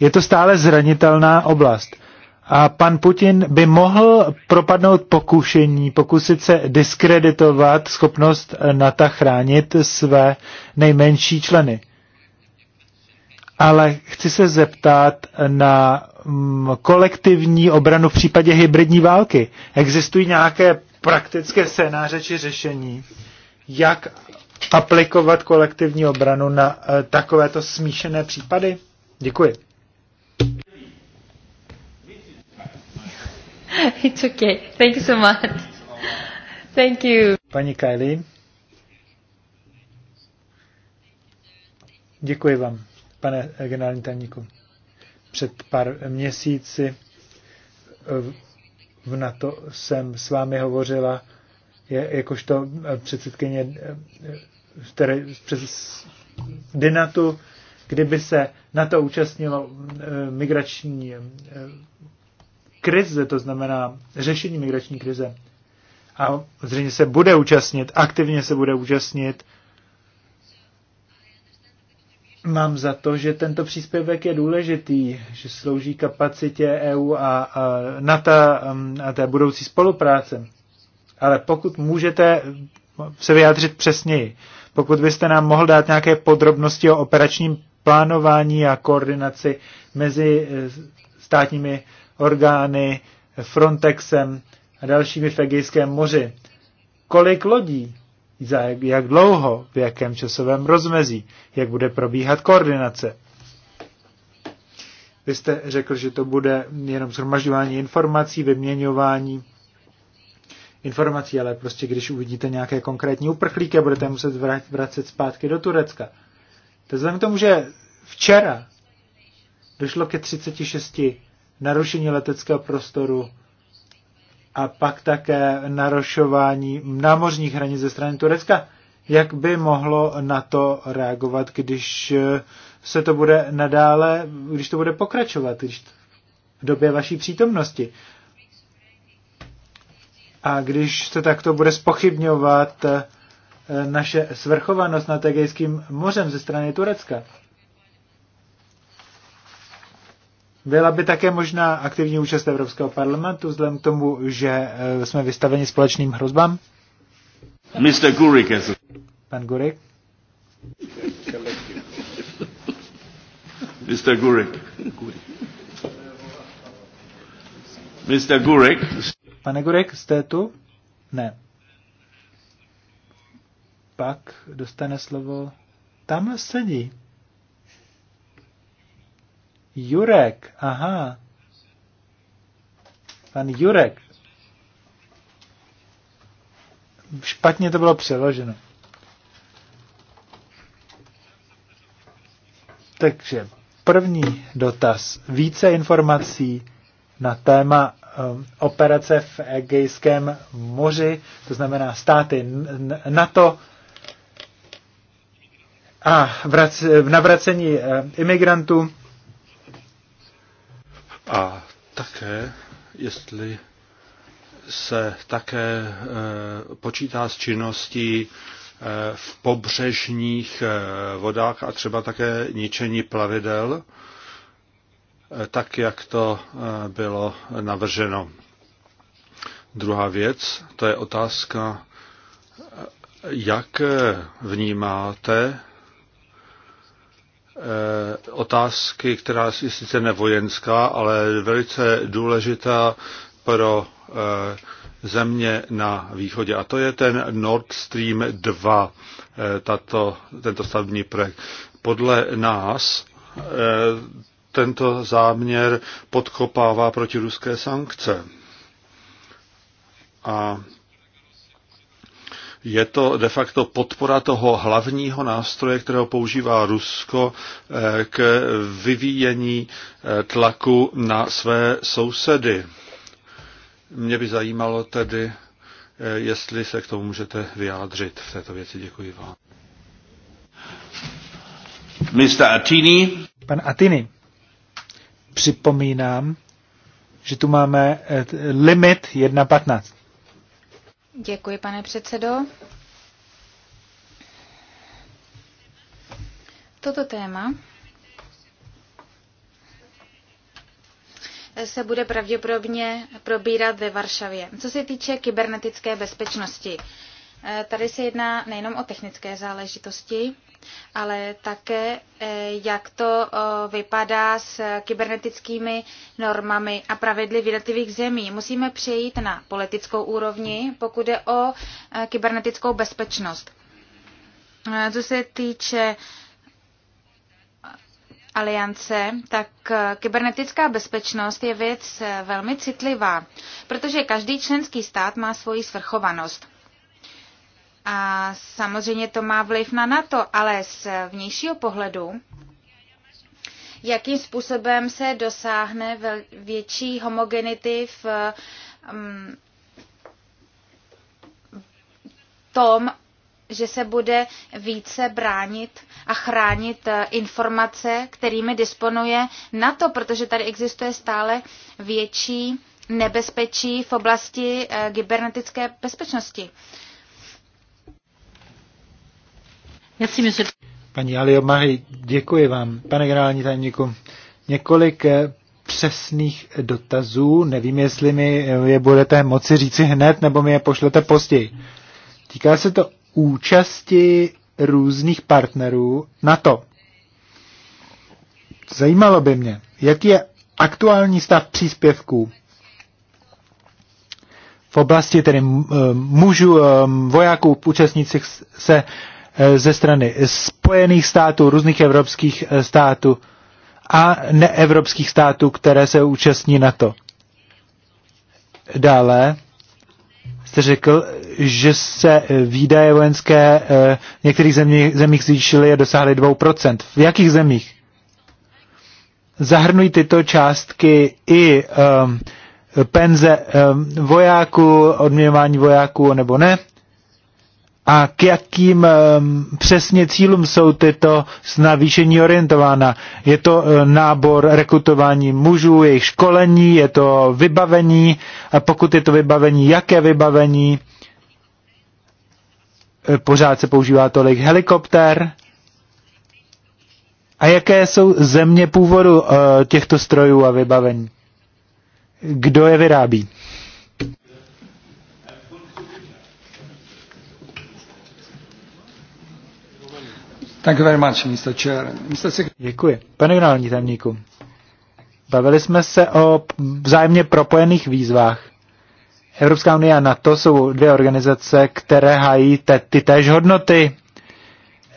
Je to stále zranitelná oblast a pan Putin by mohl propadnout pokušení, pokusit se diskreditovat schopnost NATO chránit své nejmenší členy. Ale chci se zeptat na mm, kolektivní obranu v případě hybridní války. Existují nějaké praktické scénáře či řešení, jak aplikovat kolektivní obranu na eh, takovéto smíšené případy? Děkuji. [laughs] It's okay. Thank you so much. Thank you. Paní Kylie. Děkuji vám, pane generální tajemníku. Před pár měsíci eh, v NATO jsem s vámi hovořila jakožto eh, předsedkyně eh, Dynatu, kdyby se na to účastnilo migrační krize, to znamená řešení migrační krize. A zřejmě se bude účastnit, aktivně se bude účastnit. Mám za to, že tento příspěvek je důležitý, že slouží kapacitě EU a, a NATO um, a té budoucí spolupráce. Ale pokud můžete se vyjádřit přesněji, pokud byste nám mohl dát nějaké podrobnosti o operačním plánování a koordinaci mezi eh, státními orgány, Frontexem a dalšími v Egejském moři. Kolik lodí, za jak dlouho, v jakém časovém rozmezí, jak bude probíhat koordinace. Vy jste řekl, že to bude jenom shromažďování informací, vyměňování informací, ale prostě když uvidíte nějaké konkrétní uprchlíky, budete muset vracet zpátky do Turecka. To znamená k tomu, že včera došlo ke 36 narušení leteckého prostoru a pak také narušování námořních hranic ze strany Turecka. Jak by mohlo na to reagovat, když se to bude nadále, když to bude pokračovat, když v době vaší přítomnosti? A když se takto bude spochybňovat eh, naše svrchovanost nad Egejským mořem ze strany Turecka. Byla by také možná aktivní účast Evropského parlamentu, vzhledem k tomu, že eh, jsme vystaveni společným hrozbám? Mr. Gurik. Pan Gurik. Mr. Gurik. Mr. Gurik. Pane Gurik, jste tu? Ne. Pak dostane slovo. Tam sedí. Jurek, aha. Pan Jurek. Špatně to bylo přeloženo. Takže první dotaz. Více informací na téma eh, operace v Egejském moři, to znamená státy NATO a vrac, navracení eh, imigrantů a také, jestli se také e, počítá s činností e, v pobřežních e, vodách a třeba také ničení plavidel, tak jak to bylo navrženo. Druhá věc, to je otázka, jak vnímáte Eh, otázky, která je sice nevojenská, ale velice důležitá pro eh, země na východě. A to je ten Nord Stream 2, eh, tato, tento stavební projekt. Podle nás tento záměr podkopává protiruské sankce. A je to de facto podpora toho hlavního nástroje, kterého používá Rusko eh, k vyvíjení eh, tlaku na své sousedy. Mě by zajímalo tedy, eh, jestli se k tomu můžete vyjádřit v této věci. Děkuji vám. Mr. Atini. Pan Atini. Připomínám, že tu máme limit 1.15. Děkuji, pane předsedo. Toto téma se bude pravděpodobně probírat ve Varšavě. Co se týče kybernetické bezpečnosti, tady se jedná nejenom o technické záležitosti, ale také eh, jak to eh, vypadá s kybernetickými normami a pravidly v jednotlivých zemí. Musíme přejít na politickou úrovni, pokud je o eh, kybernetickou bezpečnost. Co se týče aliance, tak kybernetická bezpečnost je věc velmi citlivá, protože každý členský stát má svoji svrchovanost. A samozřejmě to má vliv na NATO, ale z vnějšího pohledu, jakým způsobem se dosáhne větší homogenity v mm, tom, že se bude více bránit a chránit eh, informace, kterými disponuje NATO, protože tady existuje stále větší nebezpečí v oblasti eh, kybernetické bezpečnosti. Paní Mahi, děkuji vám. Pane generální tajemníku, několik eh, přesných dotazů. Nevím, jestli mi eh, je budete moci říci hned, nebo mi je pošlete později. Týká se to účasti různých partnerů na to. Zajímalo by mě, jaký je aktuální stav příspěvků v oblasti tedy eh, mužů, vojáků, účastnících se Eh, ze strany Spojených států, různých evropských eh, států a neevropských států, které se účastní na to. Dále jste řekl, že se eh, výdaje vojenské v některých zemích, zemích zvýšily a dosáhly 2%. V jakých zemích? Zahrnují tyto částky i um, penze um, vojáků, odměňování vojáků nebo ne? a k jakým ehm, přesně cílům jsou tyto navýšení orientována. Je to eh, nábor rekrutování mužů, jejich školení, je to vybavení, a pokud je to vybavení, jaké vybavení, eh, pořád se používá tolik helikoptér, a jaké jsou země původu eh, těchto strojů a vybavení? Kdo je vyrábí? Thank you very much, Mr. Chair. Mr. Děkuji. Pane generální tajemníku, bavili jsme se o vzájemně propojených výzvách. Evropská unie a NATO jsou dvě organizace, které hají te, ty též hodnoty.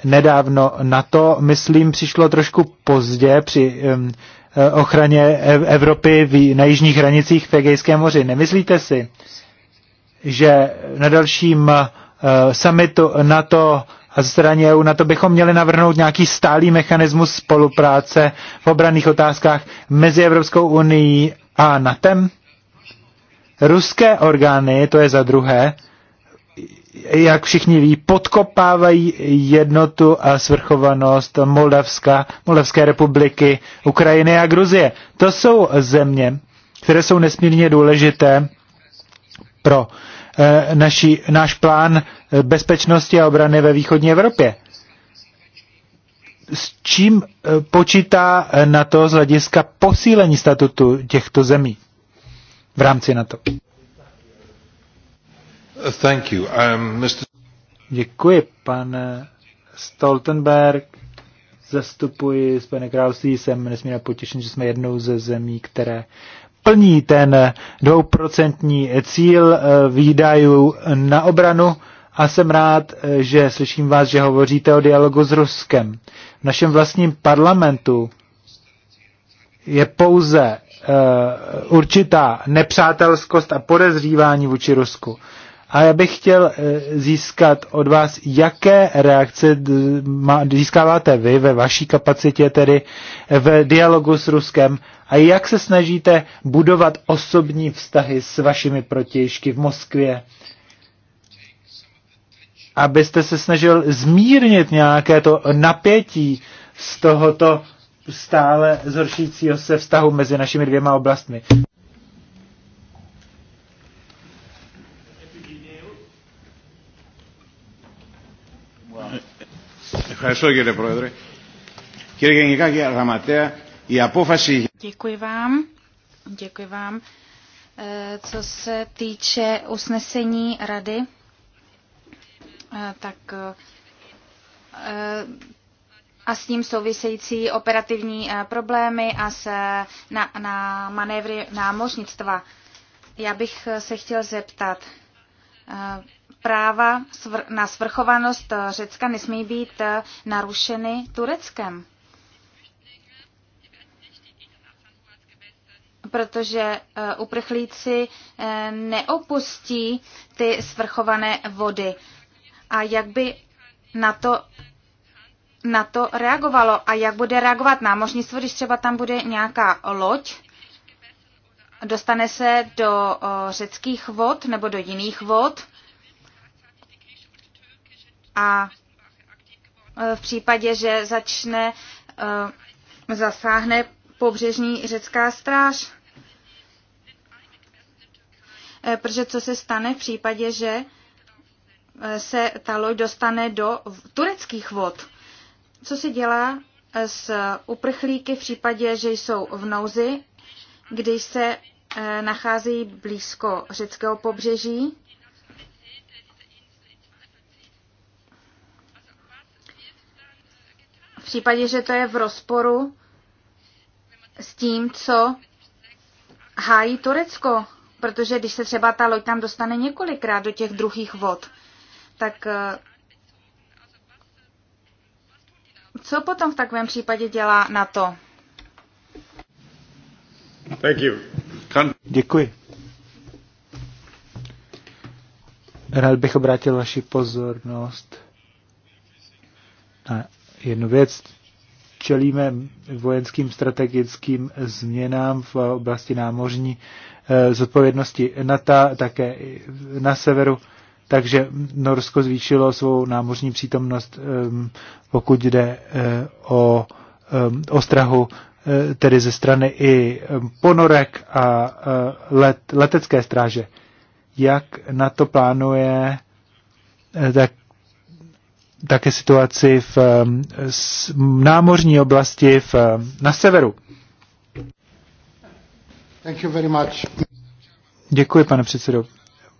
Nedávno NATO, myslím, přišlo trošku pozdě při um, ochraně Evropy v, na jižních hranicích v Egejském moři. Nemyslíte si, že na dalším uh, summitu NATO a ze strany EU na to bychom měli navrhnout nějaký stálý mechanismus spolupráce v obraných otázkách mezi Evropskou unii a NATEM? Ruské orgány, to je za druhé, jak všichni ví, podkopávají jednotu a svrchovanost Moldavska, Moldavské republiky, Ukrajiny a Gruzie. To jsou země, které jsou nesmírně důležité pro uh, Eh, naši, náš plán eh, bezpečnosti a obrany ve východní Evropě. S čím eh, počítá na to z hlediska posílení statutu těchto zemí v rámci NATO? Thank you. Um, Mr. Děkuji, pan Stoltenberg. Zastupuji pane království, jsem nesmírně potěšen, že jsme jednou ze zemí, které plní ten dvouprocentní cíl eh, výdajů na obranu a jsem rád, eh, že slyším vás, že hovoříte o dialogu s Ruskem. V našem vlastním parlamentu je pouze eh, určitá nepřátelskost a podezřívání vůči Rusku. A já bych chtěl eh, získat od vás, jaké reakce získáváte vy ve vaší kapacitě, tedy v dialogu s Ruskem a jak se snažíte budovat osobní vztahy s vašimi protějšky v Moskvě, abyste se snažil zmírnit nějaké to napětí z tohoto stále zhoršícího se vztahu mezi našimi dvěma oblastmi. Ευχαριστώ κύριε Πρόεδρε. Κύριε Γενικά Γραμματέα, η απόφαση... Děkuji vám. Děkuji vám. Eh, co se týče usnesení rady, eh, tak eh, a s tím související operativní problémy a se na, na manévry námořnictva. Já bych se chtěl zeptat, práva na svrchovanost eh, Řecka nesmí být eh, narušeny Tureckem. protože eh, uprchlíci neopustí ty svrchované vody. A jak by na to, na to reagovalo a jak bude reagovat námořnictvo, když třeba tam bude nějaká loď, dostane se do řeckých vod nebo do jiných vod a e, v případě, že začne e, zasáhne pobřežní řecká stráž. E, protože co se stane v případě, že se ta loď dostane do tureckých vod? Co se dělá s uprchlíky v případě, že jsou v nouzi, když se nacházejí blízko řeckého pobřeží? v případě, že to je v rozporu s tím, co hájí Turecko. Protože když se třeba ta loď tam dostane několikrát do těch druhých vod, tak eh, co potom v takovém případě dělá na to? Děkuji. Rád bych obrátil vaši pozornost na jednu věc. Čelíme vojenským strategickým změnám v oblasti námořní eh, zodpovědnosti NATO, také na severu. Takže Norsko zvýšilo svou námořní přítomnost, ehm, pokud jde eh, o ehm, ostrahu, eh, tedy ze strany i ehm, ponorek a let, letecké stráže. Jak na to plánuje tak také situaci v námořní oblasti v, na severu. Thank you very much. Děkuji, pane předsedo,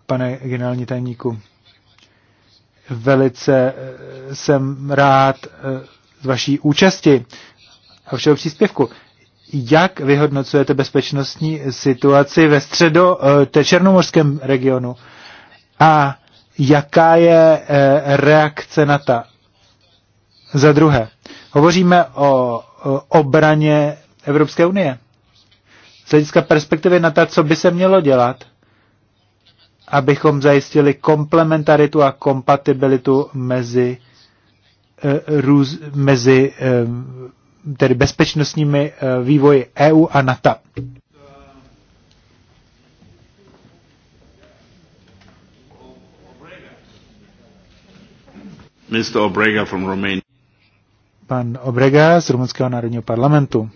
pane generální tajníku. Velice eh, jsem rád eh, z vaší účasti a všeho příspěvku. Jak vyhodnocujete bezpečnostní situaci ve středo eh, černomorském regionu? A jaká je eh, reakce na ta. Za druhé, hovoříme o obraně Evropské unie. Z hlediska perspektivy na to, co by se mělo dělat, abychom zajistili komplementaritu a kompatibilitu mezi, eh, růz, mezi eh, tedy bezpečnostními vývoji EU a NATO. Mr. Obrega from Romania. Pan Obrega z Rumunského národního parlamentu.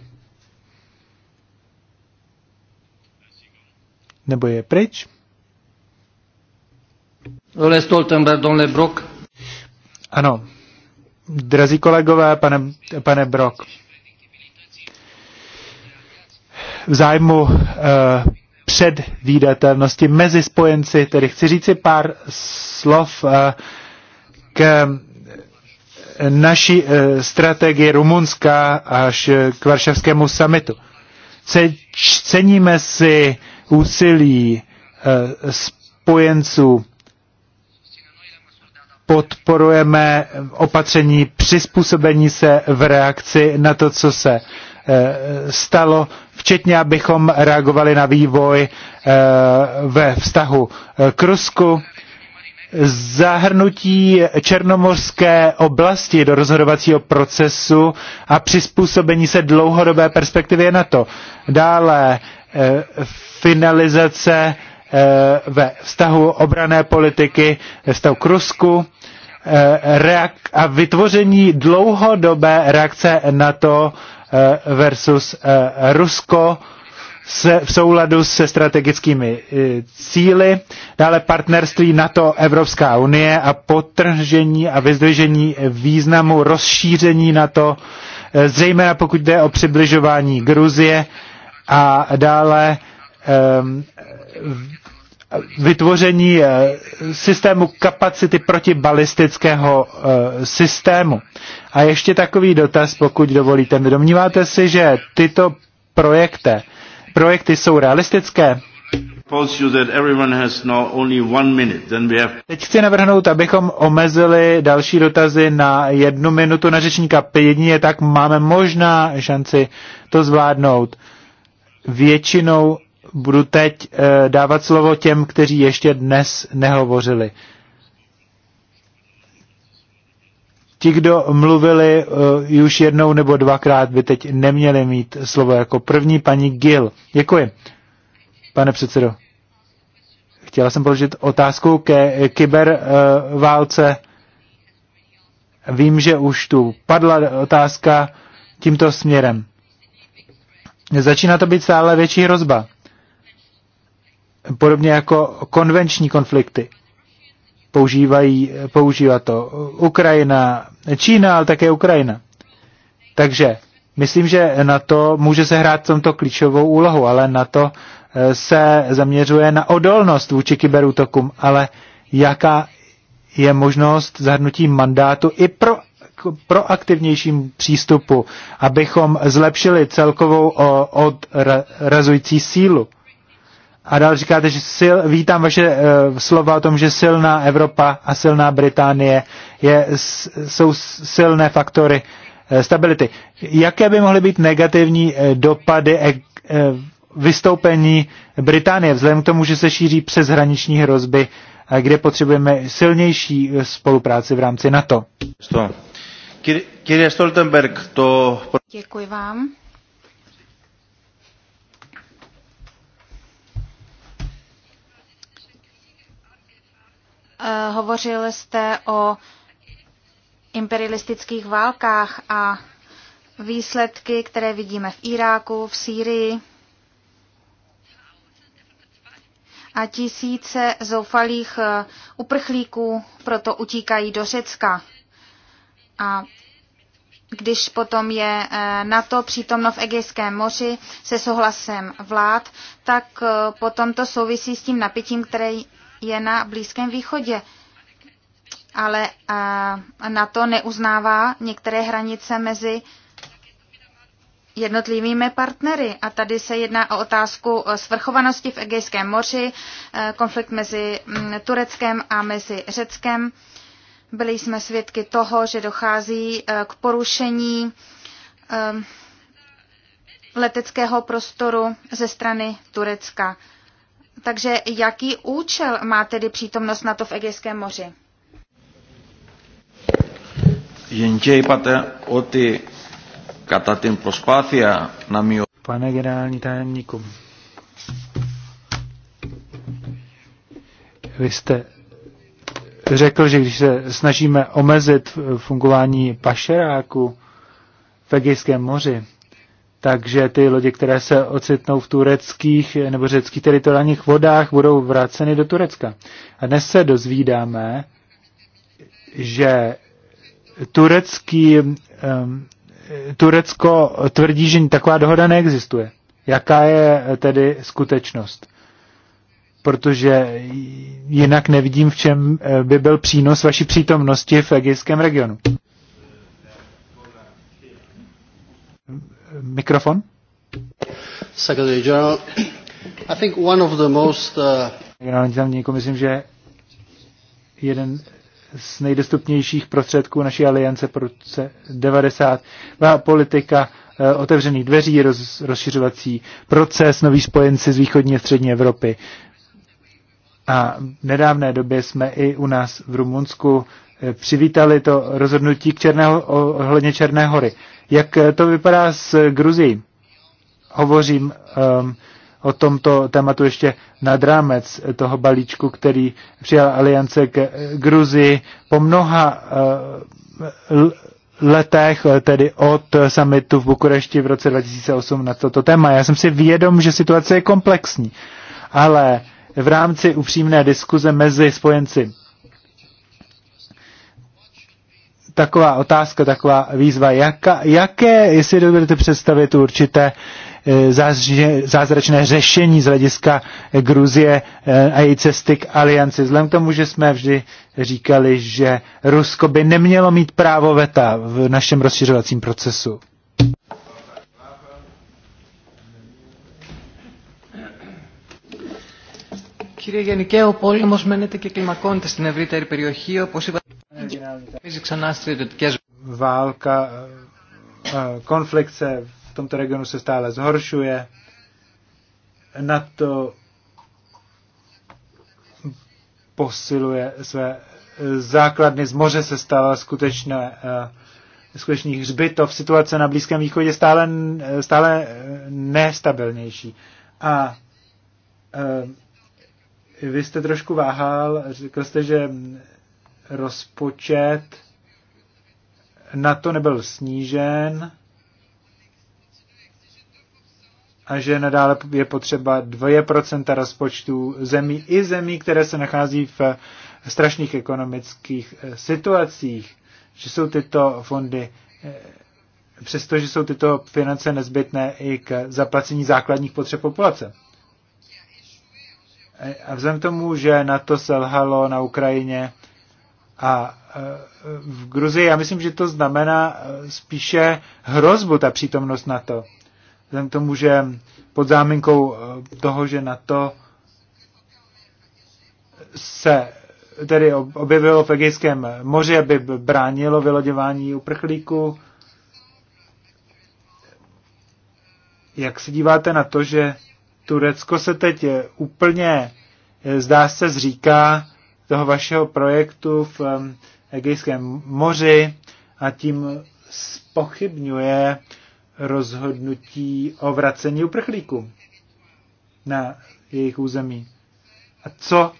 Nebo je pryč? Ole Stoltenberg, domnule Brok. Ano. Drazí kolegové, pane, pane Brok. V zájmu uh, předvídatelnosti mezi spojenci, tedy chci říci pár slov uh, Eh, naší eh, strategii Rumunska až eh, k Varšavskému samitu. Ceníme si úsilí spojenců, podporujeme opatření přizpůsobení se v reakci na to, co se stalo, včetně abychom reagovali na vývoj ve vztahu k Rusku zahrnutí černomorské oblasti do rozhodovacího procesu a přizpůsobení se dlouhodobé perspektivě na to. Dále eh, finalizace eh, ve vztahu obrané politiky, ve vztahu k Rusku eh, a vytvoření dlouhodobé reakce na to versus Rusko se, v souladu se strategickými eh, cíly, dále partnerství NATO Evropská unie a potržení a vyzdvižení významu rozšíření NATO, eh, zejména pokud jde o přibližování Gruzie a dále ehm, vytvoření eh, systému kapacity protibalistického systému. A ještě takový dotaz, pokud dovolíte. Domníváte si, že tyto projekte projekty jsou realistické? Teď chci navrhnout, abychom omezili další dotazy na jednu minutu na řečníka. Jedině tak máme možná šanci to zvládnout. Většinou budu teď eh, dávat slovo těm, kteří ještě dnes nehovořili. Ti, kdo mluvili uh, už jednou nebo dvakrát, by teď neměli mít slovo jako první paní Gil. Děkuji, pane předsedo. Chtěla jsem položit otázku ke kyberválce. Uh, Vím, že už tu padla otázka tímto směrem. Začíná to být stále větší hrozba. Podobně jako konvenční konflikty používají, používá to Ukrajina, Čína, ale také Ukrajina. Takže myslím, že na to může se hrát tomto klíčovou úlohu, ale na to eh, se zaměřuje na odolnost vůči kyberútokům, ale jaká je možnost zahrnutí mandátu i pro pro proaktivnějším přístupu, abychom zlepšili celkovou odrazující sílu. A dál říkáte, že sil, vítám vaše uh, slova o tom, že silná Evropa a silná Británie je, jsou silné faktory uh, stability. Jaké by mohly být negativní uh, dopady uh, vystoupení Británie, vzhledem k tomu, že se šíří přeshraniční hrozby, uh, kde potřebujeme silnější spolupráci v rámci NATO? Sto. Kyrie Stoltenberg, to... Děkuji vám. Eh, hovořil jste o imperialistických válkách a výsledky, které vidíme v Iráku, v Sýrii a tisíce zoufalých eh, uprchlíků proto utíkají do Řecka. A když potom je eh, NATO přítomno v Egejském moři se souhlasem vlád, tak potom to souvisí s tím napětím, které je na Blízkém východě, ale na to neuznává některé hranice mezi jednotlivými partnery. A tady se jedná o otázku svrchovanosti v Egejském moři, e, konflikt mezi mm, Tureckem a mezi Řeckem. Byli jsme svědky toho, že dochází e, k porušení e, leteckého prostoru ze strany Turecka. Takže jaký účel má tedy přítomnost NATO v Egejském moři? Jenže Pane generální tajemníku, vy jste řekl, že když se snažíme omezit fungování pašeráku v Egejském moři, takže ty lodi, které se ocitnou v tureckých nebo řeckých teritoriálních vodách, budou vraceny do Turecka. A dnes se dozvídáme, že turecký, um, Turecko tvrdí, že taková dohoda neexistuje. Jaká je tedy skutečnost? Protože jinak nevidím, v čem by byl přínos vaší přítomnosti v egejském regionu. Mikrofon. Secretary General, I think one of the most... Uh, Generální myslím, že jeden z nejdostupnějších prostředků naší aliance pro 90 byla politika eh, otevřených dveří, roz, rozšiřovací proces, nový spojenci z východní a střední Evropy. A v nedávné době jsme i u nás v Rumunsku Eh, přivítali to rozhodnutí k Černého, ohledně Černé hory. Jak eh, to vypadá s Gruzií? Hovořím um, o tomto tématu ještě nad rámec toho balíčku, který přijal aliance k eh, Gruzii po mnoha uh, letech, tedy od summitu v Bukurešti v roce 2008 na toto téma. Já jsem si vědom, že situace je komplexní, ale v rámci upřímné diskuze mezi spojenci taková otázka, taková výzva, jaka, jaké, jestli dovedete představit určité eh, zázračné řešení z hlediska eh, Gruzie eh, a její cesty k alianci. Vzhledem k tomu, že jsme vždy říkali, že Rusko by nemělo mít právo veta v našem rozšiřovacím procesu. Κύριε Γενικέ, ο πόλεμος μένεται και κλιμακώνεται στην ευρύτερη περιοχή, όπως είπα. Válka, eh, eh, konflikt se v tomto regionu se stále zhoršuje. Na to posiluje své základny. Z moře se stala skutečné, eh, skutečný hřbitov. Situace na Blízkém východě stále, stále nestabilnější. A vy jste trošku váhal, řekl jste, že rozpočet na to nebyl snížen a že nadále je potřeba 2% rozpočtu zemí i zemí, které se nachází v strašných ekonomických eh, situacích, že jsou tyto fondy, eh, přestože jsou tyto finance nezbytné i k zaplacení základních potřeb populace. Eh, a vzhledem tomu, že na to selhalo na Ukrajině, a e, v Gruzii já myslím, že to znamená e, spíše hrozbu, ta přítomnost NATO. Vzhledem k tomu, že pod záminkou e, toho, že NATO se tedy objevilo v Egejském moři, aby bránilo vyloděvání uprchlíků. Jak se díváte na to, že Turecko se teď úplně zdá se zříká toho vašeho projektu v Egejském moři a tím spochybňuje rozhodnutí o vracení uprchlíků na jejich území. A co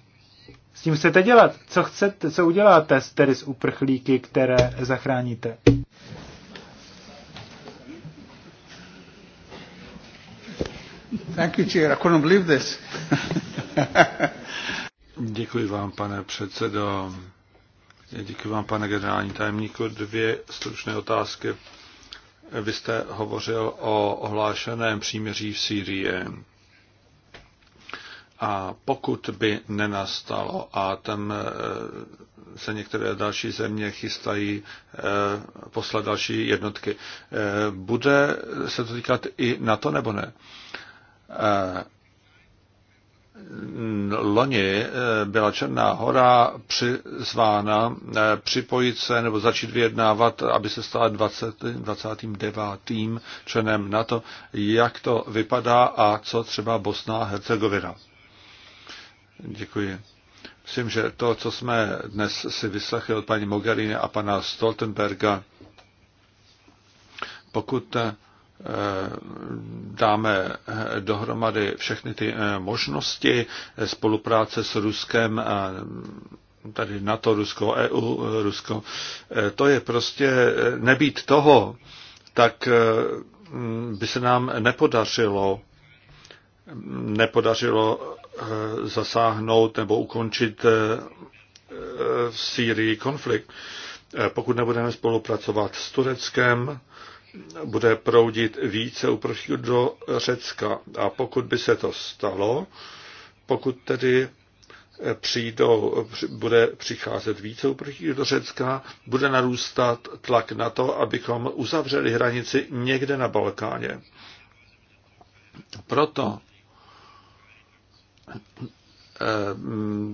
s tím chcete dělat? Co chcete, co uděláte s tedy s uprchlíky, které zachráníte? Thank you, Chair. I couldn't believe this. [laughs] Děkuji vám, pane předsedo. Děkuji vám, pane generální tajemníku. Dvě stručné otázky. Vy jste hovořil o ohlášeném příměří v Sýrii. A pokud by nenastalo a tam e, se některé další země chystají e, poslat další jednotky, e, bude se to týkat i na to nebo ne? loni eh, byla Černá hora přizvána eh, připojit se nebo začít vyjednávat, aby se stala 20, 29. členem NATO. Jak to vypadá a co třeba Bosna a Hercegovina? Děkuji. Myslím, že to, co jsme dnes si vyslechli od paní Mogherini a pana Stoltenberga, pokud eh, Eh, dáme eh, dohromady všechny ty eh, možnosti spolupráce s Ruskem a mm, tady NATO, Rusko, EU, Rusko. To je prostě nebýt toho, tak mm, by se nám nepodařilo mm, nepodařilo zasáhnout nebo ukončit v Sýrii konflikt. Pokud nebudeme spolupracovat s Tureckem, bude proudit více uprchlíků do Řecka. A pokud by se to stalo, pokud tedy eh, přijdou, bude přicházet více uprchlíků do Řecka, bude narůstat tlak na to, abychom uzavřeli hranici někde na Balkáně. Proto Eh,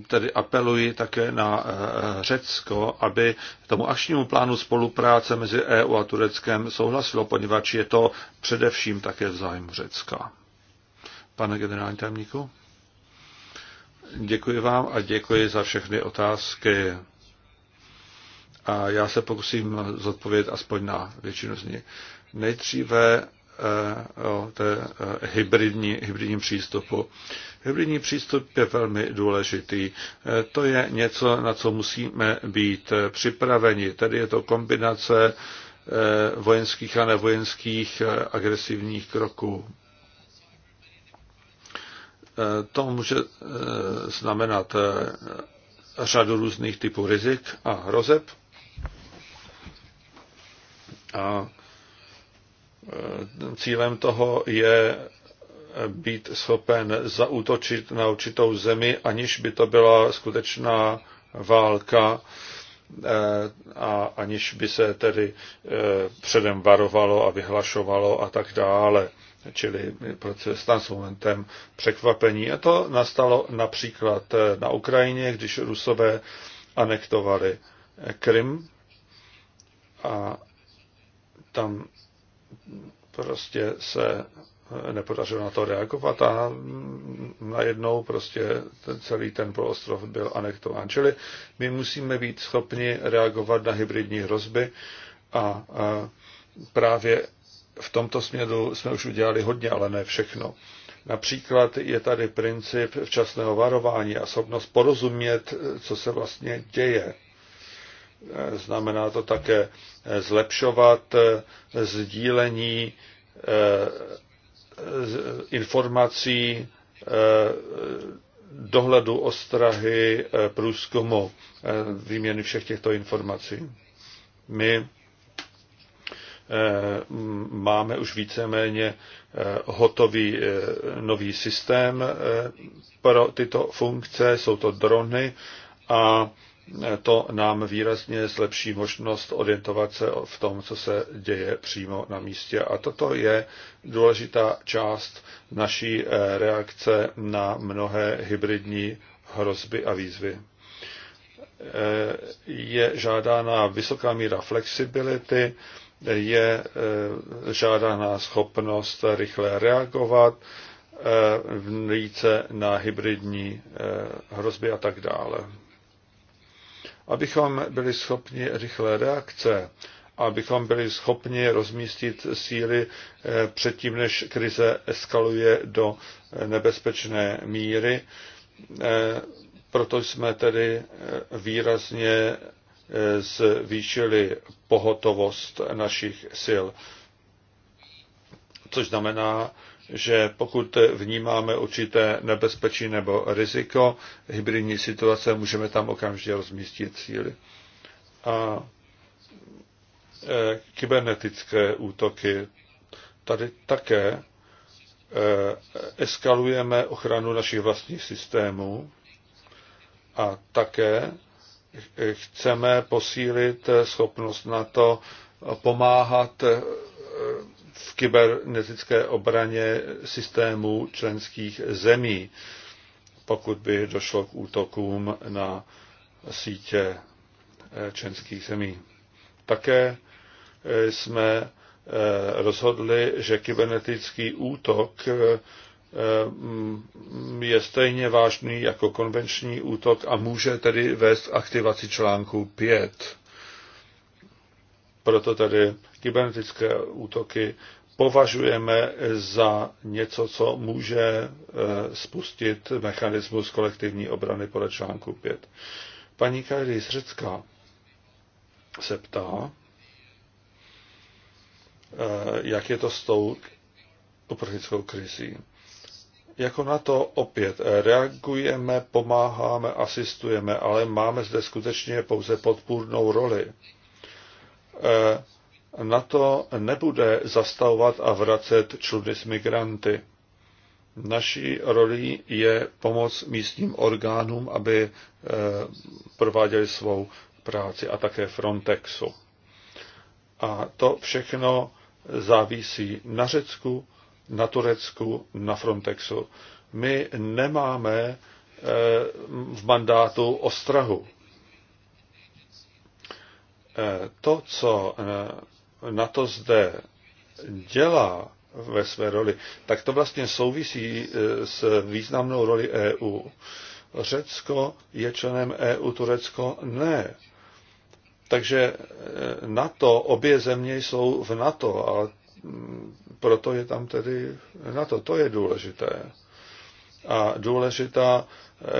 tedy apeluji také na eh, Řecko, aby tomu akčnímu plánu spolupráce mezi EU a Tureckem souhlasilo, poněvadž je to především také v zájmu Řecka. Pane generální tajemníku? Děkuji vám a děkuji za všechny otázky. A já se pokusím zodpovědět aspoň na většinu z nich. Nejdříve Eh, o té eh, hybridní, hybridní přístupu. Hybridní přístup je velmi důležitý. Eh, to je něco, na co musíme být připraveni. Tady je to kombinace vojenských a nevojenských agresivních kroků. To může znamenat řadu různých typů rizik a hrozeb. A Eh, cílem toho je být schopen zaútočit na určitou zemi, aniž by to byla skutečná válka eh, a aniž by se tedy eh, předem varovalo a vyhlašovalo a tak dále. Čili proces tam s momentem překvapení. A to nastalo například na Ukrajině, když Rusové anektovali Krym a tam prostě se eh, nepodařilo na to reagovat a mm, najednou prostě ten celý ten poloostrov byl anektován. Čili my musíme být schopni reagovat na hybridní hrozby a právě v tomto směru jsme už udělali hodně, ale ne všechno. Například je tady princip včasného varování a schopnost porozumět, eh, co se vlastně děje Eh, znamená to také eh, zlepšovat eh, sdílení informací, dohledu ostrahy, průzkumu, výměny všech těchto informací. My máme už víceméně hotový nový systém pro tyto funkce, jsou to drony a to nám výrazně zlepší možnost orientovat se v tom, co se děje přímo na místě. A toto je důležitá část naší eh, reakce na mnohé hybridní hrozby a výzvy. Eh, je žádána vysoká míra flexibility, je eh, žádána schopnost rychle reagovat, více na hybridní hrozby a tak dále abychom byli schopni rychlé reakce, abychom byli schopni rozmístit síly eh, předtím, než krize eskaluje do eh, nebezpečné míry. Eh, proto jsme tedy výrazně zvýšili pohotovost našich sil. Což znamená, že pokud vnímáme určité nebezpečí nebo riziko hybridní situace, můžeme tam okamžitě rozmístit síly. A e, kybernetické útoky. Tady také e, eskalujeme ochranu našich vlastních systémů a také chceme posílit schopnost na to pomáhat e, v kybernetické obraně systémů členských zemí, pokud by došlo k útokům na sítě eh, členských zemí. Také eh, jsme eh, rozhodli, že kybernetický útok mm, je stejně vážný jako konvenční útok a může tedy vést aktivaci článku 5. Proto tedy kybernetické útoky považujeme za něco, co může eh, spustit mechanismus kolektivní obrany podle článku 5. Paní Kajdy z Řecka se ptá, eh, jak je to s tou uprchlickou krizí. Jako na to opět reagujeme, pomáháme, asistujeme, ale máme zde skutečně pouze podpůrnou roli. Eh, na to nebude zastavovat a vracet čluny s migranty. Naší roli je pomoc místním orgánům, aby eh, prováděli svou práci a také Frontexu. A to všechno závisí na Řecku, na Turecku, na Frontexu. My nemáme eh, v mandátu ostrahu to, co eh, na to zde dělá ve své roli, tak to vlastně souvisí eh, s významnou roli EU. Řecko je členem EU, Turecko ne. Takže eh, NATO, obě země jsou v NATO a mm, proto je tam tedy NATO, to je důležité. A důležitá,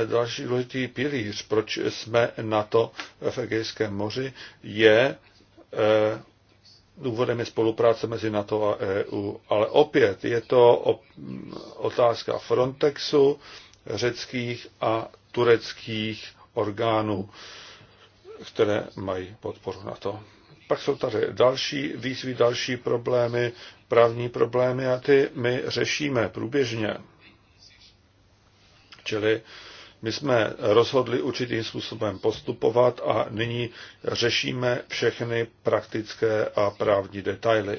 eh, další důležitý pilíř, proč jsme na to v Egejském moři, je eh, důvodem je spolupráce mezi NATO a EU. Ale opět je to otázka Frontexu, řeckých a tureckých orgánů, které mají podporu na to. Pak jsou tady další výzvy, další problémy, právní problémy a ty my řešíme průběžně. Čili my jsme rozhodli určitým způsobem postupovat a nyní řešíme všechny praktické a právní detaily.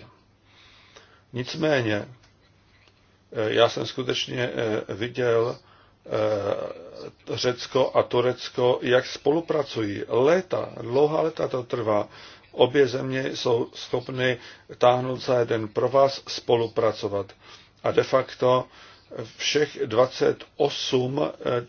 Nicméně, eh, já jsem skutečně eh, viděl eh, Řecko a Turecko, jak spolupracují. Léta, dlouhá léta to trvá. Obě země jsou schopny táhnout za jeden pro vás, spolupracovat. A de facto všech 28 eh,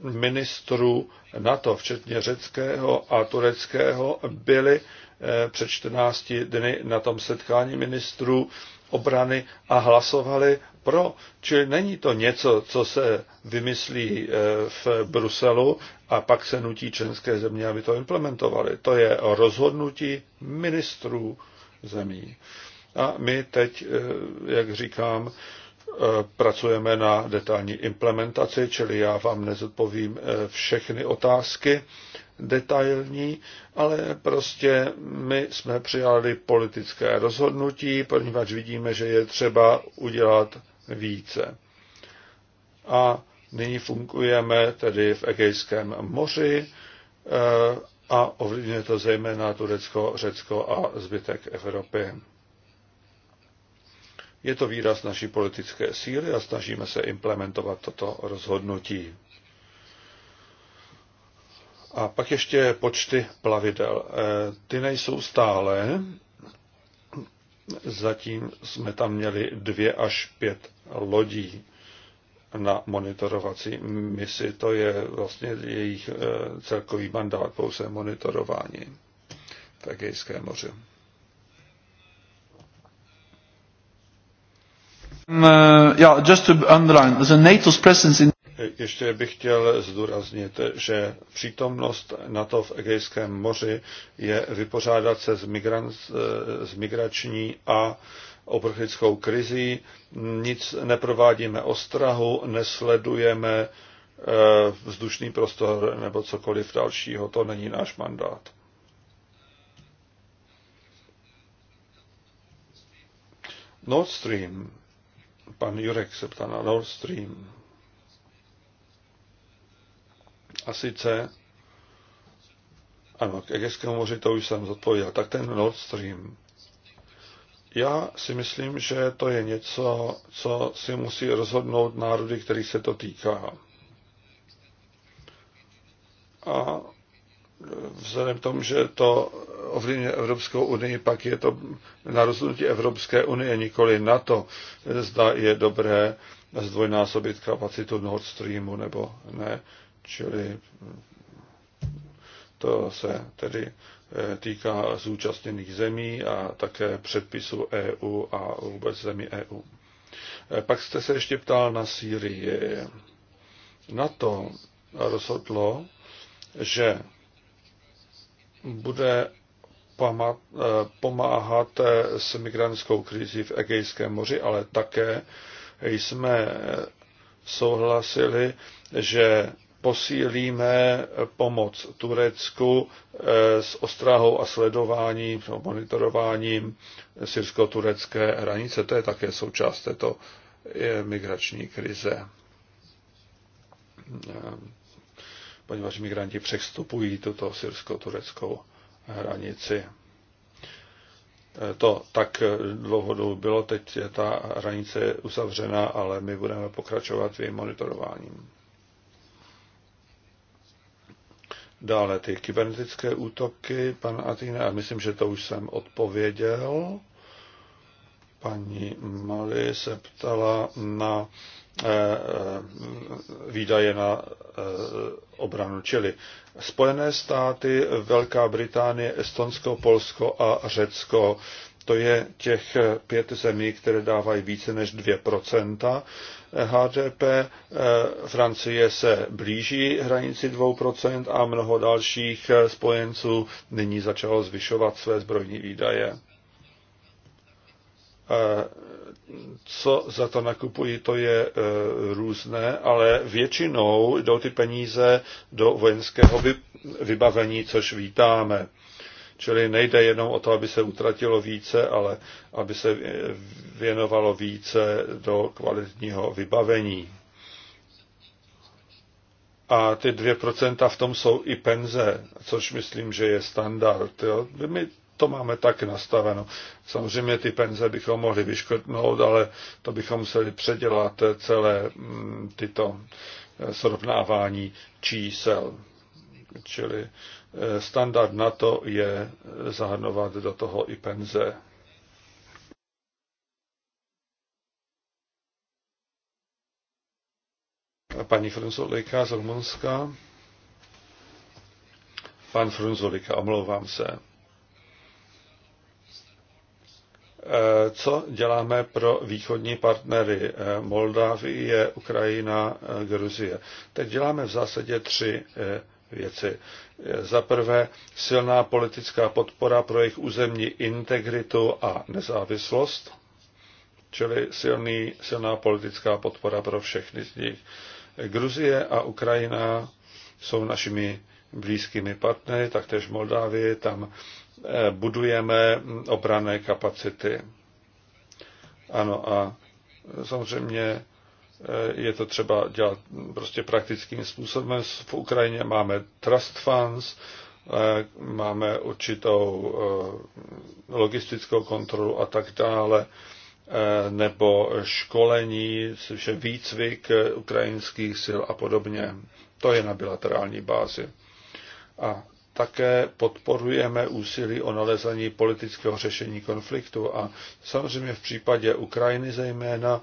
ministrů NATO, včetně řeckého a tureckého, byli eh, před 14 dny na tom setkání ministrů obrany a hlasovali pro. Čili není to něco, co se vymyslí eh, v Bruselu a pak se nutí členské země, aby to implementovali. To je rozhodnutí ministrů zemí. A my teď, jak říkám, Eh, pracujeme na detailní implementaci, čili já vám nezodpovím eh, všechny otázky detailní, ale prostě my jsme přijali politické rozhodnutí, poněvadž vidíme, že je třeba udělat více. A nyní fungujeme tedy v Egejském moři eh, a ovlivňuje to zejména Turecko, Řecko a zbytek Evropy. Je to výraz naší politické síly a snažíme se implementovat toto rozhodnutí. A pak ještě počty plavidel. E, ty nejsou stále. Zatím jsme tam měli dvě až pět lodí na monitorovací misi. To je vlastně jejich e, celkový mandát, pouze monitorování v Egejském moři. Ještě bych chtěl zdůraznit, že přítomnost NATO v Egejském moři je vypořádat se s, migrant, eh, s migrační a obrchlickou krizí. Nic neprovádíme ostrahu, nesledujeme eh, vzdušný prostor nebo cokoliv dalšího. To není náš mandát. Nord Stream Pan Jurek se ptá na Nord Stream. A sice, ano, k Egeskému moři to už jsem zodpověděl, tak ten Nord Stream. Já si myslím, že to je něco, co si musí rozhodnout národy, který se to týká. A vzhledem k tomu, že to ovlivňuje Evropskou unii, pak je to na rozhodnutí Evropské unie, nikoli na to zda je dobré zdvojnásobit kapacitu Nord Streamu nebo ne. Čili to se tedy eh, týká zúčastněných zemí a také předpisu e EU a vůbec zemí EU. Eh, pak jste se ještě ptal na Sýrii. to rozhodlo, že bude eh, pomáhat eh, s migrantskou krizi v Egejském moři, ale také jsme souhlasili, že posílíme pomoc Turecku eh, s ostrahou a sledováním, monitorováním syrsko-turecké hranice. To je také součást této migrační krize poněvadž migranti přestupují tuto syrsko-tureckou hranici. E, to tak dlouhodobu bylo, teď je ta hranice uzavřena, ale my budeme pokračovat v jejím monitorováním. Dále ty kybernetické útoky, pan Atina, a myslím, že to už jsem odpověděl. Paní Mali se ptala na Eh, eh, výdaje na eh, obranu, čili Spojené státy, Velká Británie, Estonsko, Polsko a Řecko. To je těch pět zemí, které dávají více než 2% HDP. Francie se blíží hranici 2% a mnoho dalších spojenců nyní začalo zvyšovat své zbrojní výdaje co za to nakupují, to je e, různé, ale většinou jdou ty peníze do vojenského vybavení, což vítáme. Čili nejde jenom o to, aby se utratilo více, ale aby se věnovalo více do kvalitního vybavení. A ty 2% v tom jsou i penze, což myslím, že je standard. Jo? My to máme tak nastaveno. Samozřejmě ty penze bychom mohli vyškrtnout, ale to bychom museli předělat celé mm, tyto eh, srovnávání čísel. Čili eh, standard na to je eh, zahrnovat do toho i penze. Paní Frunzolika z Rumunska. Pan Frunzolika, omlouvám se. Eh, co děláme pro východní partnery eh, Moldávie, Ukrajina, eh, Gruzie. Teď děláme v zásadě tři věci. Za prvé silná politická podpora pro jejich územní integritu a nezávislost, čili silný, silná politická podpora pro všechny z nich. Gruzie a Ukrajina jsou našimi blízkými partnery, taktéž Moldávie, tam Eh, budujeme obrané kapacity. Ano a samozřejmě eh, je to třeba dělat prostě praktickým způsobem. V Ukrajině máme trust funds, eh, máme určitou logistickou kontrolu a tak dále, nebo školení, vše výcvik ukrajinských sil a podobně. To je na bilaterální bázi. A také podporujeme úsilí o nalezení politického řešení konfliktu a samozřejmě v případě Ukrajiny zejména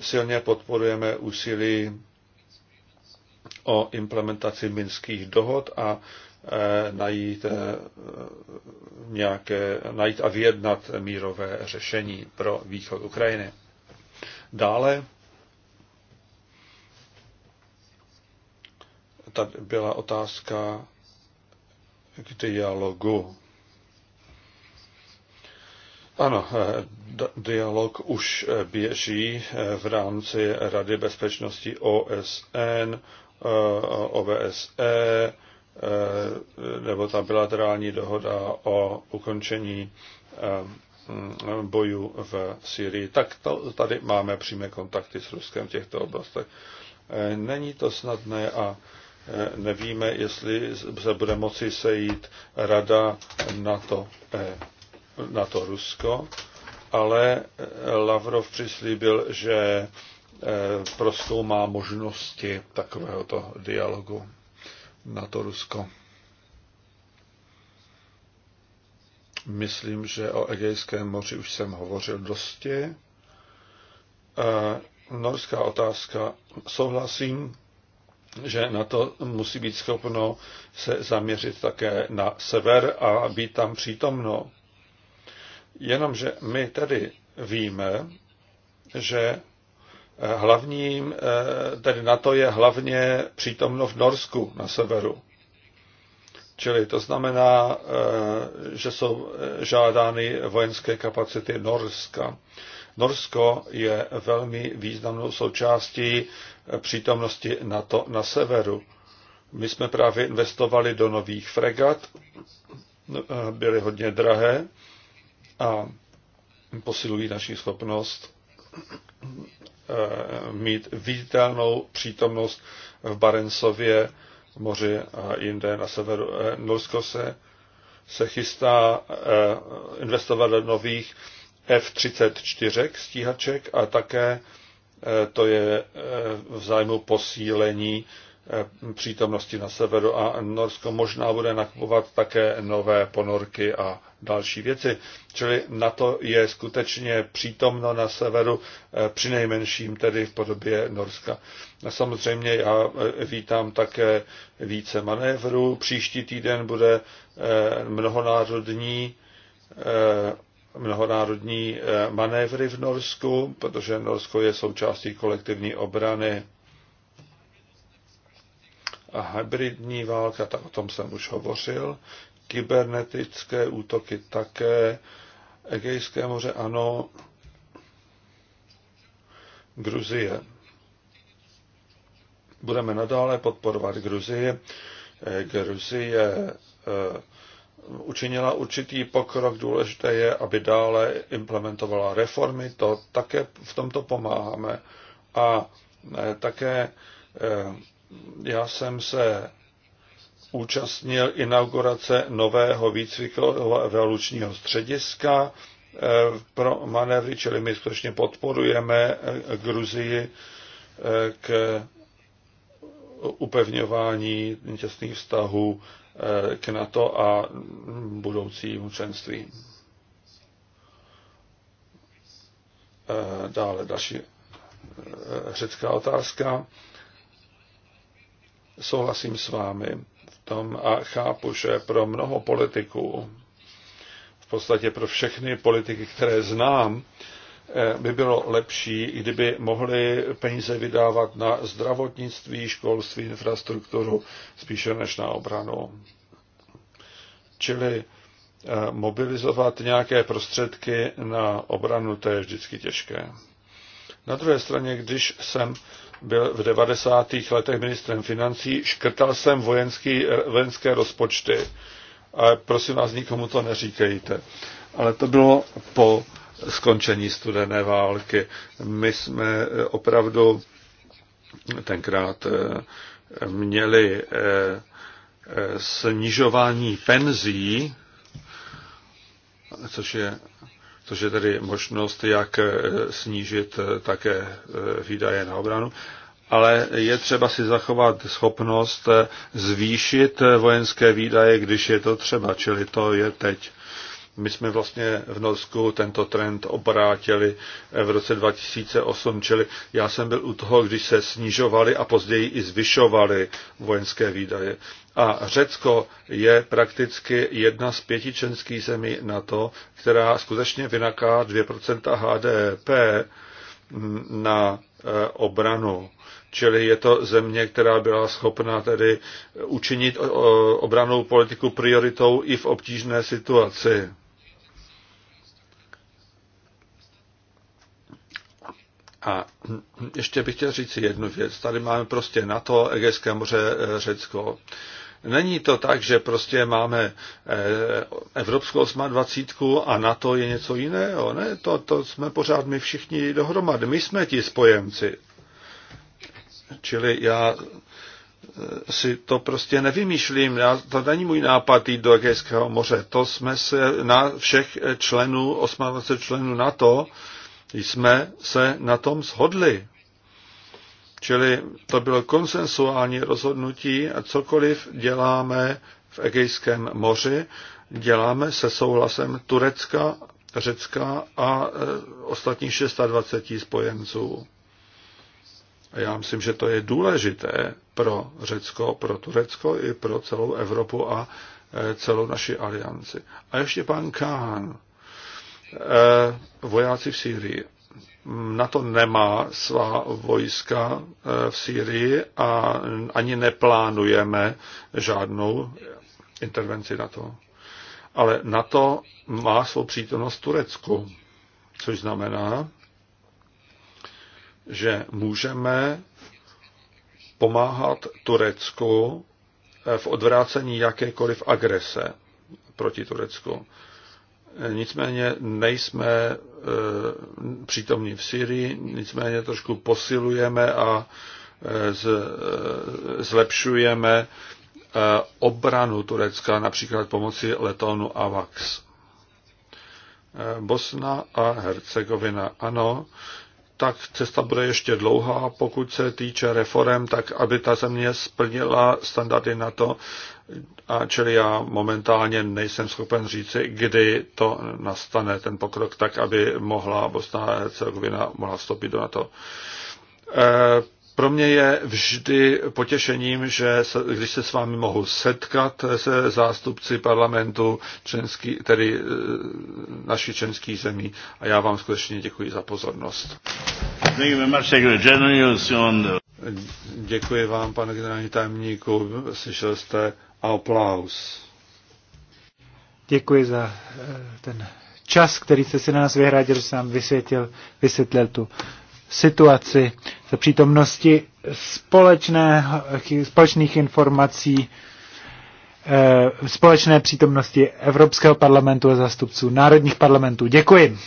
silně podporujeme úsilí o implementaci minských dohod a e, najít, e, nějaké, najít a vyjednat mírové řešení pro východ Ukrajiny. Dále tady byla otázka k dialogu. Ano, eh, dialog už eh, běží eh, v rámci Rady bezpečnosti OSN, OVSE, nebo ta bilaterální dohoda o ukončení bojů v Syrii. Tak to, tady máme přímé kontakty s Ruskem v těchto oblastech. Není to snadné a Eh, nevíme, jestli se bude moci sejít rada na to, eh, na to Rusko, ale eh, Lavrov přislíbil, že má možnosti takovéhoto dialogu na to Rusko. Myslím, že o Egejském moři už jsem hovořil dosti. Norská otázka. Souhlasím že na to musí být schopno se zaměřit také na sever a být tam přítomno. Jenomže my tedy víme, že eh, hlavním, eh, tedy NATO je hlavně přítomno v Norsku na severu. Čili to znamená, eh, že jsou žádány vojenské kapacity Norska. Norsko je velmi významnou součástí eh, přítomnosti NATO na severu. My jsme právě investovali do nových fregat, no, eh, byly hodně drahé a posilují naši schopnost eh, mít viditelnou přítomnost v Barencově moři a jinde na severu. Norsko se, se chystá investovat do nových F-34 stíhaček a také e, to je e, v zájmu posílení e, přítomnosti na severu a Norsko možná bude nakupovat také nové ponorky a další věci. Čili na to je skutečně přítomno na severu, při nejmenším tedy v podobě Norska. A samozřejmě já vítám také více manévrů. Příští týden bude mnohonárodní mnohonárodní eh, manévry v Norsku, protože Norsko je součástí kolektivní obrany. A hybridní válka, tak o tom jsem už hovořil. Kybernetické útoky také. Egejské moře ano. Gruzie. Budeme nadále podporovat Gruzii. Gruzie eh, eh, učinila určitý pokrok. Důležité je, aby dále implementovala reformy, to také v tomto pomáháme. A e, také e, já jsem se účastnil inaugurace nového výcvikového evolučního střediska e, pro manévry, čili my skutečně podporujeme Gruzii k upevňování těsných vztahů Eh, k NATO a budoucí členství. Eh, dále další eh, řecká otázka. Souhlasím s vámi v tom a chápu, že pro mnoho politiků, v podstatě pro všechny politiky, které znám, Eh, by bylo lepší, kdyby mohli peníze vydávat na zdravotnictví, školství, infrastrukturu, spíše než na obranu. Čili eh, mobilizovat nějaké prostředky na obranu, to je vždycky těžké. Na druhé straně, když jsem byl v 90. letech ministrem financí, škrtal jsem vojenský, vojenské rozpočty. A prosím vás, nikomu to neříkejte. Ale to bylo po skončení studené války. My jsme eh, opravdu tenkrát eh, měli eh, snižování penzí, což je, což je tedy možnost, jak snížit také výdaje na obranu, ale je třeba si zachovat schopnost zvýšit vojenské výdaje, když je to třeba, čili to je teď. My jsme vlastně v Norsku tento trend obrátili v roce 2008, čili já jsem byl u toho, když se snižovaly a později i zvyšovaly vojenské výdaje. A Řecko je prakticky jedna z pěti členských zemí NATO, která skutečně vynaká 2% HDP na eh, obranu. Čili je to země, která byla schopna tedy učinit eh, obranou politiku prioritou i v obtížné situaci. A ještě bych chtěl říct jednu věc. Tady máme prostě NATO, Egejské moře, eh, Řecko. Není to tak, že prostě máme eh, Evropskou 28 a NATO je něco jiného. Ne, to, to jsme pořád my všichni dohromady. My jsme ti spojenci. Čili já eh, si to prostě nevymýšlím. Já, to není můj nápad jít do Egejského moře. To jsme se na všech členů, 28 členů NATO, jsme se na tom shodli. Čili to bylo konsensuální rozhodnutí a cokoliv děláme v Egejském moři, děláme se souhlasem Turecka, Řecka a e, ostatních 26 spojenců. A já myslím, že to je důležité pro Řecko, pro Turecko i pro celou Evropu a e, celou naši alianci. A ještě pan Kahn. Eh, vojáci v Sýrii. NATO nemá svá vojska eh, v Sýrii a ani neplánujeme žádnou intervenci NATO. Ale NATO má svou přítomnost v Turecku, což znamená, že můžeme pomáhat Turecku eh, v odvrácení jakékoliv agrese proti Turecku. Nicméně nejsme eh, přítomní v Syrii, nicméně trošku posilujeme a eh, eh, zlepšujeme obranu Turecka, například pomocí letounu AVAX. Bosna a Hercegovina, ano, tak cesta bude ještě dlouhá, pokud se týče reform, tak aby ta země splnila standardy na to, a čili já momentálně nejsem schopen říci, kdy to nastane, ten pokrok, tak aby mohla Bosna a Hercegovina mohla vstoupit do NATO. Eh, pro mě je vždy potěšením, že se, když se s vámi mohu setkat se zástupci parlamentu, členský, tedy eh, naší členských zemí a já vám skutečně děkuji za pozornost. Děkuji vám, pane generální tajemníku, slyšel jste aplaus. Děkuji za eh, ten čas, který jste si na nás vyhradil, že jsem vysvětlil, vysvětlil tu situaci za přítomnosti společné, společných informací, eh, společné přítomnosti Evropského parlamentu a zástupců národních parlamentů. Děkuji.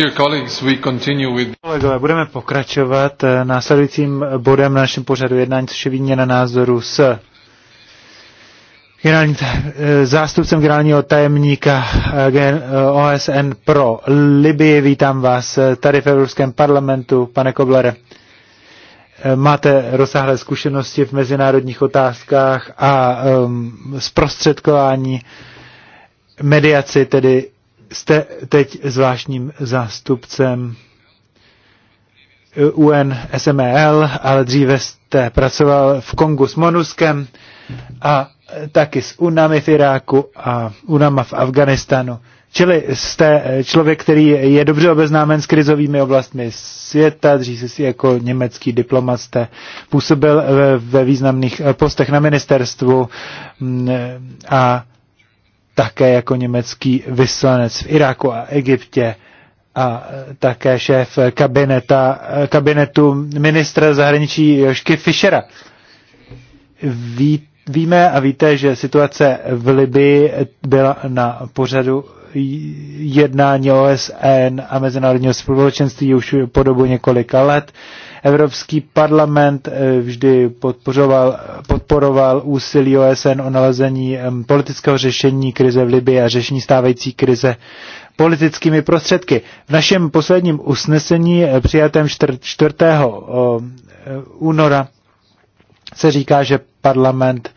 Dear colleagues, we continue with... Kolegové, budeme pokračovat eh, následujícím bodem na našem pořadu jednání, což je výměna názoru s generální, eh, zástupcem generálního tajemníka OSN eh, pro Libii. Vítám vás tady v Evropském parlamentu, pane Koblere. Máte rozsáhlé zkušenosti v mezinárodních otázkách a um, zprostředkování mediaci, tedy jste teď zvláštním zástupcem UNSML, ale dříve jste pracoval v Kongu s Monuskem a taky s UNAMI v Iráku a UNAMA v Afganistanu. Čili jste člověk, který je dobře obeznámen s krizovými oblastmi světa, dříve si jako německý diplomat jste působil ve významných postech na ministerstvu mm, a také jako německý vyslanec v Iráku a Egyptě a také šéf kabineta, kabinetu ministra zahraničí Jošky Fischera. Ví, víme a víte, že situace v Libii byla na pořadu jednání OSN a mezinárodního společenství už po dobu několika let. Evropský parlament eh, vždy podporoval, podporoval úsilí OSN o nalezení politického řešení krize v Libii a řešení stávající krize politickými prostředky. V našem posledním usnesení eh, přijatém 4. Eh, února se říká, že parlament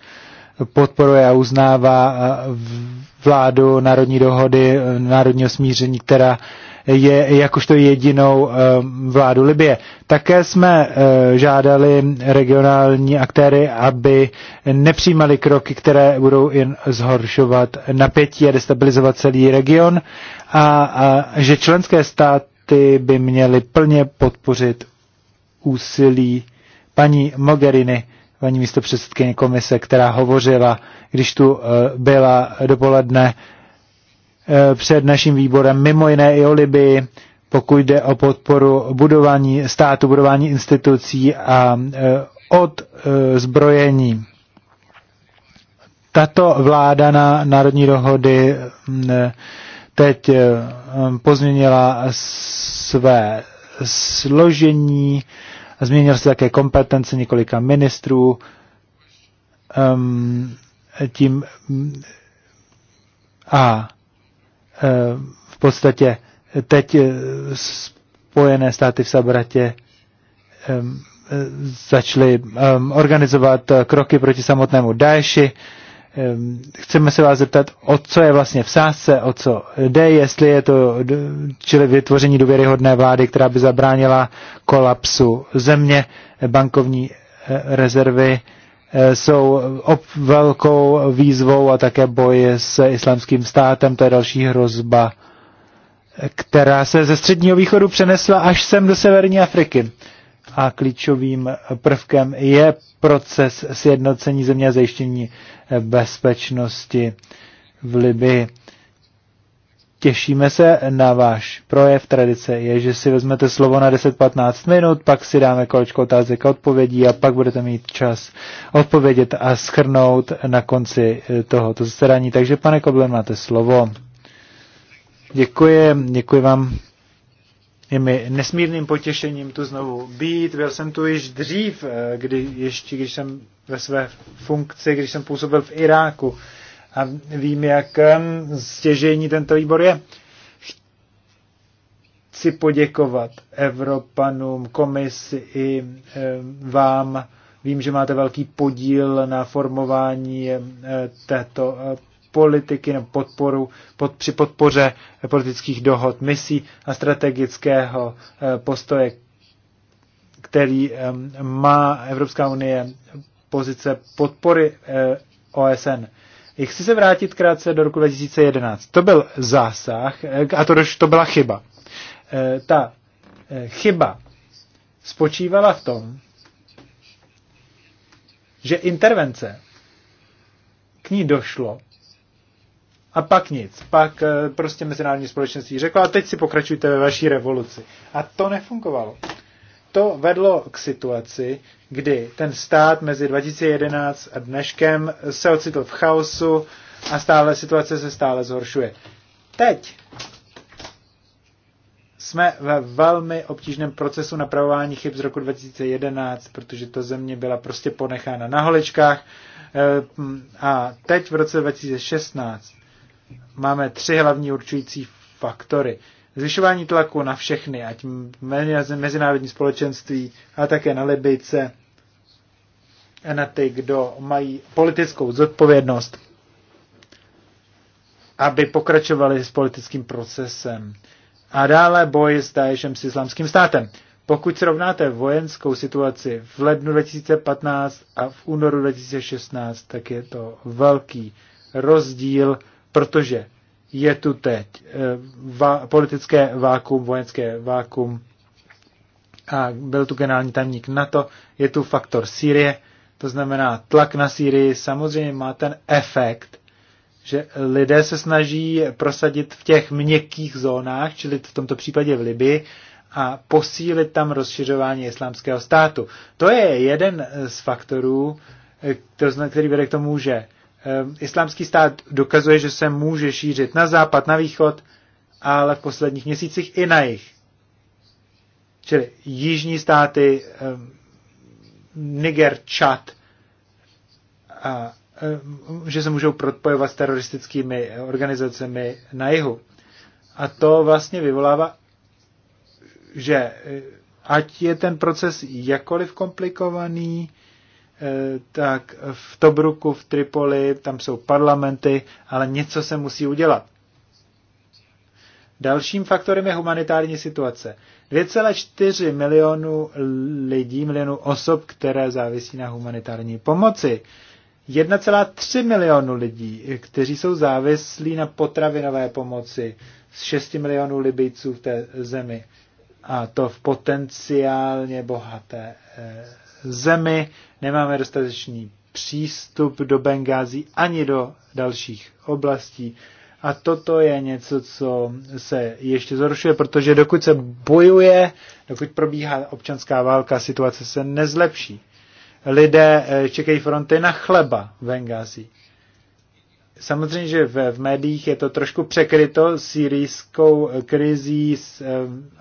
podporuje a uznává eh, vládu národní dohody, eh, národního smíření, která je jakožto jedinou eh, vládu Libie. Také jsme žádali regionální aktéry, aby nepřijímali kroky, které budou jen zhoršovat napětí a destabilizovat celý region a, a že členské státy by měly plně podpořit úsilí paní Mogherini paní místo předsedkyně komise, která hovořila, když tu eh, byla dopoledne eh, před naším výborem, mimo jiné i o Libii, pokud jde o podporu budování státu, budování institucí a eh, od zbrojení. Tato vláda na národní dohody mm, teď mm, pozměnila své složení, Změnil se také kompetence několika ministrů. Um, tím a eh, v podstatě teď eh, Spojené státy v Sabratě eh, začaly organizovat kroky proti samotnému Daeši chceme se vás zeptat, o co je vlastně v sázce, o co jde, jestli je to čili vytvoření důvěryhodné vlády, která by zabránila kolapsu země, bankovní eh, rezervy eh, jsou velkou výzvou a také boj s islamským státem, to je další hrozba, eh, která se ze středního východu přenesla až sem do severní Afriky a klíčovým prvkem je proces sjednocení země a zajištění eh, bezpečnosti v Libii. Těšíme se na váš projev. Tradice je, že si vezmete slovo na 10-15 minut, pak si dáme kolečko otázek a odpovědí a pak budete mít čas odpovědět a schrnout na konci eh, tohoto zasedání. Takže pane Koblen, máte slovo. Děkuji, děkuji vám je mi nesmírným potěšením tu znovu být. Byl jsem tu již dřív, eh, kdy, ještě když jsem ve své funkci, když jsem působil v Iráku a vím, jak stěžení tento výbor je. Chci poděkovat Evropanům, komisi i vám. Vím, že máte velký podíl na formování eh, této eh, politiky nebo podporu pod, při podpoře politických dohod, misí a strategického eh, postoje, který má Evropská unie pozice podpory eh, OSN. Chci se vrátit krátce do roku 2011. To byl zásah eh, a to, to byla chyba. Ta chyba spočívala v tom, že intervence k ní došlo a pak nic. Pak eh, prostě mezinárodní společenství řeklo, a teď si pokračujte ve vaší revoluci. A to nefungovalo. To vedlo k situaci, kdy ten stát mezi 2011 a dneškem se ocitl v chaosu a stále situace se stále zhoršuje. Teď jsme ve velmi obtížném procesu napravování chyb z roku 2011, protože to země byla prostě ponechána na holičkách. Eh, a teď v roce 2016 máme tři hlavní určující faktory. Zvyšování tlaku na všechny, ať mezinárodní společenství, a také na Libyjce a na ty, kdo mají politickou zodpovědnost, aby pokračovali s politickým procesem. A dále boj s Daešem s islámským státem. Pokud srovnáte vojenskou situaci v lednu 2015 a v únoru 2016, tak je to velký rozdíl protože je tu teď eh, va, politické vákum, vojenské vákum a byl tu generální tajemník NATO, je tu faktor Sýrie, to znamená tlak na Sýrii samozřejmě má ten efekt, že lidé se snaží prosadit v těch měkkých zónách, čili v tomto případě v Libii, a posílit tam rozšiřování islámského státu. To je jeden z faktorů, eh, který vede k tomu, že Ehm, islámský stát dokazuje, že se může šířit na západ, na východ, ale v posledních měsících i na jih. Čili jižní státy, ehm, Niger, Čad, a, ehm, že se můžou propojovat s teroristickými organizacemi na jihu. A to vlastně vyvolává, že e, ať je ten proces jakoliv komplikovaný, Eh, tak v Tobruku, v Tripoli, tam jsou parlamenty, ale něco se musí udělat. Dalším faktorem je humanitární situace. 2,4 milionu lidí, milionu osob, které závisí na humanitární pomoci. 1,3 milionu lidí, kteří jsou závislí na potravinové pomoci z 6 milionů Libijců v té zemi. A to v potenciálně bohaté eh, zemi, nemáme dostatečný přístup do Bengází ani do dalších oblastí. A toto je něco, co se ještě zhoršuje, protože dokud se bojuje, dokud probíhá občanská válka, situace se nezlepší. Lidé eh, čekají fronty na chleba v Bengázi. Samozřejmě, že v, v médiích je to trošku překryto sírijskou krizí s, eh,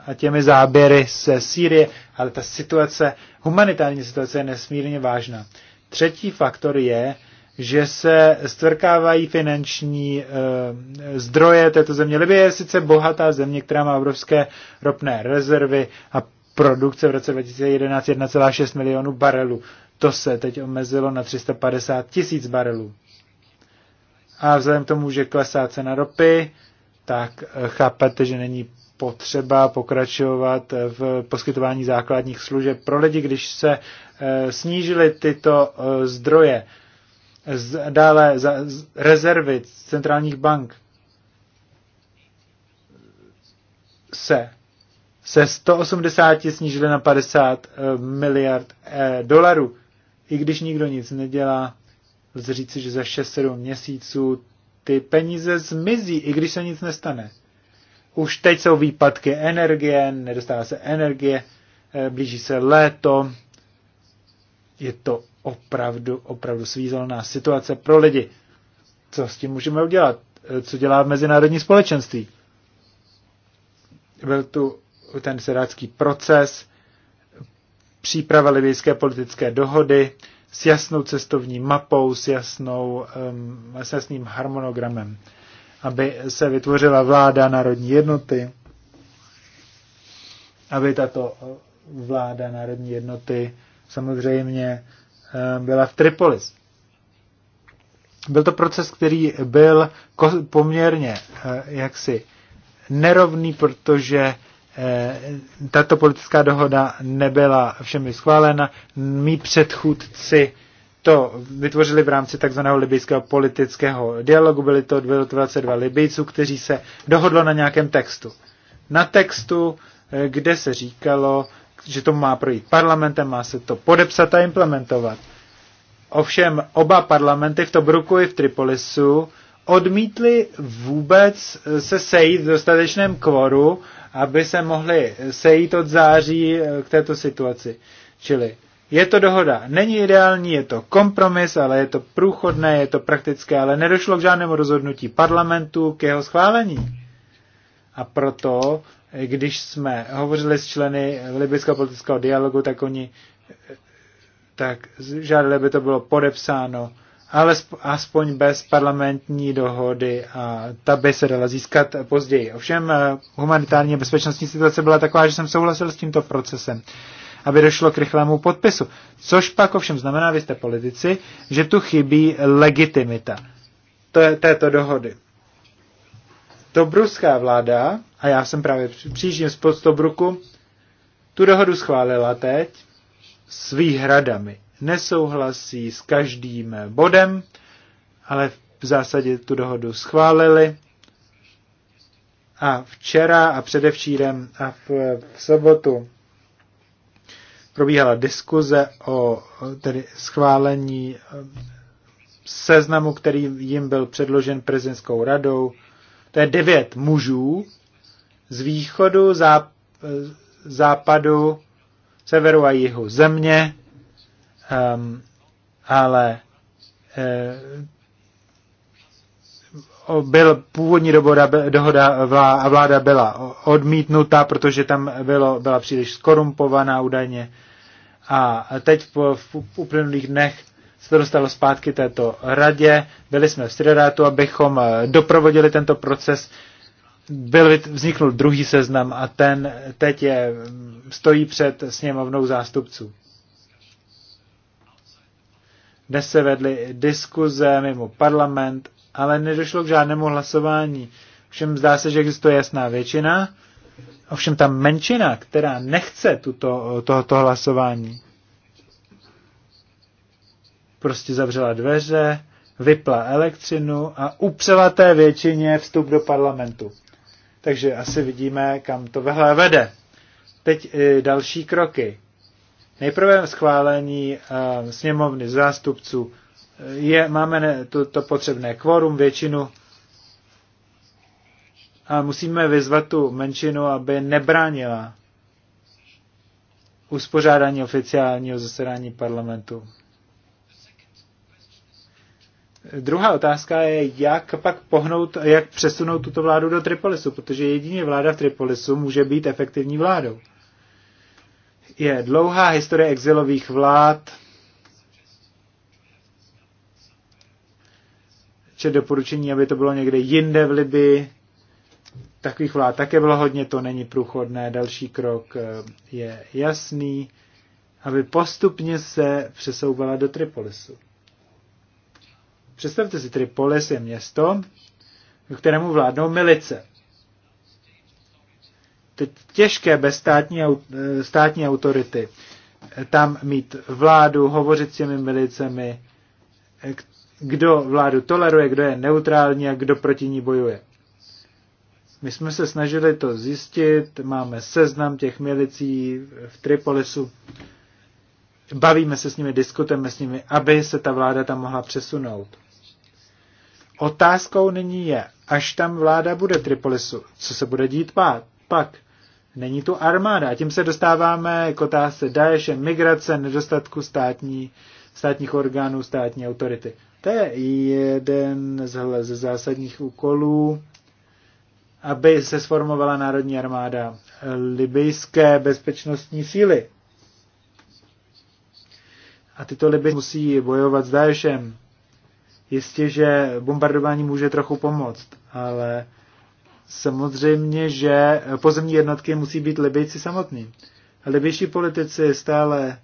a těmi záběry ze Sýrie, ale ta situace, humanitární situace je nesmírně vážná. Třetí faktor je, že se stvrkávají finanční e, zdroje této země. Libie je sice bohatá země, která má obrovské ropné rezervy a produkce v roce 2011 1,6 milionů barelů. To se teď omezilo na 350 tisíc barelů. A vzhledem k tomu, že klesá cena ropy, tak eh, chápete, že není potřeba pokračovat eh, v poskytování základních služeb pro lidi, když se eh, snížily tyto zdroje. Dále za rezervy centrálních bank se se 180 snížily na 50 miliard dolarů. I když nikdo nic nedělá, lze říci, že za 6-7 měsíců ty peníze zmizí, i když se nic nestane. Už teď jsou výpadky energie, nedostává se energie, eh, blíží se léto. Je to opravdu, opravdu svízelná situace pro lidi. Co s tím můžeme udělat? Eh, co dělá v mezinárodní společenství? Byl tu ten sedácký proces, příprava libijské politické dohody, s jasnou cestovní mapou, s, jasnou, s jasným harmonogramem, aby se vytvořila vláda národní jednoty, aby tato eh, vláda národní jednoty samozřejmě eh, byla v Tripolis. Byl to proces, který byl poměrně eh, jaksi nerovný, protože Eh, tato politická dohoda nebyla všemi schválena. Mí předchůdci to vytvořili v rámci takzvaného libijského politického dialogu. Byly to 22 Libijců, kteří se dohodlo na nějakém textu. Na textu, eh, kde se říkalo, že to má projít parlamentem, má se to podepsat a implementovat. Ovšem oba parlamenty v Tobruku i v Tripolisu odmítli vůbec eh, se sejít v dostatečném kvoru aby se mohli sejít od září eh, k této situaci. Čili je to dohoda. Není ideální, je to kompromis, ale je to průchodné, je to praktické, ale nedošlo k žádnému rozhodnutí parlamentu k jeho schválení. A proto, eh, když jsme hovořili s členy libyského politického dialogu, tak oni eh, tak žádali, aby to bylo podepsáno ale aspoň bez parlamentní dohody a ta by se dala získat později. Ovšem eh, humanitární bezpečnostní situace byla taková, že jsem souhlasil s tímto procesem, aby došlo k rychlému podpisu. Což pak ovšem znamená, vy jste politici, že tu chybí legitimita této dohody. bruská vláda, a já jsem právě přijíždím z Podstobruku, tu dohodu schválila teď s výhradami nesouhlasí s každým bodem, ale v zásadě tu dohodu schválili. A včera a předevčírem a v, v sobotu probíhala diskuze o tedy schválení eh, seznamu, který jim byl předložen prezidentskou radou. To je devět mužů z východu, záp, eh, západu, severu a jihu země, Um, ale eh, byl původní dohoda, dohoda vlá, vláda byla odmítnuta, protože tam bylo, byla příliš skorumpovaná údajně. A teď v, v uplynulých dnech se to dostalo zpátky této radě. Byli jsme v Stredátu, abychom eh, doprovodili tento proces. Byl, vzniknul druhý seznam a ten teď je, stojí před sněmovnou zástupců. Dnes se vedly diskuze mimo parlament, ale nedošlo k žádnému hlasování. Všem zdá se, že existuje jasná většina, ovšem ta menšina, která nechce tuto, tohoto hlasování, prostě zavřela dveře, vypla elektřinu a upřela té většině vstup do parlamentu. Takže asi vidíme, kam to vehle vede. Teď eh, další kroky. Nejprve schválení eh, sněmovny zástupců. Eh, je, máme to, to potřebné kvorum, většinu a musíme vyzvat tu menšinu, aby nebránila uspořádání oficiálního zasedání parlamentu. Druhá otázka je, jak pak pohnout, jak přesunout tuto vládu do Tripolisu, protože jedině vláda v Tripolisu může být efektivní vládou je dlouhá historie exilových vlád, Če doporučení, aby to bylo někde jinde v Libii. Takových vlád také bylo hodně, to není průchodné. Další krok eh, je jasný, aby postupně se přesouvala do Tripolisu. Představte si, Tripolis je město, kterému vládnou milice těžké bez státní, eh, státní autority tam mít vládu, hovořit s těmi milicemi, eh, kdo vládu toleruje, kdo je neutrální a kdo proti ní bojuje. My jsme se snažili to zjistit, máme seznam těch milicí v Tripolisu, bavíme se s nimi, diskutujeme s nimi, aby se ta vláda tam mohla přesunout. Otázkou nyní je, až tam vláda bude Tripolisu, co se bude dít pak? Není tu armáda. A tím se dostáváme k otázce Daeše, migrace, nedostatku státní, státních orgánů, státní autority. To je jeden z, z zásadních úkolů, aby se sformovala národní armáda libyjské bezpečnostní síly. A tyto Liby musí bojovat s Daešem. Jistě, že bombardování může trochu pomoct, ale samozřejmě, že pozemní jednotky musí být Libyjci samotní. A libyjští politici stále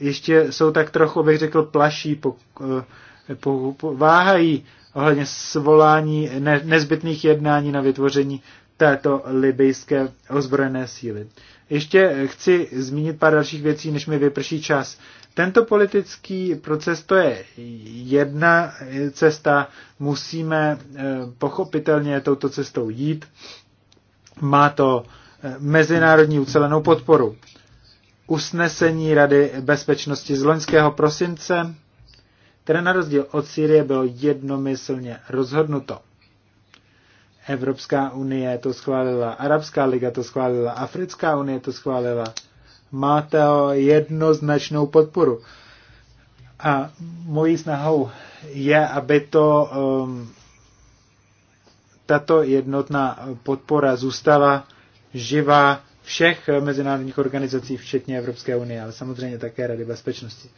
ještě jsou tak trochu, bych řekl, plaší, po, eh, po, po, váhají ohledně svolání ne, nezbytných jednání na vytvoření této libyjské ozbrojené síly. Ještě chci zmínit pár dalších věcí, než mi vyprší čas. Tento politický proces to je jedna cesta, musíme eh, pochopitelně touto cestou jít. Má to eh, mezinárodní ucelenou podporu. Usnesení Rady bezpečnosti z loňského prosince, které na rozdíl od Sýrie bylo jednomyslně rozhodnuto. Evropská unie to schválila, Arabská liga to schválila, Africká unie to schválila. Máte jednoznačnou podporu. A mojí snahou je, aby to um, tato jednotná podpora zůstala živá všech mezinárodních organizací, včetně Evropské unie, ale samozřejmě také Rady bezpečnosti.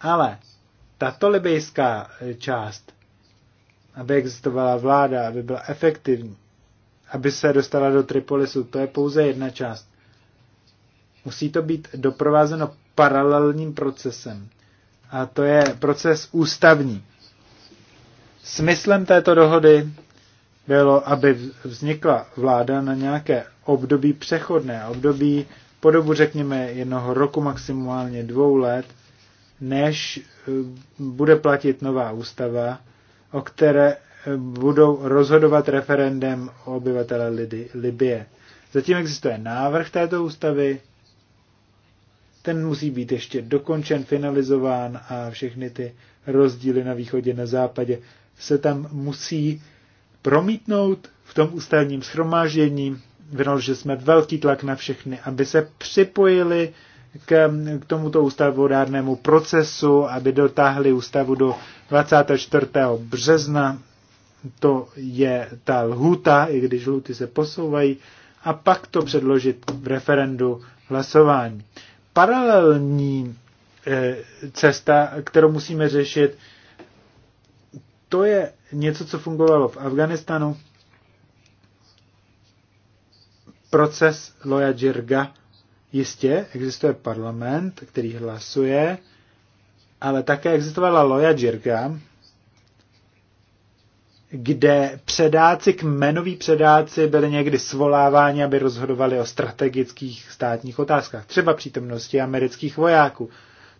Ale tato libejská část aby existovala vláda, aby byla efektivní, aby se dostala do Tripolisu. To je pouze jedna část. Musí to být doprovázeno paralelním procesem. A to je proces ústavní. Smyslem této dohody bylo, aby vznikla vláda na nějaké období přechodné, období po dobu, řekněme, jednoho roku, maximálně dvou let, než eh, bude platit nová ústava o které eh, budou rozhodovat referendem o obyvatele Libie. Zatím existuje návrh této ústavy, ten musí být ještě dokončen, finalizován a všechny ty rozdíly na východě, na západě se tam musí promítnout v tom ústavním schromáždění. Vynaložili jsme velký tlak na všechny, aby se připojili k, k tomuto ústavodárnému procesu, aby dotáhli ústavu do 24. března, to je ta lhůta, i když lhuty se posouvají, a pak to předložit v referendu hlasování. Paralelní eh, cesta, kterou musíme řešit, to je něco, co fungovalo v Afganistanu. Proces Loja Džirga. Jistě, existuje parlament, který hlasuje, ale také existovala Loja džirka, kde předáci, kmenoví předáci byli někdy svoláváni, aby rozhodovali o strategických státních otázkách, třeba přítomnosti amerických vojáků.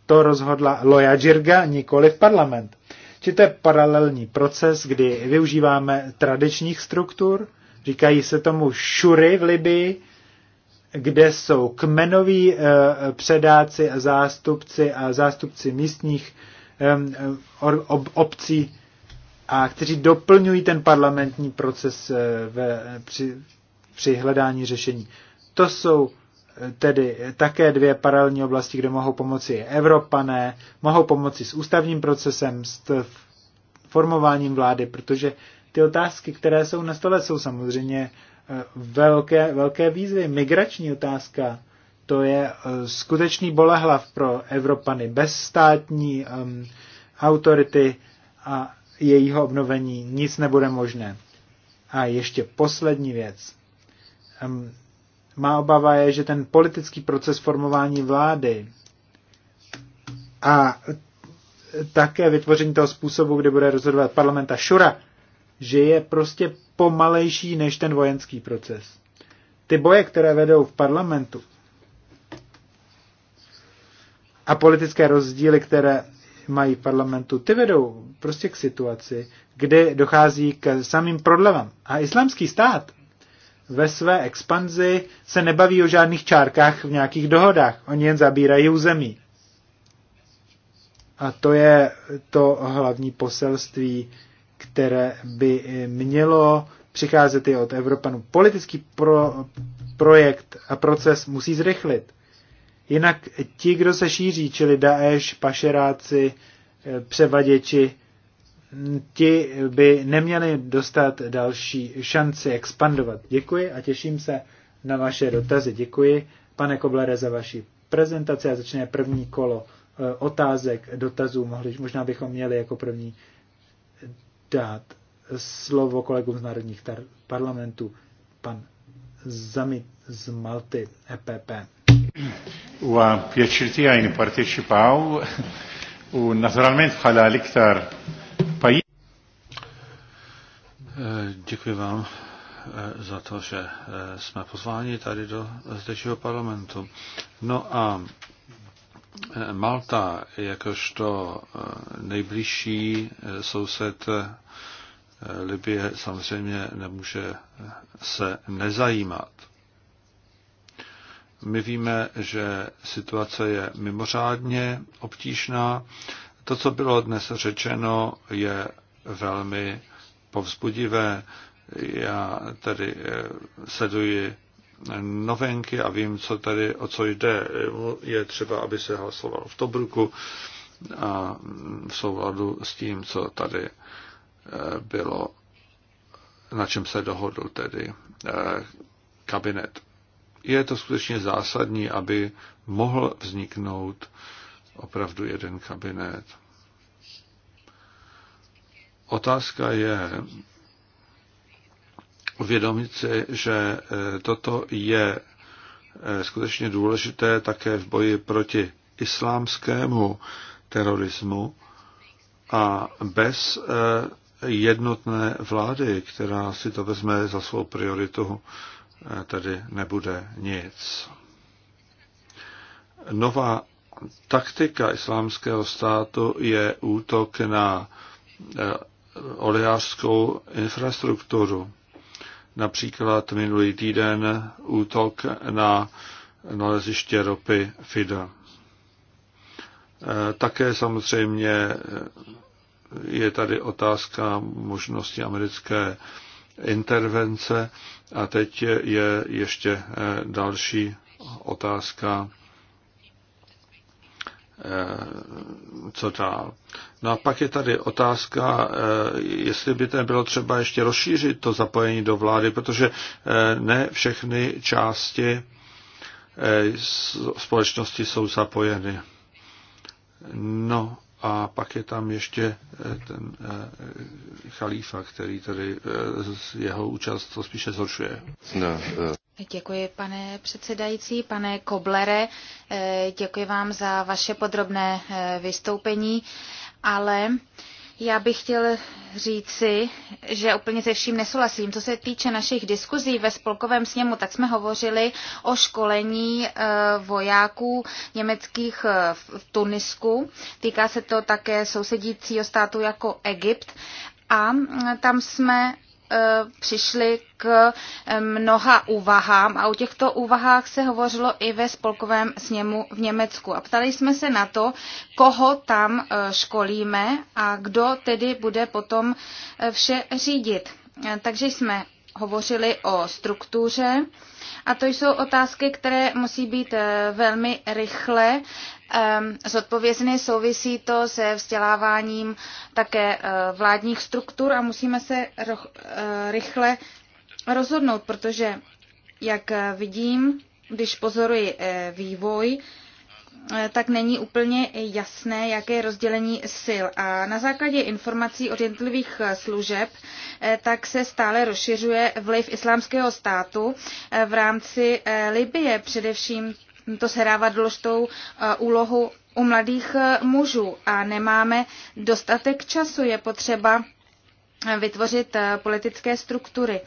To rozhodla Loja džirga, nikoli v parlament. Či to je paralelní proces, kdy využíváme tradičních struktur, říkají se tomu šury v Libii, kde jsou kmenoví eh, předáci a zástupci a zástupci místních obcí, a kteří doplňují ten parlamentní proces eh, ve, při, při hledání řešení. To jsou eh, tedy také dvě paralelní oblasti, kde mohou pomoci Evropané, mohou pomoci s ústavním procesem, s formováním vlády, protože ty otázky, které jsou na stole, jsou samozřejmě velké, velké výzvy. Migrační otázka, to je eh, skutečný bolehlav pro Evropany. Bezstátní um, autority a jejího obnovení nic nebude možné. A ještě poslední věc. Um, má obava je, že ten politický proces formování vlády a také vytvoření toho způsobu, kde bude rozhodovat parlament a šura, že je prostě pomalejší než ten vojenský proces. Ty boje, které vedou v parlamentu a politické rozdíly, které mají v parlamentu, ty vedou prostě k situaci, kdy dochází k samým prodlevám. A islámský stát ve své expanzi se nebaví o žádných čárkách v nějakých dohodách. Oni jen zabírají území. A to je to hlavní poselství které by eh, mělo přicházet i od Evropanů. Politický pro, projekt a proces musí zrychlit. Jinak ti, kdo se šíří, čili Daesh, pašeráci, eh, převaděči, ti by neměli dostat další šanci expandovat. Děkuji a těším se na vaše dotazy. Děkuji, pane Koblere, za vaši prezentaci a začne první kolo eh, otázek, dotazů. Mohli, možná bychom měli jako první dát slovo kolegům z národních parlamentů. Pan Zamit z Malty, EPP. U piacere tiegħi nipparteċipaw u naturalment bħala l pají. Eh, děkuji vám eh, za to, že eh, jsme pozváni tady do zdejšího parlamentu. No a Malta jakožto eh, nejbližší eh, soused eh, Libie samozřejmě nemůže se nezajímat. My víme, že situace je mimořádně obtížná. To, co bylo dnes řečeno, je velmi povzbudivé. Já tedy sleduji novenky a vím, co tady, o co jde. Je třeba, aby se hlasovalo v Tobruku a v souladu s tím, co tady eh, bylo, na čem se dohodl tedy eh, kabinet. Je to skutečně zásadní, aby mohl vzniknout opravdu jeden kabinet. Otázka je, uvědomit si, že e, toto je e, skutečně důležité také v boji proti islámskému terorismu a bez e, jednotné vlády, která si to vezme za svou prioritu, tedy nebude nic. Nová taktika islámského státu je útok na oleářskou infrastrukturu Například minulý týden útok na naleziště ropy FIDA. E, také samozřejmě je tady otázka možnosti americké intervence a teď je ještě e, další otázka Eh, co dál. No a pak je tady otázka, eh, jestli by to bylo třeba ještě rozšířit to zapojení do vlády, protože eh, ne všechny části společnosti jsou zapojeny. No a pak je tam ještě ten chalífa, který tady jeho účast to spíše zhoršuje. No, Děkuji, pane předsedající, pane Koblere, eh, děkuji vám za vaše podrobné eh, vystoupení, ale já bych chtěl říci, že úplně se vším nesouhlasím. Co se týče našich diskuzí ve spolkovém sněmu, tak jsme hovořili o školení eh, vojáků německých v Tunisku. Týká se to také sousedícího státu jako Egypt. A tam jsme Eh, přišli k eh, mnoha úvahám a o těchto úvahách se hovořilo i ve spolkovém sněmu v Německu. A ptali jsme se na to, koho tam eh, školíme a kdo tedy bude potom vše řídit. Takže jsme hovořili o struktuře a to jsou otázky, které musí být eh, velmi rychle ehm, zodpovězeny. Souvisí to se vzděláváním také eh, vládních struktur a musíme se eh, rychle rozhodnout, protože, jak vidím, když pozoruji vývoj, Eh, tak není úplně jasné, jaké je rozdělení sil. A na základě informací od jednotlivých eh, služeb, eh, tak se stále rozšiřuje vliv islámského státu v rámci Libie. Především to hrává důležitou úlohu u mladých mužů a nemáme dostatek času. Je potřeba vytvořit politické struktury.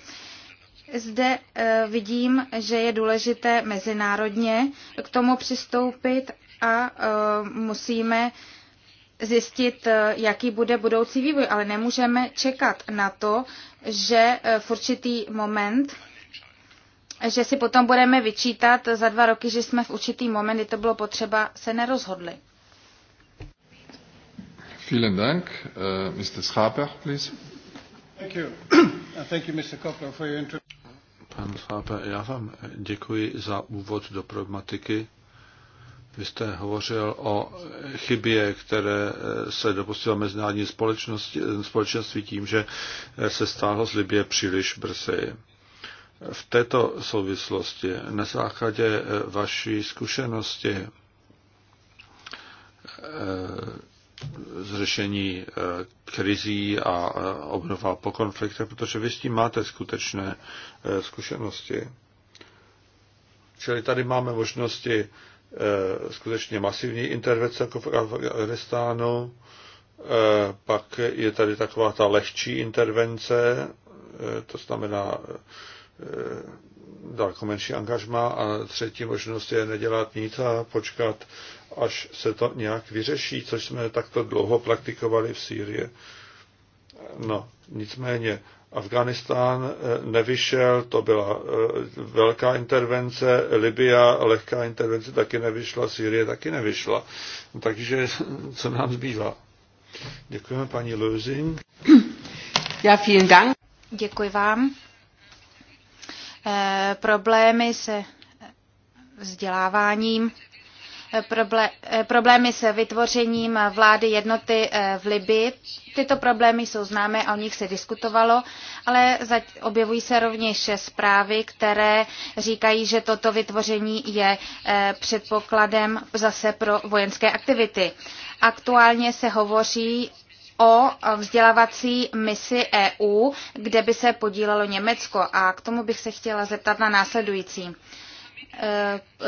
Zde vidím, že je důležité mezinárodně k tomu přistoupit a e, musíme zjistit, e, jaký bude budoucí vývoj, ale nemůžeme čekat na to, že e, v určitý moment že si potom budeme vyčítat za dva roky, že jsme v určitý moment, kdy to bylo potřeba, se nerozhodli. Vielen Dank. Uh, äh, Mr. Schaper, please. Thank you. Uh, thank you, Mr. Koppel, for your Pan Schaper, já vám děkuji za úvod do problematiky vy jste hovořil o chybě, které eh, se dopustila mezinárodní eh, společenství tím, že eh, se stáhlo z Libie příliš brzy. V této souvislosti, na základě vaší zkušenosti z řešení krizí a obnova po konfliktech, protože vy s tím máte skutečné zkušenosti. Čili tady máme možnosti Eh, skutečně masivní intervence jako v Afganistánu, eh, pak je tady taková ta lehčí intervence, eh, to znamená daleko menší angažma a třetí možnost je nedělat nic a počkat, až se to nějak vyřeší, což jsme takto dlouho praktikovali v Sýrii. No, nicméně Afganistán eh, nevyšel, to byla eh, velká intervence, Libya lehká intervence taky nevyšla, Sýrie taky nevyšla. Takže [laughs] co nám zbývá? Děkujeme paní Lösing. Já vielen Dank. Děkuji vám. E, problémy se vzděláváním Eh, problémy s vytvořením vlády jednoty eh, v Libii. Tyto problémy jsou známé a o nich se diskutovalo, ale objevují se rovněž zprávy, které říkají, že toto vytvoření je eh, předpokladem zase pro vojenské aktivity. Aktuálně se hovoří o vzdělávací misi EU, kde by se podílelo Německo. A k tomu bych se chtěla zeptat na následující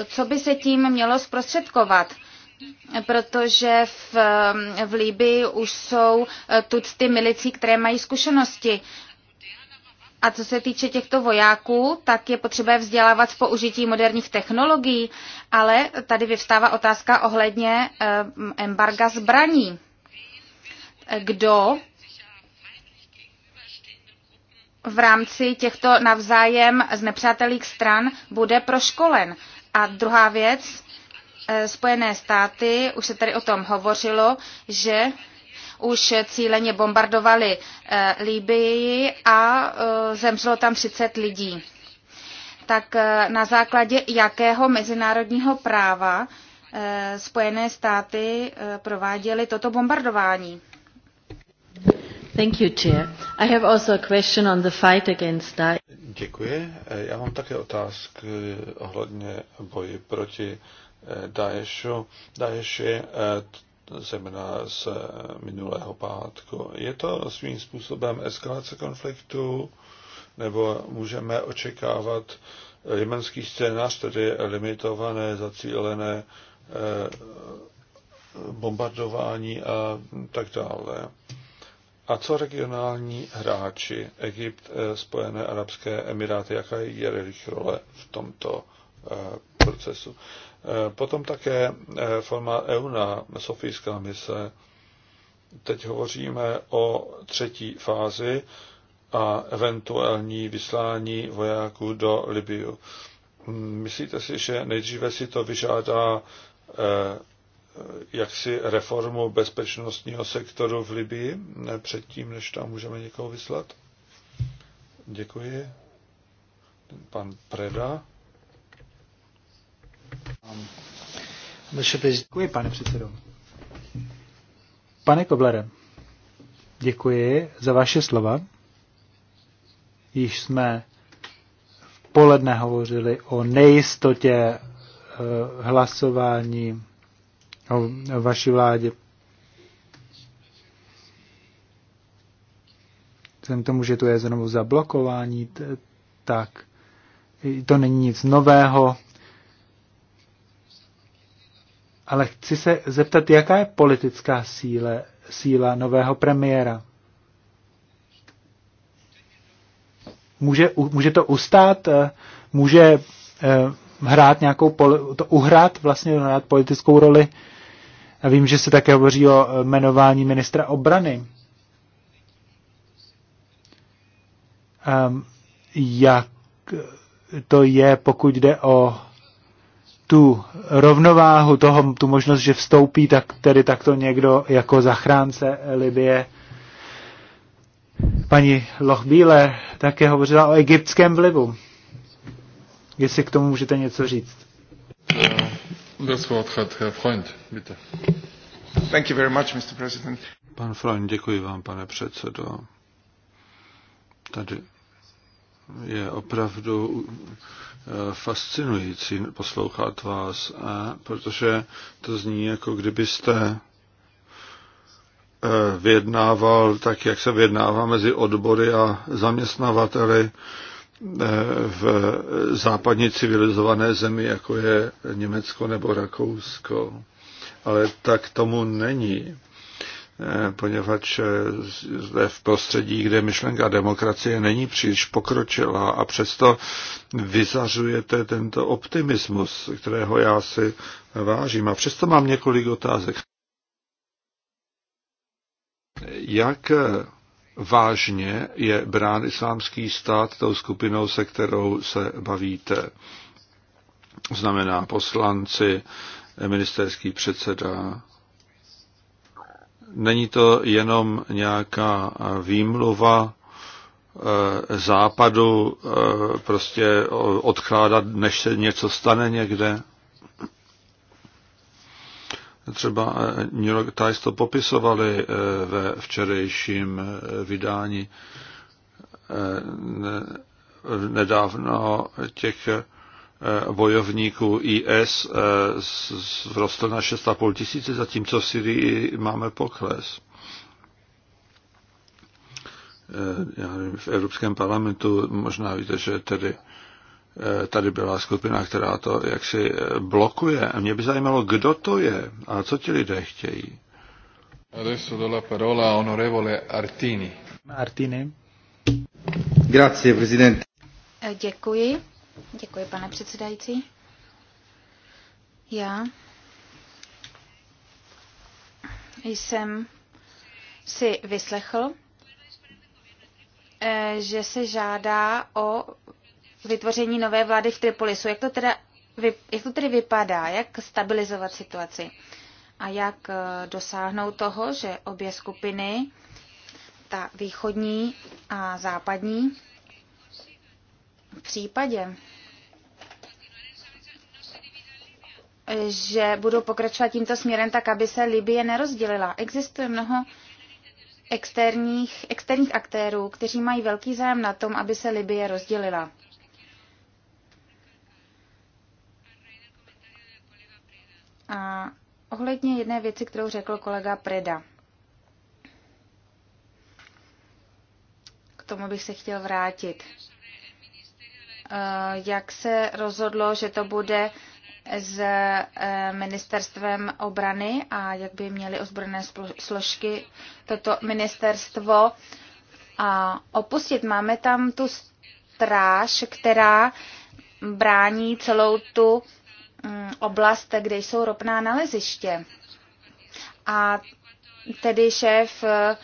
co by se tím mělo zprostředkovat protože v, v Líbii už jsou eh, tucty milicí, které mají zkušenosti. A co se týče těchto vojáků, tak je potřeba vzdělávat v použití moderních technologií, ale tady vyvstává otázka ohledně eh, embarga zbraní. Kdo v rámci těchto navzájem z nepřátelých stran bude proškolen. A druhá věc, eh, Spojené státy, už se tady o tom hovořilo, že už cíleně bombardovali eh, Líbii a eh, zemřelo tam 30 lidí. Tak na základě jakého mezinárodního práva Spojené státy prováděly toto bombardování? Thank you, Chair. I have also a question on the fight against diet. Děkuji. E, já mám také otázky ohledně boji proti e, Daeshu. Daesh je e, zejména z minulého pátku. Je to svým způsobem eskalace konfliktu, nebo můžeme očekávat jemenský scénář, tedy limitované, zacílené bombardování a tak dále. A co regionální hráči, Egypt, eh, Spojené arabské emiráty, jaká je jejich role v tomto eh, procesu? Eh, potom také forma EUNA, Sofijská mise. Teď hovoříme o třetí fázi a eventuální vyslání vojáků do Libiu. Myslíte si, že nejdříve si to vyžádá jaksi reformu bezpečnostního sektoru v Libii předtím, než tam můžeme někoho vyslat? Děkuji. Pan Preda. Děkuji, pane předsedo. Pane Koblere, děkuji za vaše slova. Již jsme v poledne hovořili o nejistotě eh, hlasování o vaší vládě. Vzhledem tomu, že tu je znovu zablokování, tak to není nic nového. Ale chci se zeptat, jaká je politická síle, síla nového premiéra? Může, může to ustát? Eh, může eh, hrát nějakou, to uhrát vlastně, hrát politickou roli. A vím, že se také hovoří o eh, jmenování ministra obrany. Um, jak eh, to je, pokud jde o tu rovnováhu toho, tu možnost, že vstoupí tak tedy takto někdo jako zachránce Libie. Paní Lochbíle také hovořila o egyptském vlivu. Jestli k tomu můžete něco říct. Uh, das Wort hat Herr Freund, bitte. Thank you very much, Mr. President. Pan Freund, děkuji vám, pane předsedo. Tady je opravdu uh, fascinující poslouchat vás, eh, protože to zní, jako kdybyste eh, vyjednával tak, jak se vyjednává mezi odbory a zaměstnavateli Eh, v západně civilizované zemi, jako je Německo nebo Rakousko. Ale tak tomu není, eh, poněvadž eh, zde v prostředí, kde myšlenka demokracie není příliš pokročilá a přesto vyzařujete tento optimismus, kterého já si vážím. A přesto mám několik otázek. Jak vážně je brán islámský stát tou skupinou, se kterou se bavíte. Znamená poslanci, ministerský předseda. Není to jenom nějaká výmluva eh, západu eh, prostě odkládat, než se něco stane někde? Třeba eh, New York Times to popisovali eh, ve včerejším eh, vydání nedávno těch bojovníků IS vzrostl na 6,5 tisíce, zatímco v Syrii máme pokles. Já nevím, v Evropském parlamentu možná víte, že tedy Eh, tady byla skupina, která to jaksi eh, blokuje. Mě by zajímalo, kdo to je a co ti lidé chtějí. Adesso do la parola onorevole Artini. Artini. Grazie, presidente. Eh, děkuji. Děkuji, pane předsedající. Já jsem si vyslechl, že se žádá o vytvoření nové vlády v Tripolisu. Jak to, teda, jak to tedy vypadá? Jak stabilizovat situaci? A jak eh, dosáhnout toho, že obě skupiny, ta východní a západní, v případě, že budou pokračovat tímto směrem tak, aby se Libie nerozdělila. Existuje mnoho externích, externích aktérů, kteří mají velký zájem na tom, aby se Libie rozdělila. A ohledně jedné věci, kterou řekl kolega Preda. K tomu bych se chtěl vrátit. Eh, jak se rozhodlo, že to bude s eh, ministerstvem obrany a jak by měly ozbrojené složky toto ministerstvo a opustit. Máme tam tu stráž, která brání celou tu Mm, oblast, kde jsou ropná naleziště. A tedy šéf eh,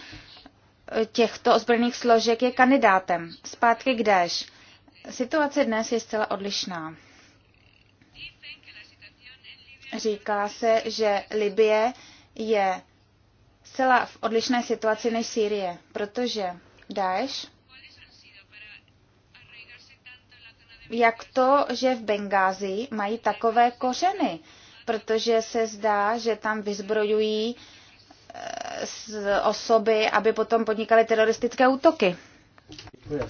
těchto ozbrojených složek je kandidátem. Zpátky k Daesh. Situace dnes je zcela odlišná. Říká se, že Libie je zcela v odlišné situaci než Sýrie, protože Daesh jak to, že v Bengázi mají takové kořeny, protože se zdá, že tam vyzbrojují eh, osoby, aby potom podnikaly teroristické útoky. Děkuji.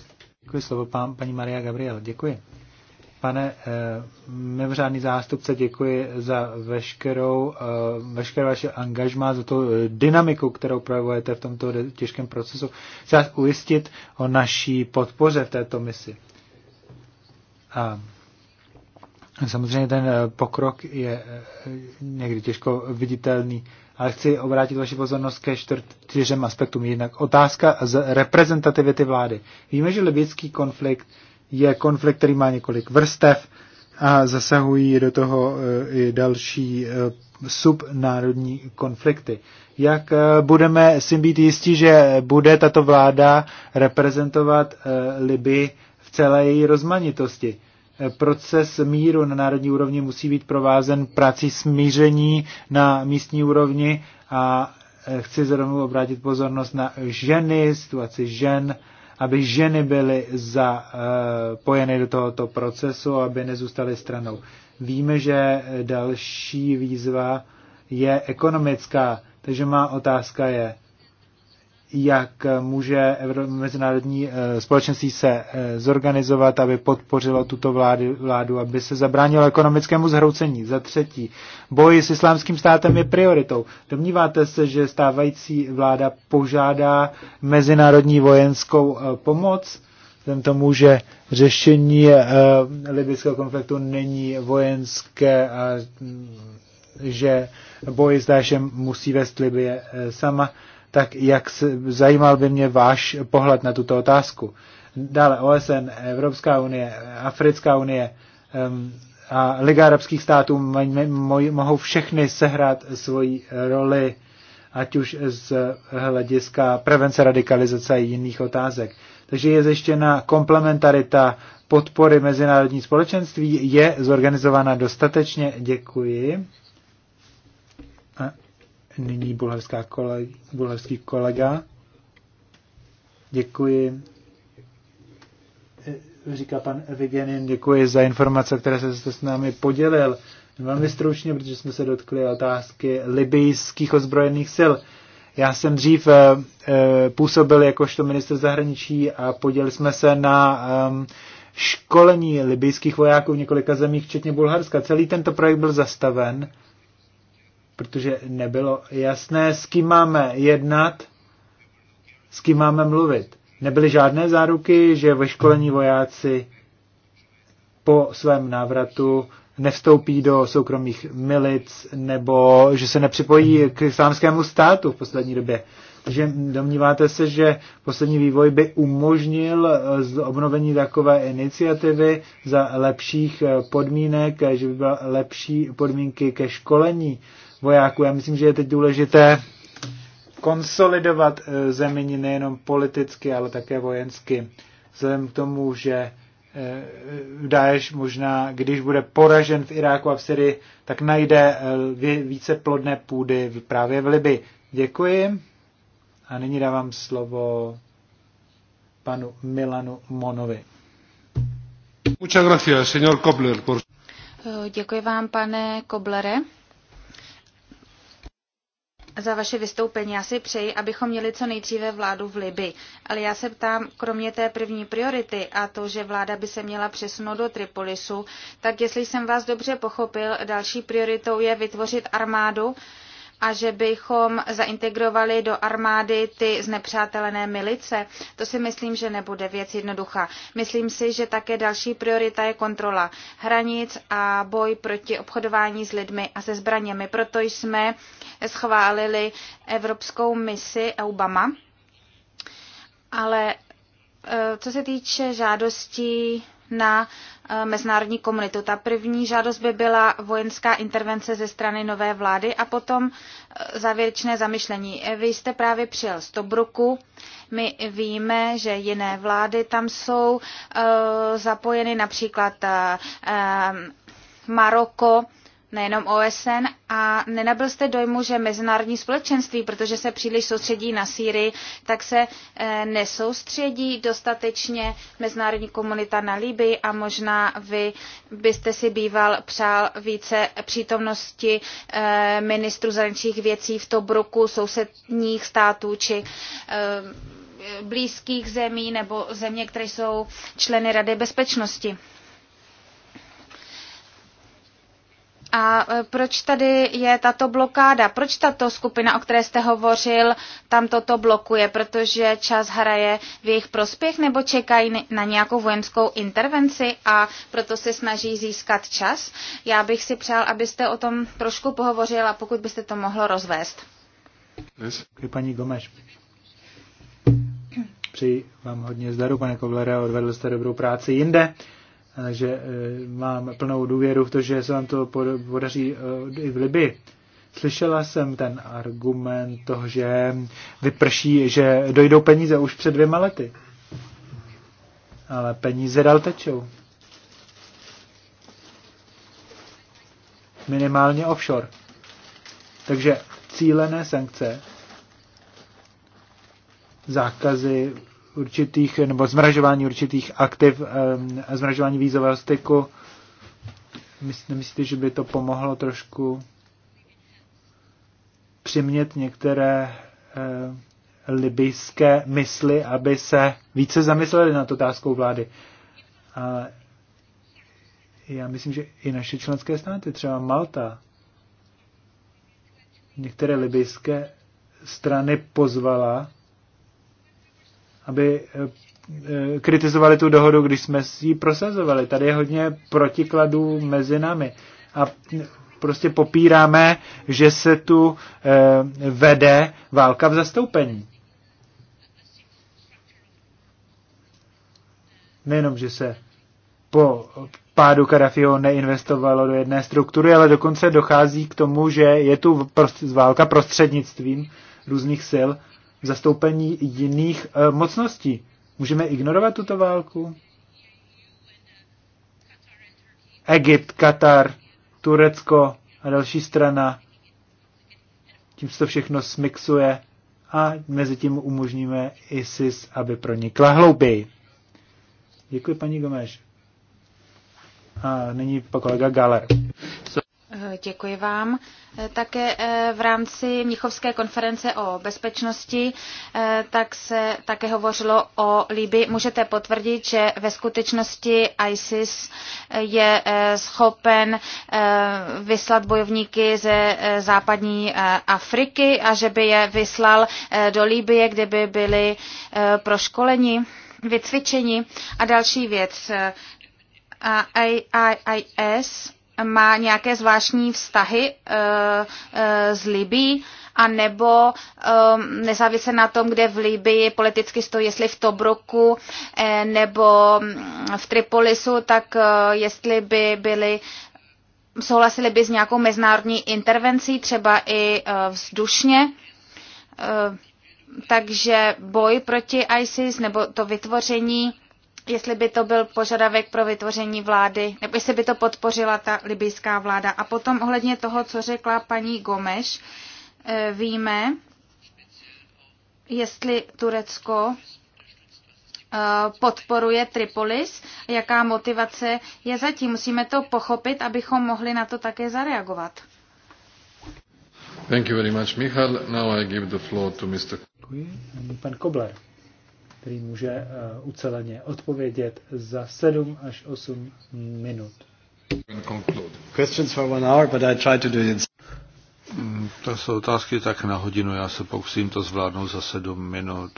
Děkuji slovo, pán, paní Maria Gabriel. Děkuji. Pane eh, mimořádný zástupce, děkuji za veškerou, eh, veškeré vaše angažmá, za tu eh, dynamiku, kterou projevujete v tomto těžkém procesu. Chci vás ujistit o naší podpoře v této misi. A samozřejmě ten eh, pokrok je eh, někdy těžko viditelný, ale chci obrátit vaši pozornost ke čtyřem aspektům. Jednak otázka z reprezentativity vlády. Víme, že libický konflikt je konflikt, který má několik vrstev a zasahují do toho eh, i další subnárodní konflikty. Jak budeme si být jistí, že bude tato vláda reprezentovat Libii v celé její rozmanitosti. Eh, Proces míru na národní úrovni musí být provázen prací smíření na místní úrovni a eh, chci zrovna obrátit pozornost na ženy, situaci žen, aby ženy byly zapojeny eh, do tohoto procesu, aby nezůstaly stranou. Víme, že další výzva je ekonomická, takže má otázka je, jak může mezinárodní eh, společenství se eh, zorganizovat, aby podpořilo tuto vládu, vládu, aby se zabránilo ekonomickému zhroucení. Za třetí, boj s islámským státem je prioritou. Domníváte se, že stávající vláda požádá mezinárodní vojenskou eh, pomoc? Vzhledem tomu, že řešení libyského konfliktu není vojenské a mm, že boj s musí vést Libie sama tak jak zajímal by mě váš pohled na tuto otázku. Dále OSN, Evropská unie, Africká unie a Liga arabských států mohou všechny sehrát svoji roli, ať už z hlediska prevence radikalizace a jiných otázek. Takže je zjištěna komplementarita podpory mezinárodní společenství je zorganizována dostatečně. Děkuji. Nyní bulharská kolega, bulharský kolega. Děkuji. E, říká pan Evigenin, děkuji za informace, které se s námi podělil. Velmi stručně, protože jsme se dotkli otázky libijských ozbrojených sil. Já jsem dřív e, e, působil jakožto minister zahraničí a podělili jsme se na školení libijských vojáků v několika zemích, včetně Bulharska. Celý tento projekt byl zastaven protože nebylo jasné, s kým máme jednat, s kým máme mluvit. Nebyly žádné záruky, že ve školení vojáci po svém návratu nevstoupí do soukromých milic nebo že se nepřipojí k islámskému státu v poslední době. Takže domníváte se, že poslední vývoj by umožnil obnovení takové iniciativy za lepších podmínek, že by byly lepší podmínky ke školení vojáků. Já myslím, že je teď důležité konsolidovat eh, zemi nejenom politicky, ale také vojensky. Vzhledem k tomu, že eh, Daesh možná, když bude poražen v Iráku a v Syrii, tak najde eh, více plodné půdy právě v Libii. Děkuji. A nyní dávám slovo panu Milanu Monovi. Muchas gracias, señor Kobler. Por... Děkuji vám, pane Koblere, za vaše vystoupení. Já si přeji, abychom měli co nejdříve vládu v Libii. Ale já se ptám, kromě té první priority a to, že vláda by se měla přesunout do Tripolisu, tak jestli jsem vás dobře pochopil, další prioritou je vytvořit armádu a že bychom zaintegrovali do armády ty znepřátelené milice, to si myslím, že nebude věc jednoduchá. Myslím si, že také další priorita je kontrola hranic a boj proti obchodování s lidmi a se zbraněmi. Proto jsme schválili evropskou misi Obama. ale eh, co se týče žádostí na eh, mezinárodní komunitu. Ta první žádost by byla vojenská intervence ze strany nové vlády a potom eh, závěrečné zamyšlení. Eh, vy jste právě přijel z Tobruku. My víme, že jiné vlády tam jsou zapojeny, například Maroko nejenom OSN a nenabil jste dojmu, že mezinárodní společenství, protože se příliš soustředí na Sýrii, tak se e, nesoustředí dostatečně mezinárodní komunita na Libii a možná vy byste si býval přál více přítomnosti e, ministrů zahraničních věcí v Tobruku, sousedních států či e, blízkých zemí nebo země, které jsou členy Rady bezpečnosti. A e, proč tady je tato blokáda? Proč tato skupina, o které jste hovořil, tam toto blokuje? Protože čas hraje v jejich prospěch nebo čekají na nějakou vojenskou intervenci a proto se snaží získat čas? Já bych si přál, abyste o tom trošku pohovořil a pokud byste to mohlo rozvést. Děkuji, paní Gomeš. Přeji vám hodně zdaru, pane Koblere, odvedl jste dobrou práci jinde. Takže e, mám plnou důvěru v to, že se vám to podaří e, i v Libii. Slyšela jsem ten argument toho, že vyprší, že dojdou peníze už před dvěma lety. Ale peníze dal tečou. Minimálně offshore. Takže cílené sankce, zákazy určitých, nebo zmražování určitých aktiv a zmražování vízového styku. Myslíte, že by to pomohlo trošku přimět některé eh, libijské mysli, aby se více zamysleli nad otázkou vlády. A já myslím, že i naše členské státy, třeba Malta, některé libijské strany pozvala aby eh, eh, kritizovali tu dohodu, když jsme si ji prosazovali. Tady je hodně protikladů mezi námi. A prostě popíráme, že se tu eh, vede válka v zastoupení. Nejenom, že se po pádu Karafio neinvestovalo do jedné struktury, ale dokonce dochází k tomu, že je tu válka prostřednictvím různých sil zastoupení jiných eh, mocností. Můžeme ignorovat tuto válku? Egypt, Katar, Turecko a další strana. Tím se to všechno smixuje a mezi tím umožníme ISIS, aby pronikla hlouběji. Děkuji, paní Gomeš. A nyní kolega Galer. Děkuji vám. Eh, také eh, v rámci Mnichovské konference o bezpečnosti eh, tak se také hovořilo o Libyi. Můžete potvrdit, že ve skutečnosti ISIS je schopen vyslat bojovníky ze západní Afriky a že by je vyslal do Libie, kde by byli proškoleni, vycvičeni. A další věc. IIIS má nějaké zvláštní vztahy eh, eh, s Libí, a nebo eh, nezávisle na tom, kde v Libii politicky stojí, jestli v Tobruku nebo mm, v Tripolisu, tak jestli by byly souhlasili by s nějakou mezinárodní intervencí, třeba i vzdušně. takže boj proti ISIS nebo to vytvoření jestli by to byl požadavek pro vytvoření vlády, nebo jestli by to podpořila ta libijská vláda. A potom ohledně toho, co řekla paní Gomeš, eh, víme, jestli Turecko eh, podporuje Tripolis, jaká motivace je zatím. Musíme to pochopit, abychom mohli na to také zareagovat. Thank you very much, Michal. Now I give the floor to Mr. Pan Kobler který může eh, uceleně odpovědět za 7 až 8 minut. To jsou otázky tak na hodinu, já se pokusím to zvládnout za 7 minut.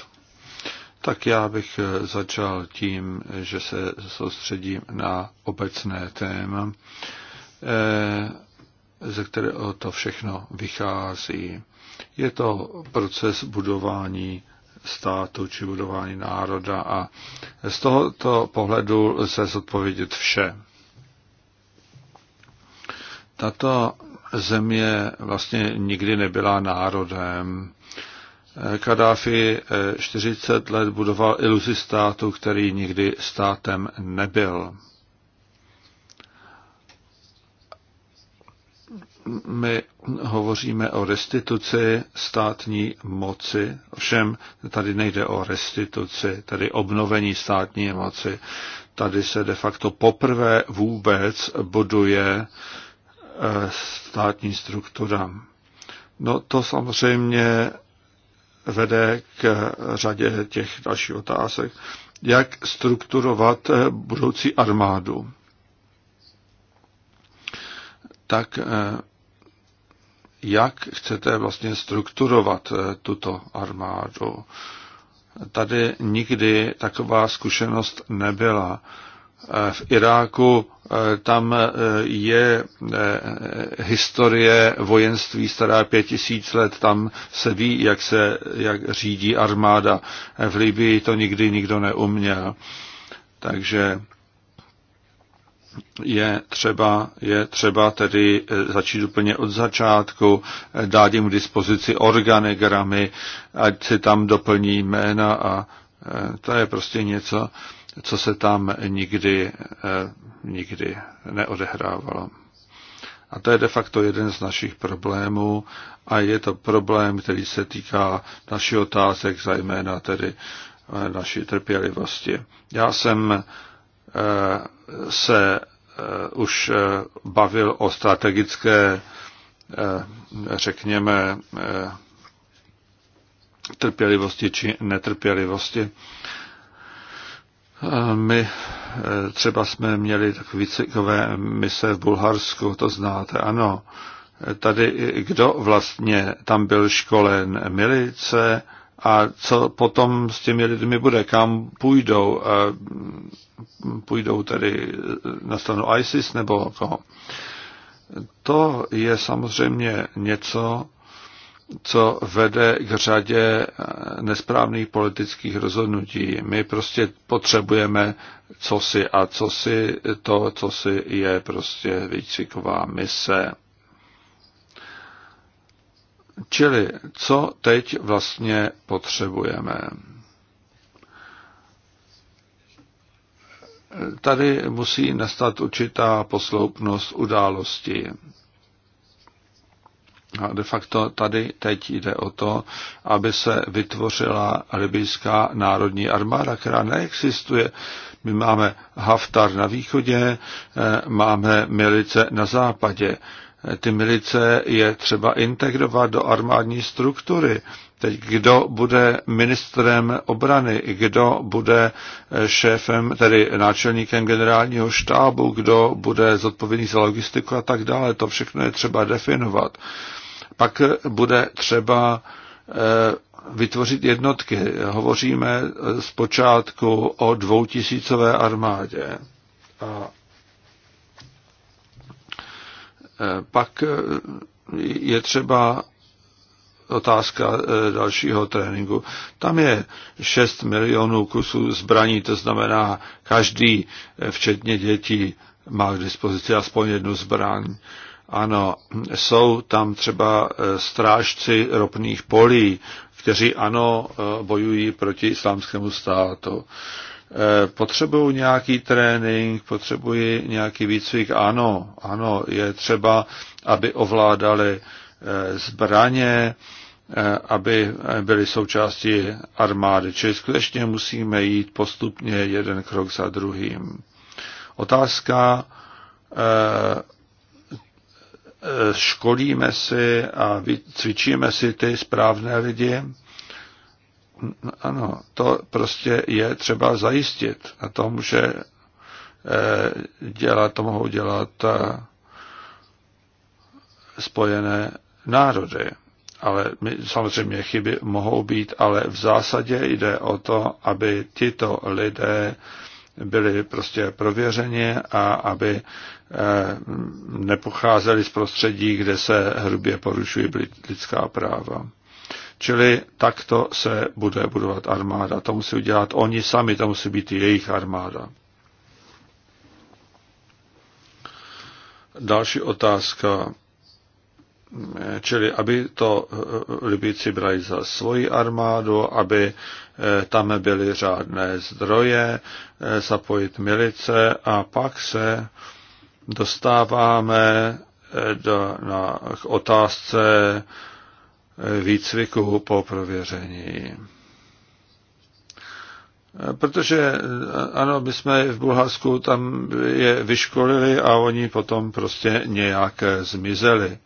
Tak já bych eh, začal tím, že se soustředím na obecné téma, eh, ze kterého to všechno vychází. Je to proces budování státu či budování národa a z tohoto pohledu lze zodpovědět vše. Tato země vlastně nikdy nebyla národem. Kadáfi 40 eh, let budoval iluzi státu, který nikdy státem nebyl. my hovoříme o restituci státní moci, ovšem tady nejde o restituci, tady obnovení státní moci. Tady se de facto poprvé vůbec buduje eh, státní struktura. No to samozřejmě vede k řadě těch dalších otázek. Jak strukturovat eh, budoucí armádu? tak eh, jak chcete vlastně strukturovat eh, tuto armádu. Tady nikdy taková zkušenost nebyla. Eh, v Iráku eh, tam je historie vojenství stará pět tisíc let, tam se ví, jak se jak řídí armáda. V Libii to nikdy nikdo neuměl. Takže je třeba, je třeba tedy eh, začít úplně od začátku, eh, dát jim k dispozici organigramy, ať si tam doplní jména a eh, to je prostě něco, co se tam nikdy, nikdy neodehrávalo. A to je de facto jeden z našich problémů a je to problém, který se týká našich otázek, zejména tedy naší trpělivosti. Já jsem Eh, se eh, už eh, bavil o strategické, řekněme, trpělivosti či netrpělivosti. My třeba jsme měli takové mise v Bulharsku, to znáte, ano. Tady kdo vlastně tam byl školen? Milice, a co potom s těmi lidmi bude? Kam půjdou? Půjdou tedy na stranu ISIS nebo koho? To je samozřejmě něco, co vede k řadě nesprávných politických rozhodnutí. My prostě potřebujeme cosi a cosi to, co si je prostě výcviková mise. Čili co teď vlastně potřebujeme? Tady musí nastat určitá posloupnost události. A de facto tady teď jde o to, aby se vytvořila libijská národní armáda, která neexistuje. My máme Haftar na východě, eh, máme milice na západě ty milice je třeba integrovat do armádní struktury. Teď kdo bude ministrem obrany, kdo bude šéfem, tedy náčelníkem generálního štábu, kdo bude zodpovědný za logistiku a tak dále. To všechno je třeba definovat. Pak bude třeba eh, vytvořit jednotky. Hovoříme zpočátku o dvoutisícové armádě. A pak je třeba otázka eh, dalšího tréninku. Tam je 6 milionů kusů zbraní, to znamená, každý, eh, včetně dětí, má k dispozici aspoň jednu zbraň. Ano, jsou tam třeba eh, strážci ropných polí, kteří ano, bojují proti islámskému státu. Eh, potřebují nějaký trénink, potřebují nějaký výcvik. Ano, ano, je třeba, aby ovládali eh, zbraně, eh, aby byly součástí armády. Čili skutečně musíme jít postupně jeden krok za druhým. Otázka, školíme si a cvičíme si ty správné lidi, ano, to prostě je třeba zajistit. A to může eh, dělat, to mohou dělat eh, spojené národy. Ale my, samozřejmě chyby mohou být, ale v zásadě jde o to, aby tito lidé byli prostě prověřeni a aby eh, nepocházeli z prostředí, kde se hrubě porušují lidská práva. Čili takto se bude budovat armáda. To musí udělat oni sami, to musí být jejich armáda. Další otázka. Čili aby to eh, Libíci brali za svoji armádu, aby eh, tam byly řádné zdroje, eh, zapojit milice a pak se dostáváme do, na, k otázce výcviku po prověření. Protože ano, my jsme v Bulharsku tam je vyškolili a oni potom prostě nějak zmizeli.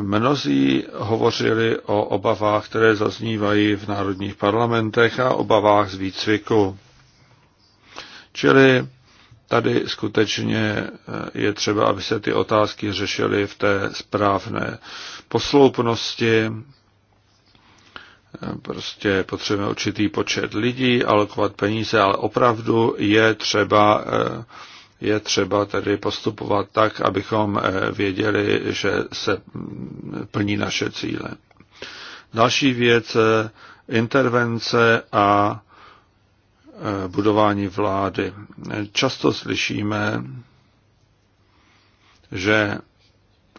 Mnozí hovořili o obavách, které zaznívají v národních parlamentech a obavách z výcviku. Čili Tady skutečně eh, je třeba, aby se ty otázky řešily v té správné posloupnosti. Eh, prostě potřebujeme určitý počet lidí, alokovat peníze, ale opravdu je třeba eh, je třeba tedy postupovat tak, abychom věděli, že se mm, plní naše cíle. Další věc, intervence a budování vlády. Často slyšíme, že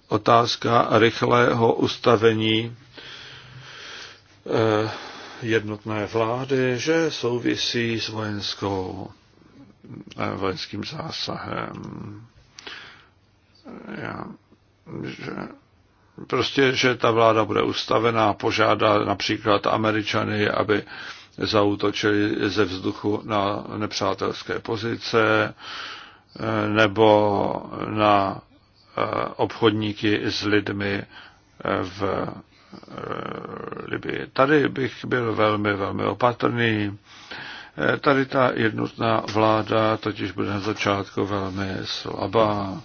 otázka rychlého ustavení eh, jednotné vlády, že souvisí s vojenskou, eh, vojenským zásahem. Já, že, prostě, že ta vláda bude ustavená, požádá například Američany, aby eh, zautočili ze vzduchu na nepřátelské pozice eh, nebo na eh, obchodníky s lidmi eh, v Libii. Tady bych byl velmi, velmi opatrný. Tady ta jednotná vláda totiž bude na začátku velmi slabá.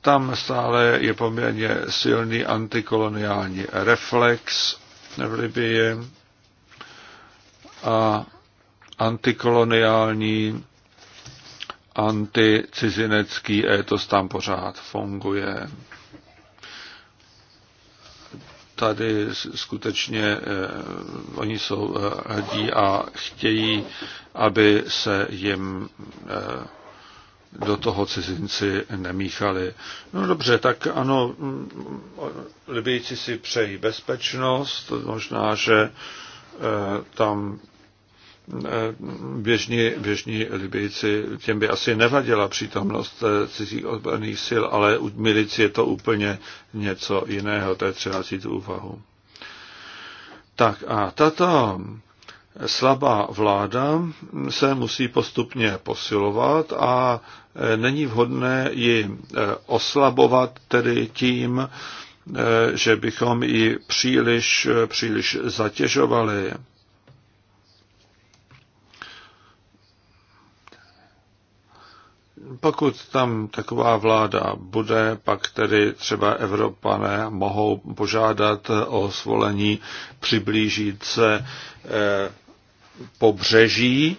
Tam stále je poměrně silný antikoloniální reflex v Libii a antikoloniální, anticizinecký étos tam pořád funguje. Tady skutečně eh, oni jsou eh, hrdí a chtějí, aby se jim eh, do toho cizinci nemíchali. No dobře, tak ano, mm, mm, Libijci si přejí bezpečnost, možná, že Eh, tam eh, běžní, běžní Libijci, těm by asi nevadila přítomnost eh, cizích odborných sil, ale u milici je to úplně něco jiného, to je třeba cít úvahu. Tak a tato slabá vláda se musí postupně posilovat a není vhodné ji oslabovat tedy tím, Eh, že bychom ji příliš, eh, příliš zatěžovali. Pokud tam taková vláda bude, pak tedy třeba Evropané mohou požádat o svolení přiblížit se eh, pobřeží,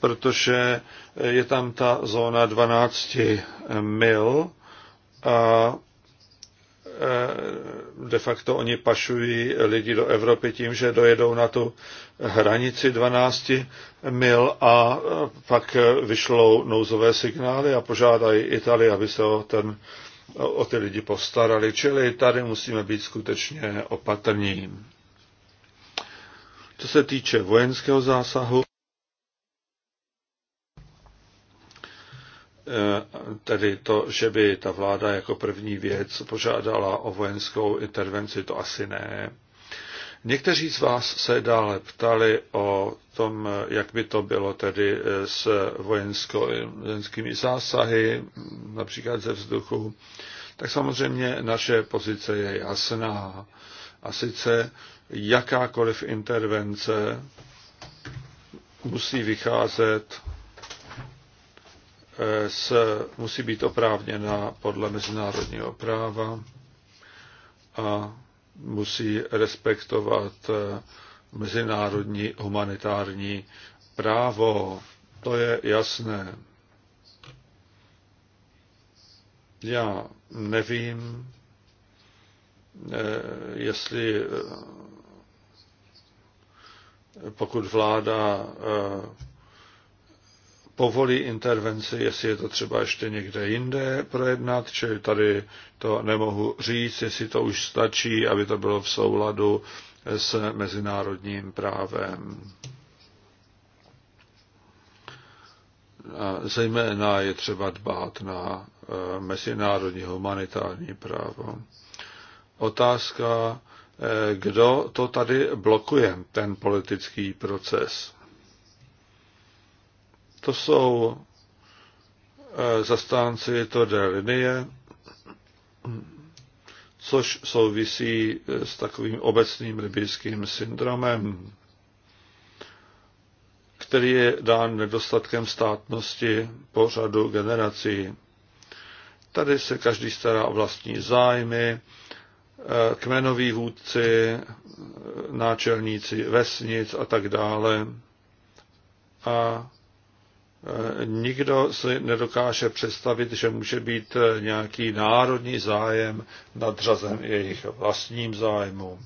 protože je tam ta zóna 12 mil a Eh, de facto oni pašují lidi do Evropy tím, že dojedou na tu hranici 12 mil a eh, pak eh, vyšlou nouzové signály a požádají Itálii, aby se o, ten, o ty lidi postarali. Čili tady musíme být skutečně opatrní. Co se týče vojenského zásahu, Eh, tedy to, že by ta vláda jako první věc požádala o vojenskou intervenci, to asi ne. Někteří z vás se dále ptali o tom, jak by to bylo tedy eh, s vojensko, vojenskými zásahy, například ze vzduchu. Tak samozřejmě naše pozice je jasná. A sice jakákoliv intervence musí vycházet se musí být oprávněna podle mezinárodního práva a musí respektovat eh, mezinárodní humanitární právo. To je jasné. Já nevím, eh, jestli eh, pokud vláda povolí intervenci, jestli je to třeba ještě někde jinde projednat, čili tady to nemohu říct, jestli to už stačí, aby to bylo v souladu s mezinárodním právem. A zejména je třeba dbát na eh, mezinárodní humanitární právo. Otázka, eh, kdo to tady blokuje, ten politický proces. To jsou eh, zastánci tvrdé linie, což souvisí eh, s takovým obecným rybířským syndromem, který je dán nedostatkem státnosti po řadu generací. Tady se každý stará o vlastní zájmy, eh, kmenoví vůdci, náčelníci vesnic a tak dále. A nikdo si nedokáže představit, že může být nějaký národní zájem nadřazen jejich vlastním zájmům.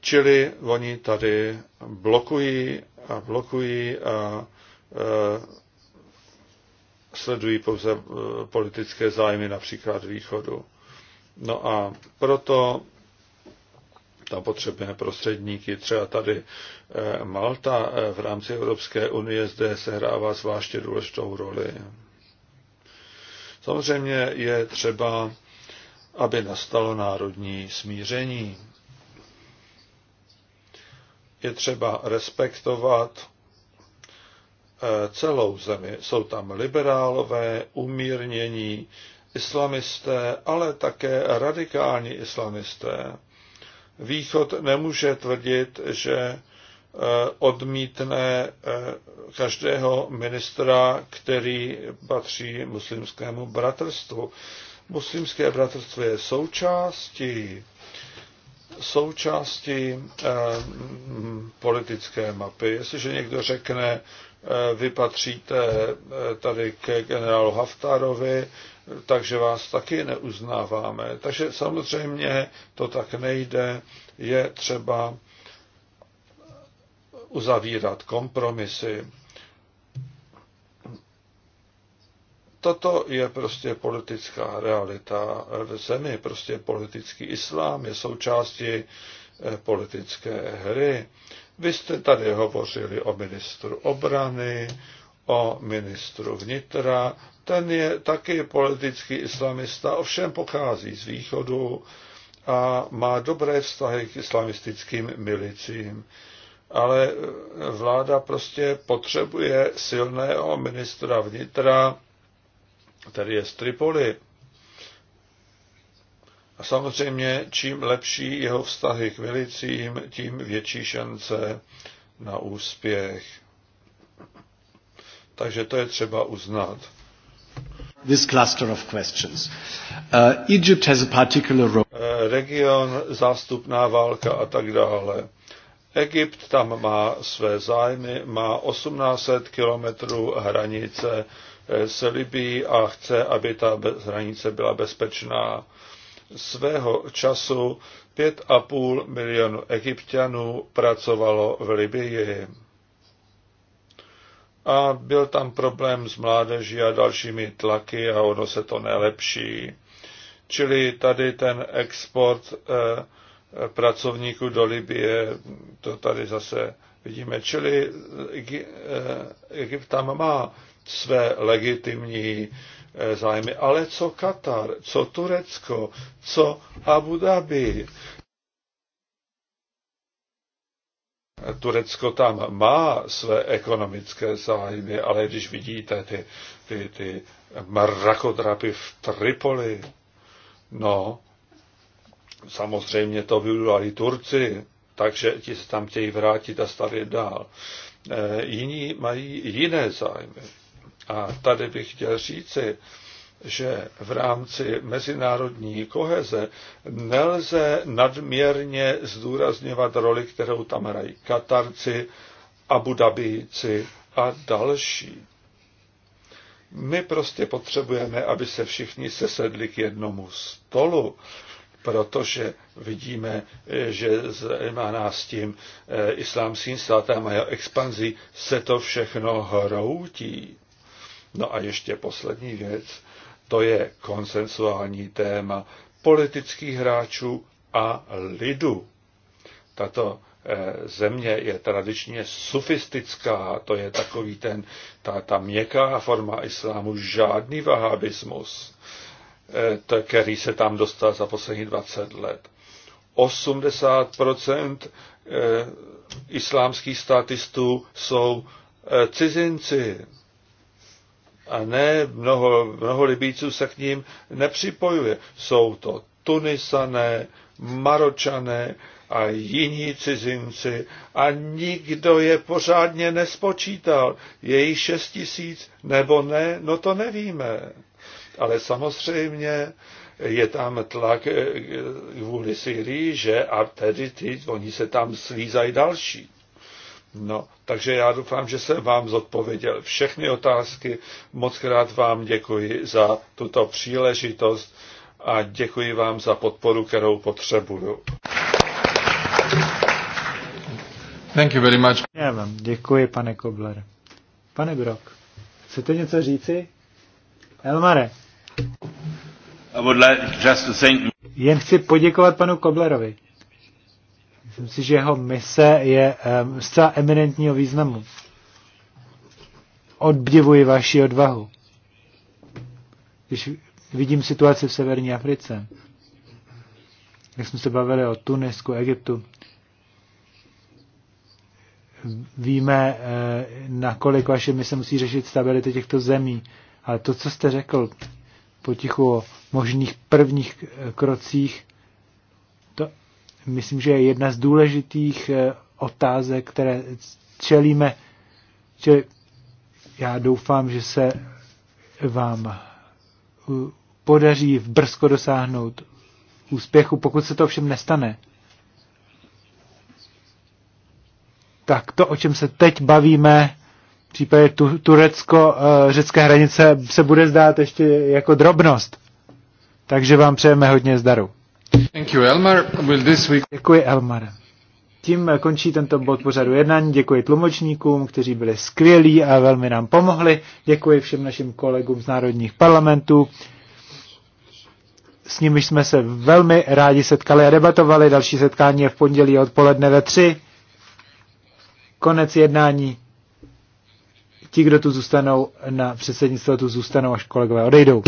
Čili oni tady blokují a blokují a e, sledují pouze e, politické zájmy například východu. No a proto tam potřebujeme prostředníky. Třeba tady eh, Malta eh, v rámci Evropské unie zde sehrává zvláště důležitou roli. Samozřejmě je třeba, aby nastalo národní smíření. Je třeba respektovat eh, celou zemi. Jsou tam liberálové, umírnění, islamisté, ale také radikální islamisté. Východ nemůže tvrdit, že eh, odmítne eh, každého ministra, který patří muslimskému bratrstvu. Muslimské bratrstvo je součástí součástí eh, politické mapy. Jestliže někdo řekne, Eh, vy patříte eh, tady k generálu Haftárovi, takže vás taky neuznáváme. Takže samozřejmě to tak nejde. Je třeba uzavírat kompromisy. Toto je prostě politická realita v zemi, prostě politický islám je součástí eh, politické hry. Vy jste tady hovořili o ministru obrany, o ministru vnitra. Ten je taky politický islamista, ovšem pochází z východu a má dobré vztahy k islamistickým milicím. Ale vláda prostě potřebuje silného ministra vnitra, který je z Tripoli a samozřejmě, čím lepší jeho vztahy k milicím, tím větší šance na úspěch. Takže to je třeba uznat. This cluster of questions. Uh, Egypt has a particular role. Eh, region, zástupná válka a tak dále. Egypt tam má své zájmy, má 1800 kilometrů hranice eh, s Libií a chce, aby ta hranice byla bezpečná svého času 5,5 milionu egyptianů pracovalo v Libii. A byl tam problém s mládeží a dalšími tlaky a ono se to nelepší. Čili tady ten export eh, pracovníků do Libie, to tady zase vidíme. Čili eh, eh, Egypt tam má své legitimní Eh, zájmy. Ale co Katar, co Turecko, co Abu Dhabi? Turecko tam má své ekonomické zájmy, ale když vidíte ty, ty, ty mrakodrapy v Tripoli, no, samozřejmě to vyvolali Turci, takže ti se tam chtějí vrátit a stavět dál. E, jiní mají jiné zájmy. A tady bych chtěl říci, že v rámci mezinárodní koheze nelze nadměrně zdůrazňovat roli, kterou tam hrají Katarci, Abu Dhabíci a další. My prostě potřebujeme, aby se všichni sesedli k jednomu stolu, protože vidíme, že zejména nás tím eh, islámským státem a jeho expanzí se to všechno hroutí. No a ještě poslední věc, to je konsensuální téma politických hráčů a lidu. Tato eh, země je tradičně sufistická, to je takový ten, ta, ta měkká forma islámu, žádný vahabismus, eh, který se tam dostal za poslední 20 let. 80% eh, islámských statistů jsou cizinci, a ne mnoho, mnoho Libíců se k ním nepřipojuje. Jsou to Tunisané, Maročané a jiní cizinci a nikdo je pořádně nespočítal. Je jich šest tisíc nebo ne, no to nevíme. Ale samozřejmě je tam tlak eh, eh, kvůli Syrii, že a tedy ty, oni se tam svízají další. No, takže já doufám, že jsem vám zodpověděl všechny otázky. Moc krát vám děkuji za tuto příležitost a děkuji vám za podporu, kterou potřebuju. Thank you very much. Já vám děkuji, pane Kobler. Pane Brok, chcete něco říci? Elmare. Jen chci poděkovat panu Koblerovi Myslím si, že jeho mise je um, zcela eminentního významu. Odbdivuji vaši odvahu. Když vidím situaci v severní Africe, jak jsme se bavili o Tunisku, Egyptu, víme, eh, nakolik vaše mise musí řešit stabilitu těchto zemí. Ale to, co jste řekl potichu o možných prvních eh, krocích, myslím, že je jedna z důležitých eh, otázek, které čelíme. Čili já doufám, že se vám eh, podaří v brzko dosáhnout úspěchu, pokud se to ovšem nestane. Tak to, o čem se teď bavíme, v případě tu, turecko-řecké eh, hranice, se bude zdát ještě jako drobnost. Takže vám přejeme hodně zdaru. Děkuji, Elmar. Tím končí tento bod pořadu jednání. Děkuji tlumočníkům, kteří byli skvělí a velmi nám pomohli. Děkuji všem našim kolegům z národních parlamentů. S nimi jsme se velmi rádi setkali a debatovali. Další setkání je v pondělí odpoledne ve tři. Konec jednání. Ti, kdo tu zůstanou na předsednictvu, tu zůstanou, až kolegové odejdou.